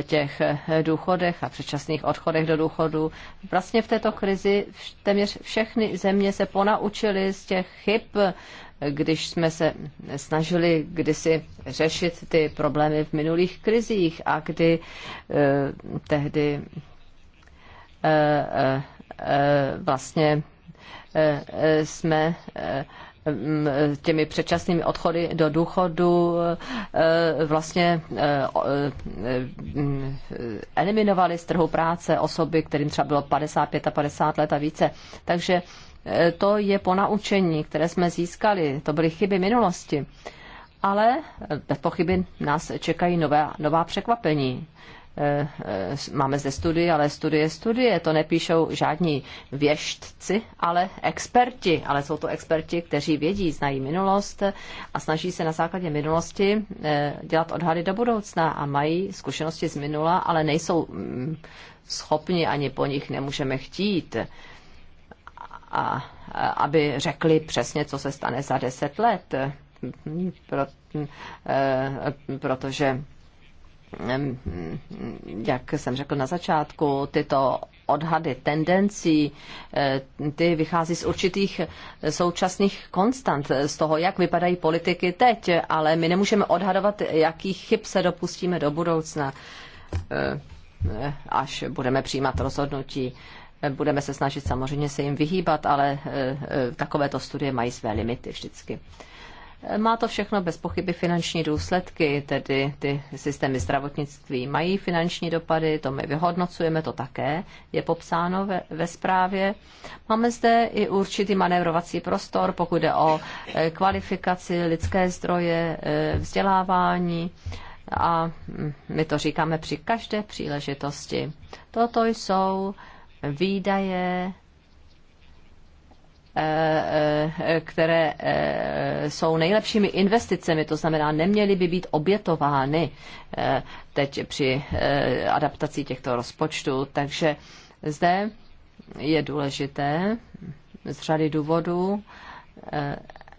těch důchodech a předčasných odchodech do důchodu. Vlastně v této krizi téměř všechny země se ponaučily z těch chyb když jsme se snažili kdysi řešit ty problémy v minulých krizích a kdy eh, tehdy eh, eh, eh vlastně eh, eh, jsme eh, těmi předčasnými odchody do důchodu eh, vlastně eliminovali z trhu práce osoby, kterým třeba bylo 55 a 50 let a více. Takže to je ponaučení, které jsme získali. To byly chyby minulosti. Ale bez pochyby nás čekají nová, nová překvapení eh, eh, máme zde studie, ale studie, studie, to nepíšou žádní věštci, ale experti, ale jsou to experti, kteří vědí, znají minulost a snaží se na základě minulosti eh, dělat odhady do budoucna a mají zkušenosti z minula, ale nejsou mm, schopni, ani po nich nemůžeme chtít a aby řekli přesně, co se stane za deset let, e, protože mm, jak jsem řekl na začátku, tyto odhady tendencí, e, ty vychází z určitých současných konstant, z toho, jak vypadají politiky teď, ale my nemůžeme odhadovat, jakých chyb se dopustíme do budoucna, e, až budeme přijímat rozhodnutí. Budeme se snažit samozřejmě se jim vyhýbat, ale eh, eh, takovéto studie mají své limity vždycky. Má to všechno bez pochyby finanční důsledky, tedy ty systémy zdravotnictví mají finanční dopady, to my vyhodnocujeme, to také je popsáno ve, ve zprávě. Máme zde i určitý manévrovací prostor, pokud jde o eh, kvalifikaci, lidské zdroje, vzdělávání a hm, my to říkáme při každé příležitosti. Toto jsou výdaje, eh, eh, které eh, jsou nejlepšími investicemi, to znamená, neměly by být obětovány teď při adaptaci těchto rozpočtů. Takže zde je důležité z řady důvodů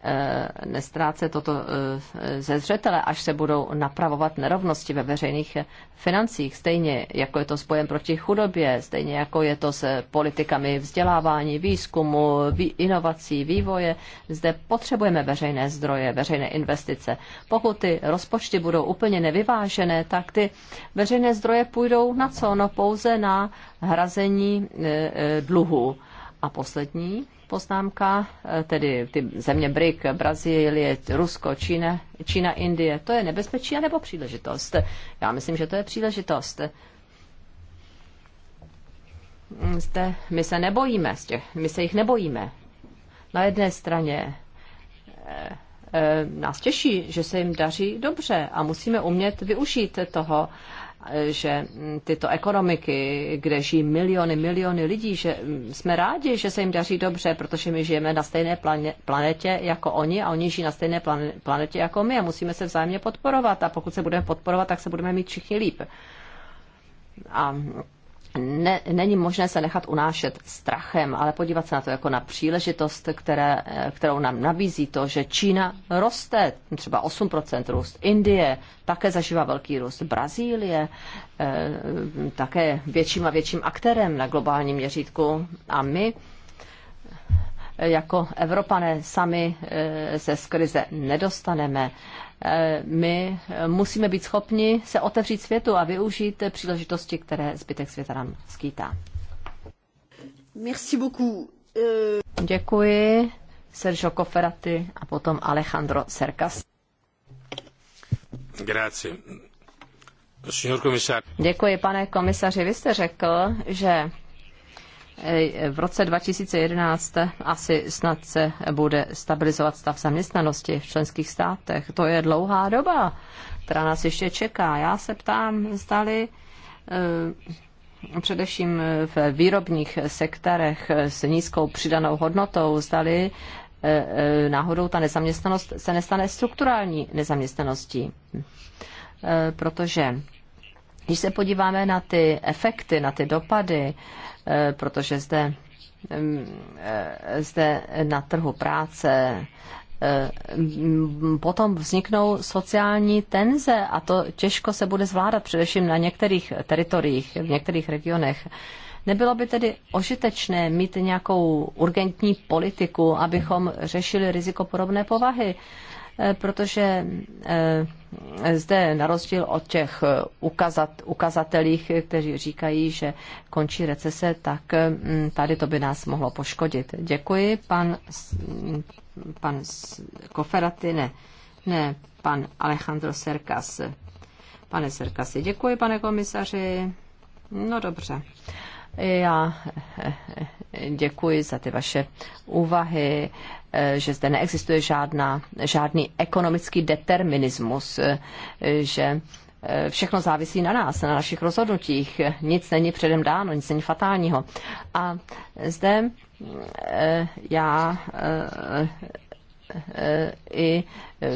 Eh, nestráce toto eh, ze zřetele, až se budou napravovat nerovnosti ve veřejných financích, stejně jako je to s bojem proti chudobě, stejně jako je to s politikami vzdělávání, výzkumu, inovací, vývoje. Zde potřebujeme veřejné zdroje, veřejné investice. Pokud ty rozpočty budou úplně nevyvážené, tak ty veřejné zdroje půjdou na co? No pouze na hrazení eh, dluhu. A poslední poznámka, eh, tedy ty země BRIC, Brazílie, Rusko, Čína, Čína, Indie, to je nebezpečí anebo příležitost? Já myslím, že to je příležitost. Zde my se nebojíme, my se jich nebojíme. Na jedné straně eh, eh, nás těší, že se jim daří dobře a musíme umět využít toho že tyto ekonomiky, kde žijí miliony, miliony lidí, že jsme rádi, že se jim daří dobře, protože my žijeme na stejné planetě jako oni a oni žijí na stejné planetě jako my a musíme se vzájemně podporovat a pokud se budeme podporovat, tak se budeme mít všichni líp. A ne, není možné se nechat unášet strachem, ale podívat se na to jako na příležitost, které, eh, kterou nám nabízí to, že Čína roste, třeba 8% růst, Indie také zažívá velký růst, Brazílie eh, také větším a větším aktérem na globálním měřítku a my jako Evropané sami eh, se z krize nedostaneme. Eh, my eh, musíme být schopni se otevřít světu a využít příležitosti, které zbytek světa nám skýtá. Merci beaucoup. Děkuji. Sergio Cofferati a potom Alejandro Serkas. Grazie. Děkuji, pane komisaři. Vy jste řekl, že v roce 2011 asi snad se bude stabilizovat stav zaměstnanosti v členských státech. To je dlouhá doba, která nás ještě čeká. Já se ptám, zdali eh, především v výrobních sektorech s nízkou přidanou hodnotou, zdali eh, eh, náhodou ta nezaměstnanost se nestane strukturální nezaměstnaností. Protože když se podíváme na ty efekty, na ty dopady, eh, protože zde, mm, eh, zde na trhu práce eh, potom vzniknou sociální tenze a to těžko se bude zvládat, především na některých teritoriích, v některých regionech. Nebylo by tedy ožitečné mít nějakou urgentní politiku, abychom řešili riziko podobné povahy? Eh, protože eh, zde na rozdíl od těch eh, ukazat, ukazatelích, kteří říkají, že končí recese, tak mm, tady to by nás mohlo poškodit. Děkuji, pan, pan Koferaty, ne, ne, pan Alejandro Serkas. Pane Serkasi, děkuji, pane komisaři. No dobře. Já děkuji za ty vaše úvahy Eh, že zde neexistuje žádná, žádný ekonomický determinismus, eh, že eh, všechno závisí na nás, na našich rozhodnutích. Nic není předem dáno, nic není fatálního. A zde já i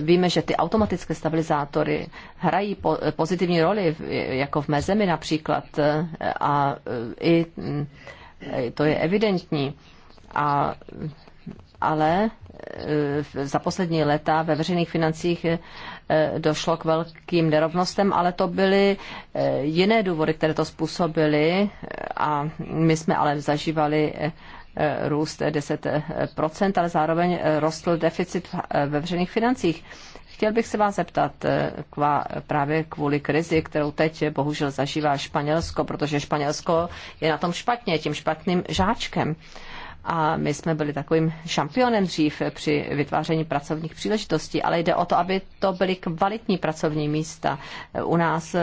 víme, že ty automatické stabilizátory hrají pozitivní roli, jako v mé zemi například, a i hm, to je evidentní. A ale e, za poslední léta ve veřejných financích e, došlo k velkým nerovnostem, ale to byly e, jiné důvody, které to způsobily a my jsme ale zažívali růst 10%, ale zároveň rostl deficit ve veřejných financích. Chtěl bych se vás zeptat kva, právě kvůli krizi, kterou teď bohužel zažívá Španělsko, protože Španělsko je na tom špatně, tím špatným žáčkem. Eh, a my jsme byli takovým šampionem dřív při vytváření pracovních příležitostí, ale jde o to, aby to byly kvalitní pracovní místa. U nás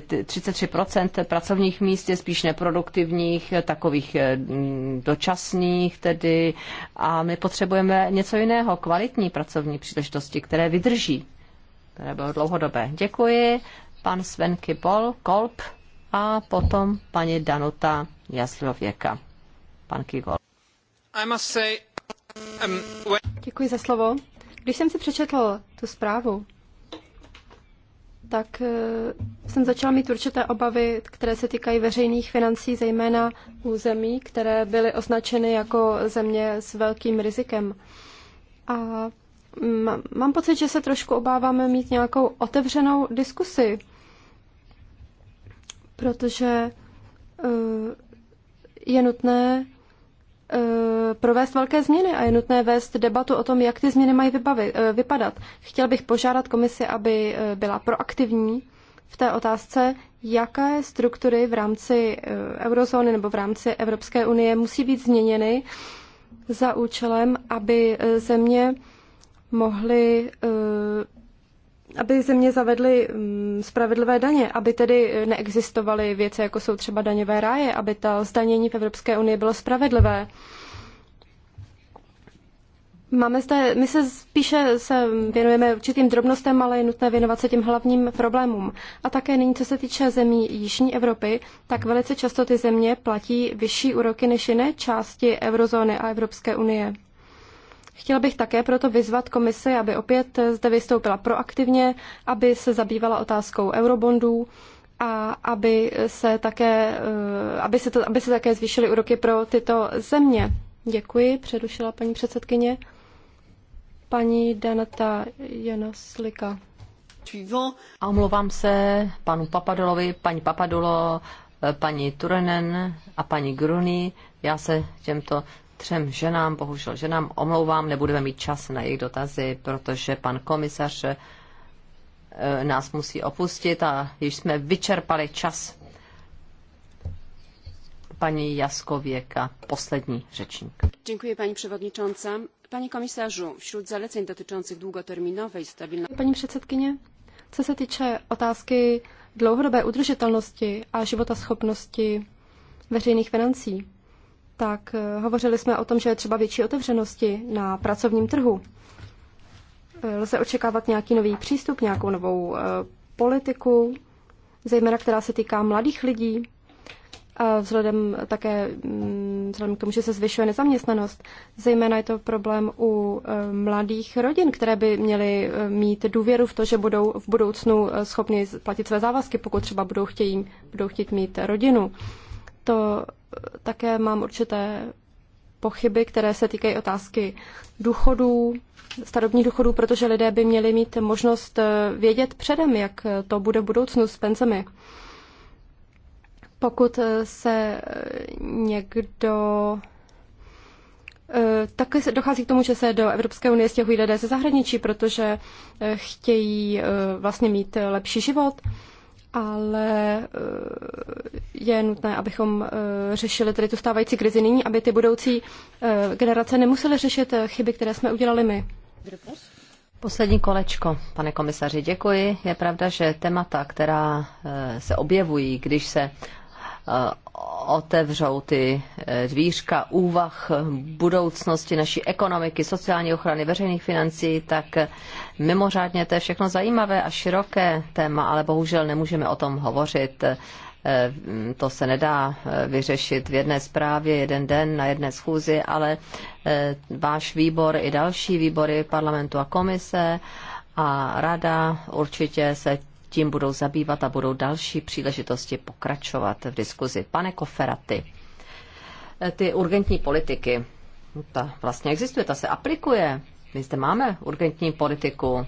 33% eh, pracovních míst je spíš neproduktivních, takových eh, mm, dočasných tedy a my potřebujeme něco jiného, kvalitní pracovní příležitosti, které vydrží, které bylo dlouhodobé. Děkuji, pan Sven Kipol, Kolb a potom paní Danuta Jaslověka pan Kigol. Um, Děkuji za slovo. Když jsem si přečetl tu zprávu, tak eh, jsem začal mít určité obavy, které se týkají veřejných financí, zejména u zemí, které byly označeny jako země s velkým rizikem. A mm, mám pocit, že se trošku obáváme mít nějakou otevřenou diskusi, protože eh, je nutné Eh, provést velké změny a je nutné vést debatu o tom, jak ty změny mají vybavit, eh, vypadat. Chtěl bych požádat komisi, aby eh, byla proaktivní v té otázce, jaké struktury v rámci eurozóny nebo v rámci Evropské unie musí být změněny za účelem, aby země mohly aby země zavedly mm, spravedlivé daně, aby tedy neexistovaly věci, jako jsou třeba daňové ráje, aby ta zdanění v Evropské unii bylo spravedlivé. Máme zde, my se spíše se věnujeme určitým drobnostem, ale je nutné věnovat se těm hlavním problémům. A také nyní, co se týče zemí Jižní Evropy, tak velice často ty země platí vyšší úroky než jiné části eurozóny a Evropské unie. Chtěla bych také proto vyzvat komisi, aby opět zde vystoupila proaktivně, aby se zabývala otázkou eurobondů a aby se také, eh, aby se, to, aby se také zvýšily úroky pro tyto země. Děkuji, předušila paní předsedkyně. Paní Danata Janoslika. A omlouvám se panu Papadolovi, paní Papadolo, eh, paní Turenen a paní Gruny. Já se těmto třem ženám, bohužel ženám, omlouvám, nebudeme mít čas na jejich dotazy, protože pan komisař eh, nás musí opustit a již jsme vyčerpali čas. Paní Jaskověka, poslední řečník. Děkuji, paní převodničonce. Pani komisarzu, wśród zaleceń dotyczących długoterminowej stabilności... Paní předsedkyně, co se týče otázky dlouhodobé udržitelnosti a životaschopnosti veřejných financí, tak eh, hovořili jsme o tom, že je třeba větší otevřenosti na pracovním trhu. Eh, lze očekávat nějaký nový přístup, nějakou novou eh, politiku, zejména která se týká mladých lidí, a vzhledem také mm, vzhledem k tomu, že se zvyšuje nezaměstnanost. Zejména je to problém u mladých rodin, které by měly mít důvěru v to, že budou v budoucnu schopni platit své závazky, pokud třeba budou, chtějí, budou chtít mít rodinu to také mám určité pochyby, které se týkají otázky důchodů, starobních důchodů, protože lidé by měli mít možnost eh, vědět předem, jak to bude v budoucnu s penzemi. Pokud eh, se eh, někdo Taky dochází k tomu, že se do Evropské unie stěhují lidé ze zahraničí, protože chtějí vlastně mít lepší život ale eh, je nutné, abychom eh, řešili tedy tu stávající krizi nyní, aby ty budoucí eh, generace nemusely řešit chyby, které jsme udělali my. Poslední kolečko, pane komisaři, děkuji. Je pravda, že témata, která se objevují, když se otevřou ty dvířka úvah budoucnosti naší ekonomiky, sociální ochrany, veřejných financí, tak mimořádně, to je všechno zajímavé a široké téma, ale bohužel nemůžeme o tom hovořit. Eh, to se nedá eh, vyřešit v jedné zprávě, jeden den na jedné schůzi, ale eh, váš výbor i další výbory parlamentu a komise a rada určitě se tím budou zabývat a budou další příležitosti pokračovat v diskuzi. Pane Koferaty, ty urgentní politiky, ta vlastně existuje, ta se aplikuje my zde máme urgentní politiku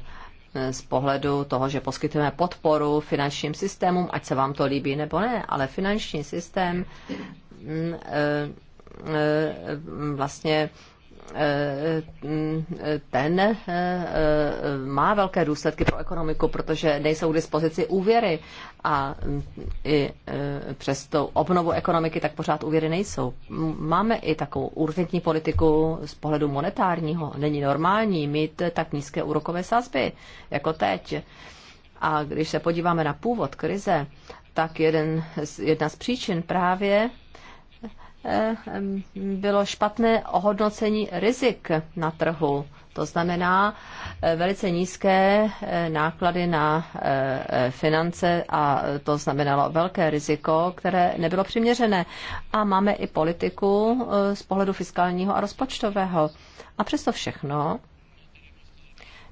eh, z pohledu toho, že poskytujeme podporu finančním systémům, ať se vám to líbí nebo ne, ale finanční systém mm, eh, eh, vlastně ten eh, eh, má velké důsledky pro ekonomiku, protože nejsou k dispozici úvěry a mm, i eh, přes tu obnovu ekonomiky tak pořád úvěry nejsou. Máme i takovou urgentní politiku z pohledu monetárního. Není normální mít tak nízké úrokové sazby jako teď. A když se podíváme na původ krize, tak jeden, jedna z příčin právě Eh, bylo špatné ohodnocení rizik na trhu. To znamená eh, velice nízké eh, náklady na finance a to znamenalo velké riziko, které nebylo přiměřené. A máme i politiku z pohledu fiskálního a rozpočtového. A přesto všechno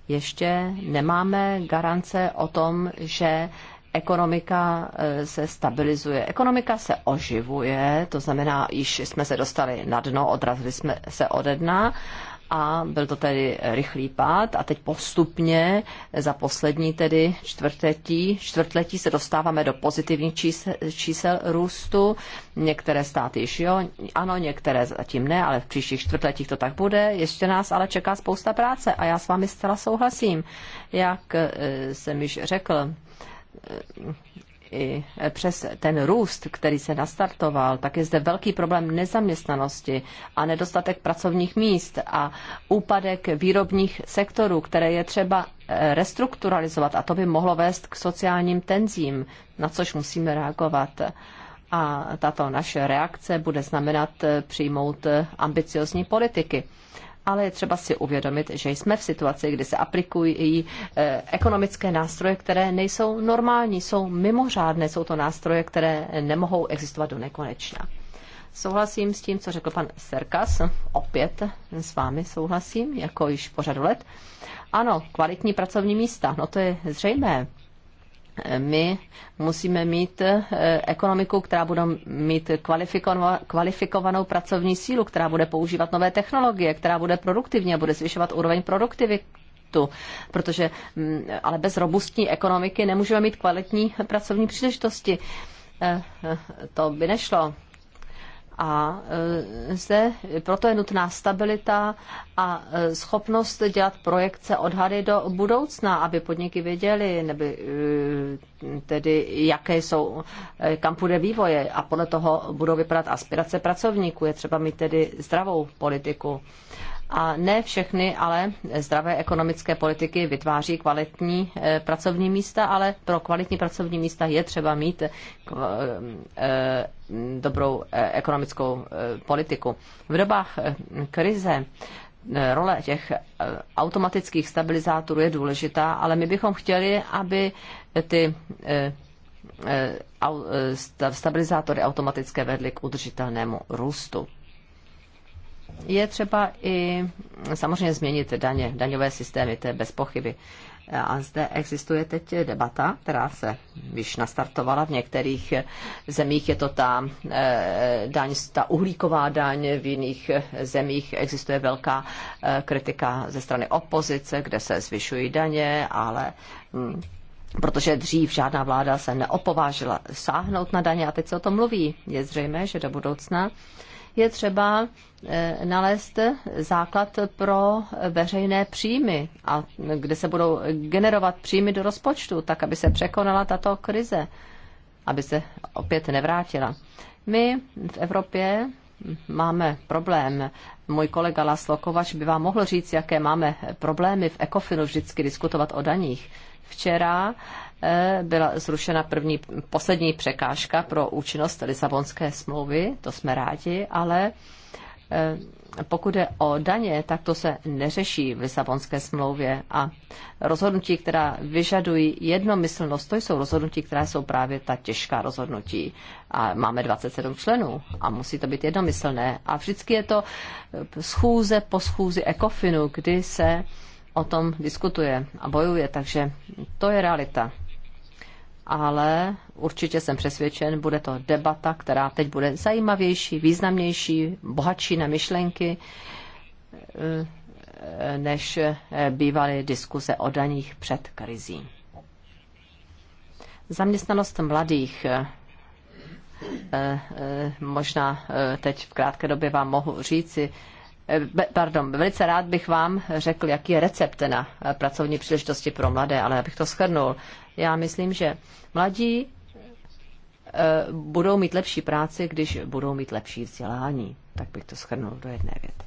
ještě nemáme garance o tom, že ekonomika eh, se stabilizuje, ekonomika se oživuje, to znamená, již jsme se dostali na dno, odrazili jsme se ode dna a byl to tedy rychlý pád a teď postupně za poslední tedy čtvrtletí, čtvrtletí se dostáváme do pozitivních čísel, čísel růstu. Některé státy již jo, ano, některé zatím ne, ale v příštích čtvrtletích to tak bude. Ještě nás ale čeká spousta práce a já s vámi zcela souhlasím. Jak eh, jsem již řekl, i přes ten růst, který se nastartoval, tak je zde velký problém nezaměstnanosti a nedostatek pracovních míst a úpadek výrobních sektorů, které je třeba eh, restrukturalizovat a to by mohlo vést k sociálním tenzím, na což musíme reagovat. A tato naše reakce bude znamenat eh, přijmout eh, ambiciozní politiky ale je třeba si uvědomit, že jsme v situaci, kdy se aplikují i eh, ekonomické nástroje, které nejsou normální, jsou mimořádné, jsou to nástroje, které nemohou existovat do nekonečna. Souhlasím s tím, co řekl pan Serkas, opět s vámi souhlasím, jako již pořadu let. Ano, kvalitní pracovní místa, no to je zřejmé my musíme mít eh, ekonomiku, která bude mít kvalifikovanou pracovní sílu, která bude používat nové technologie, která bude produktivní a bude zvyšovat úroveň produktivity tu, protože mm, ale bez robustní ekonomiky nemůžeme mít kvalitní pracovní příležitosti. Eh, eh, to by nešlo. A e, zde proto je nutná stabilita a e, schopnost dělat projekce odhady do budoucna, aby podniky věděly, nebo e, tedy jaké jsou, kam půjde vývoje a podle toho budou vypadat aspirace pracovníků. Je třeba mít tedy zdravou politiku. A ne všechny, ale zdravé ekonomické politiky vytváří kvalitní eh, pracovní místa, ale pro kvalitní pracovní místa je třeba mít eh, eh, dobrou ekonomickou politiku. V dobách krize role těch automatických stabilizátorů je důležitá, ale my bychom chtěli, aby ty stabilizátory automatické vedly k udržitelnému růstu je třeba i samozřejmě změnit daně, daňové systémy, to je bez pochyby. A zde existuje teď debata, která se již nastartovala. V některých zemích je to ta eh, daň, ta uhlíková daň, v jiných zemích existuje velká eh, kritika ze strany opozice, kde se zvyšují daně, ale hm, protože dřív žádná vláda se neopovážila sáhnout na daně a teď se o tom mluví. Je zřejmé, že do budoucna je třeba eh, nalézt základ pro veřejné příjmy, a kde se budou generovat příjmy do rozpočtu, tak aby se překonala tato krize, aby se opět nevrátila. My v Evropě máme problém. Můj kolega Laslo Kovač by vám mohl říct, jaké máme problémy v ECOFINu vždycky diskutovat o daních. Včera E, byla zrušena první, poslední překážka pro účinnost Lisabonské smlouvy, to jsme rádi, ale e, pokud je o daně, tak to se neřeší v Lisabonské smlouvě a rozhodnutí, která vyžadují jednomyslnost, to jsou rozhodnutí, která jsou právě ta těžká rozhodnutí. A máme 27 členů a musí to být jednomyslné. A vždycky je to schůze po schůzi ECOFINu, kdy se o tom diskutuje a bojuje, takže to je realita ale určitě jsem přesvědčen, bude to debata, která teď bude zajímavější, významnější, bohatší na myšlenky, eh, než eh, bývaly diskuze o daních před krizí. Zaměstnanost mladých eh, možná teď v krátké době vám mohu říci, pardon, velice rád bych vám řekl, jaký je recept na pracovní příležitosti pro mladé, ale abych to shrnul. Já myslím, že mladí eh, budou mít lepší práci, když budou mít lepší vzdělání. Tak bych to schrnul do jedné věty.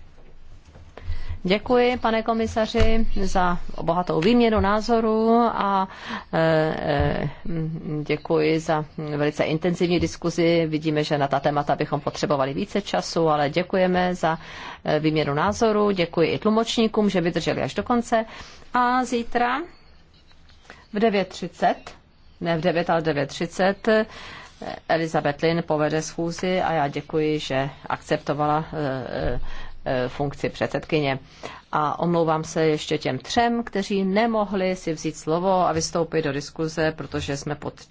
Děkuji, pane komisaři, za bohatou výměnu názoru a eh, eh, děkuji za velice intenzivní diskuzi. Vidíme, že na ta témata bychom potřebovali více času, ale děkujeme za výměnu názoru. Děkuji i tlumočníkům, že vydrželi až do konce. A zítra v 9.30, ne v 9, ale 9.30, eh, Elizabeth Lynn povede schůzi a já děkuji, že akceptovala eh, eh, funkci předsedkyně. A omlouvám se ještě těm třem, kteří nemohli si vzít slovo a vystoupit do diskuze, protože jsme pod čas.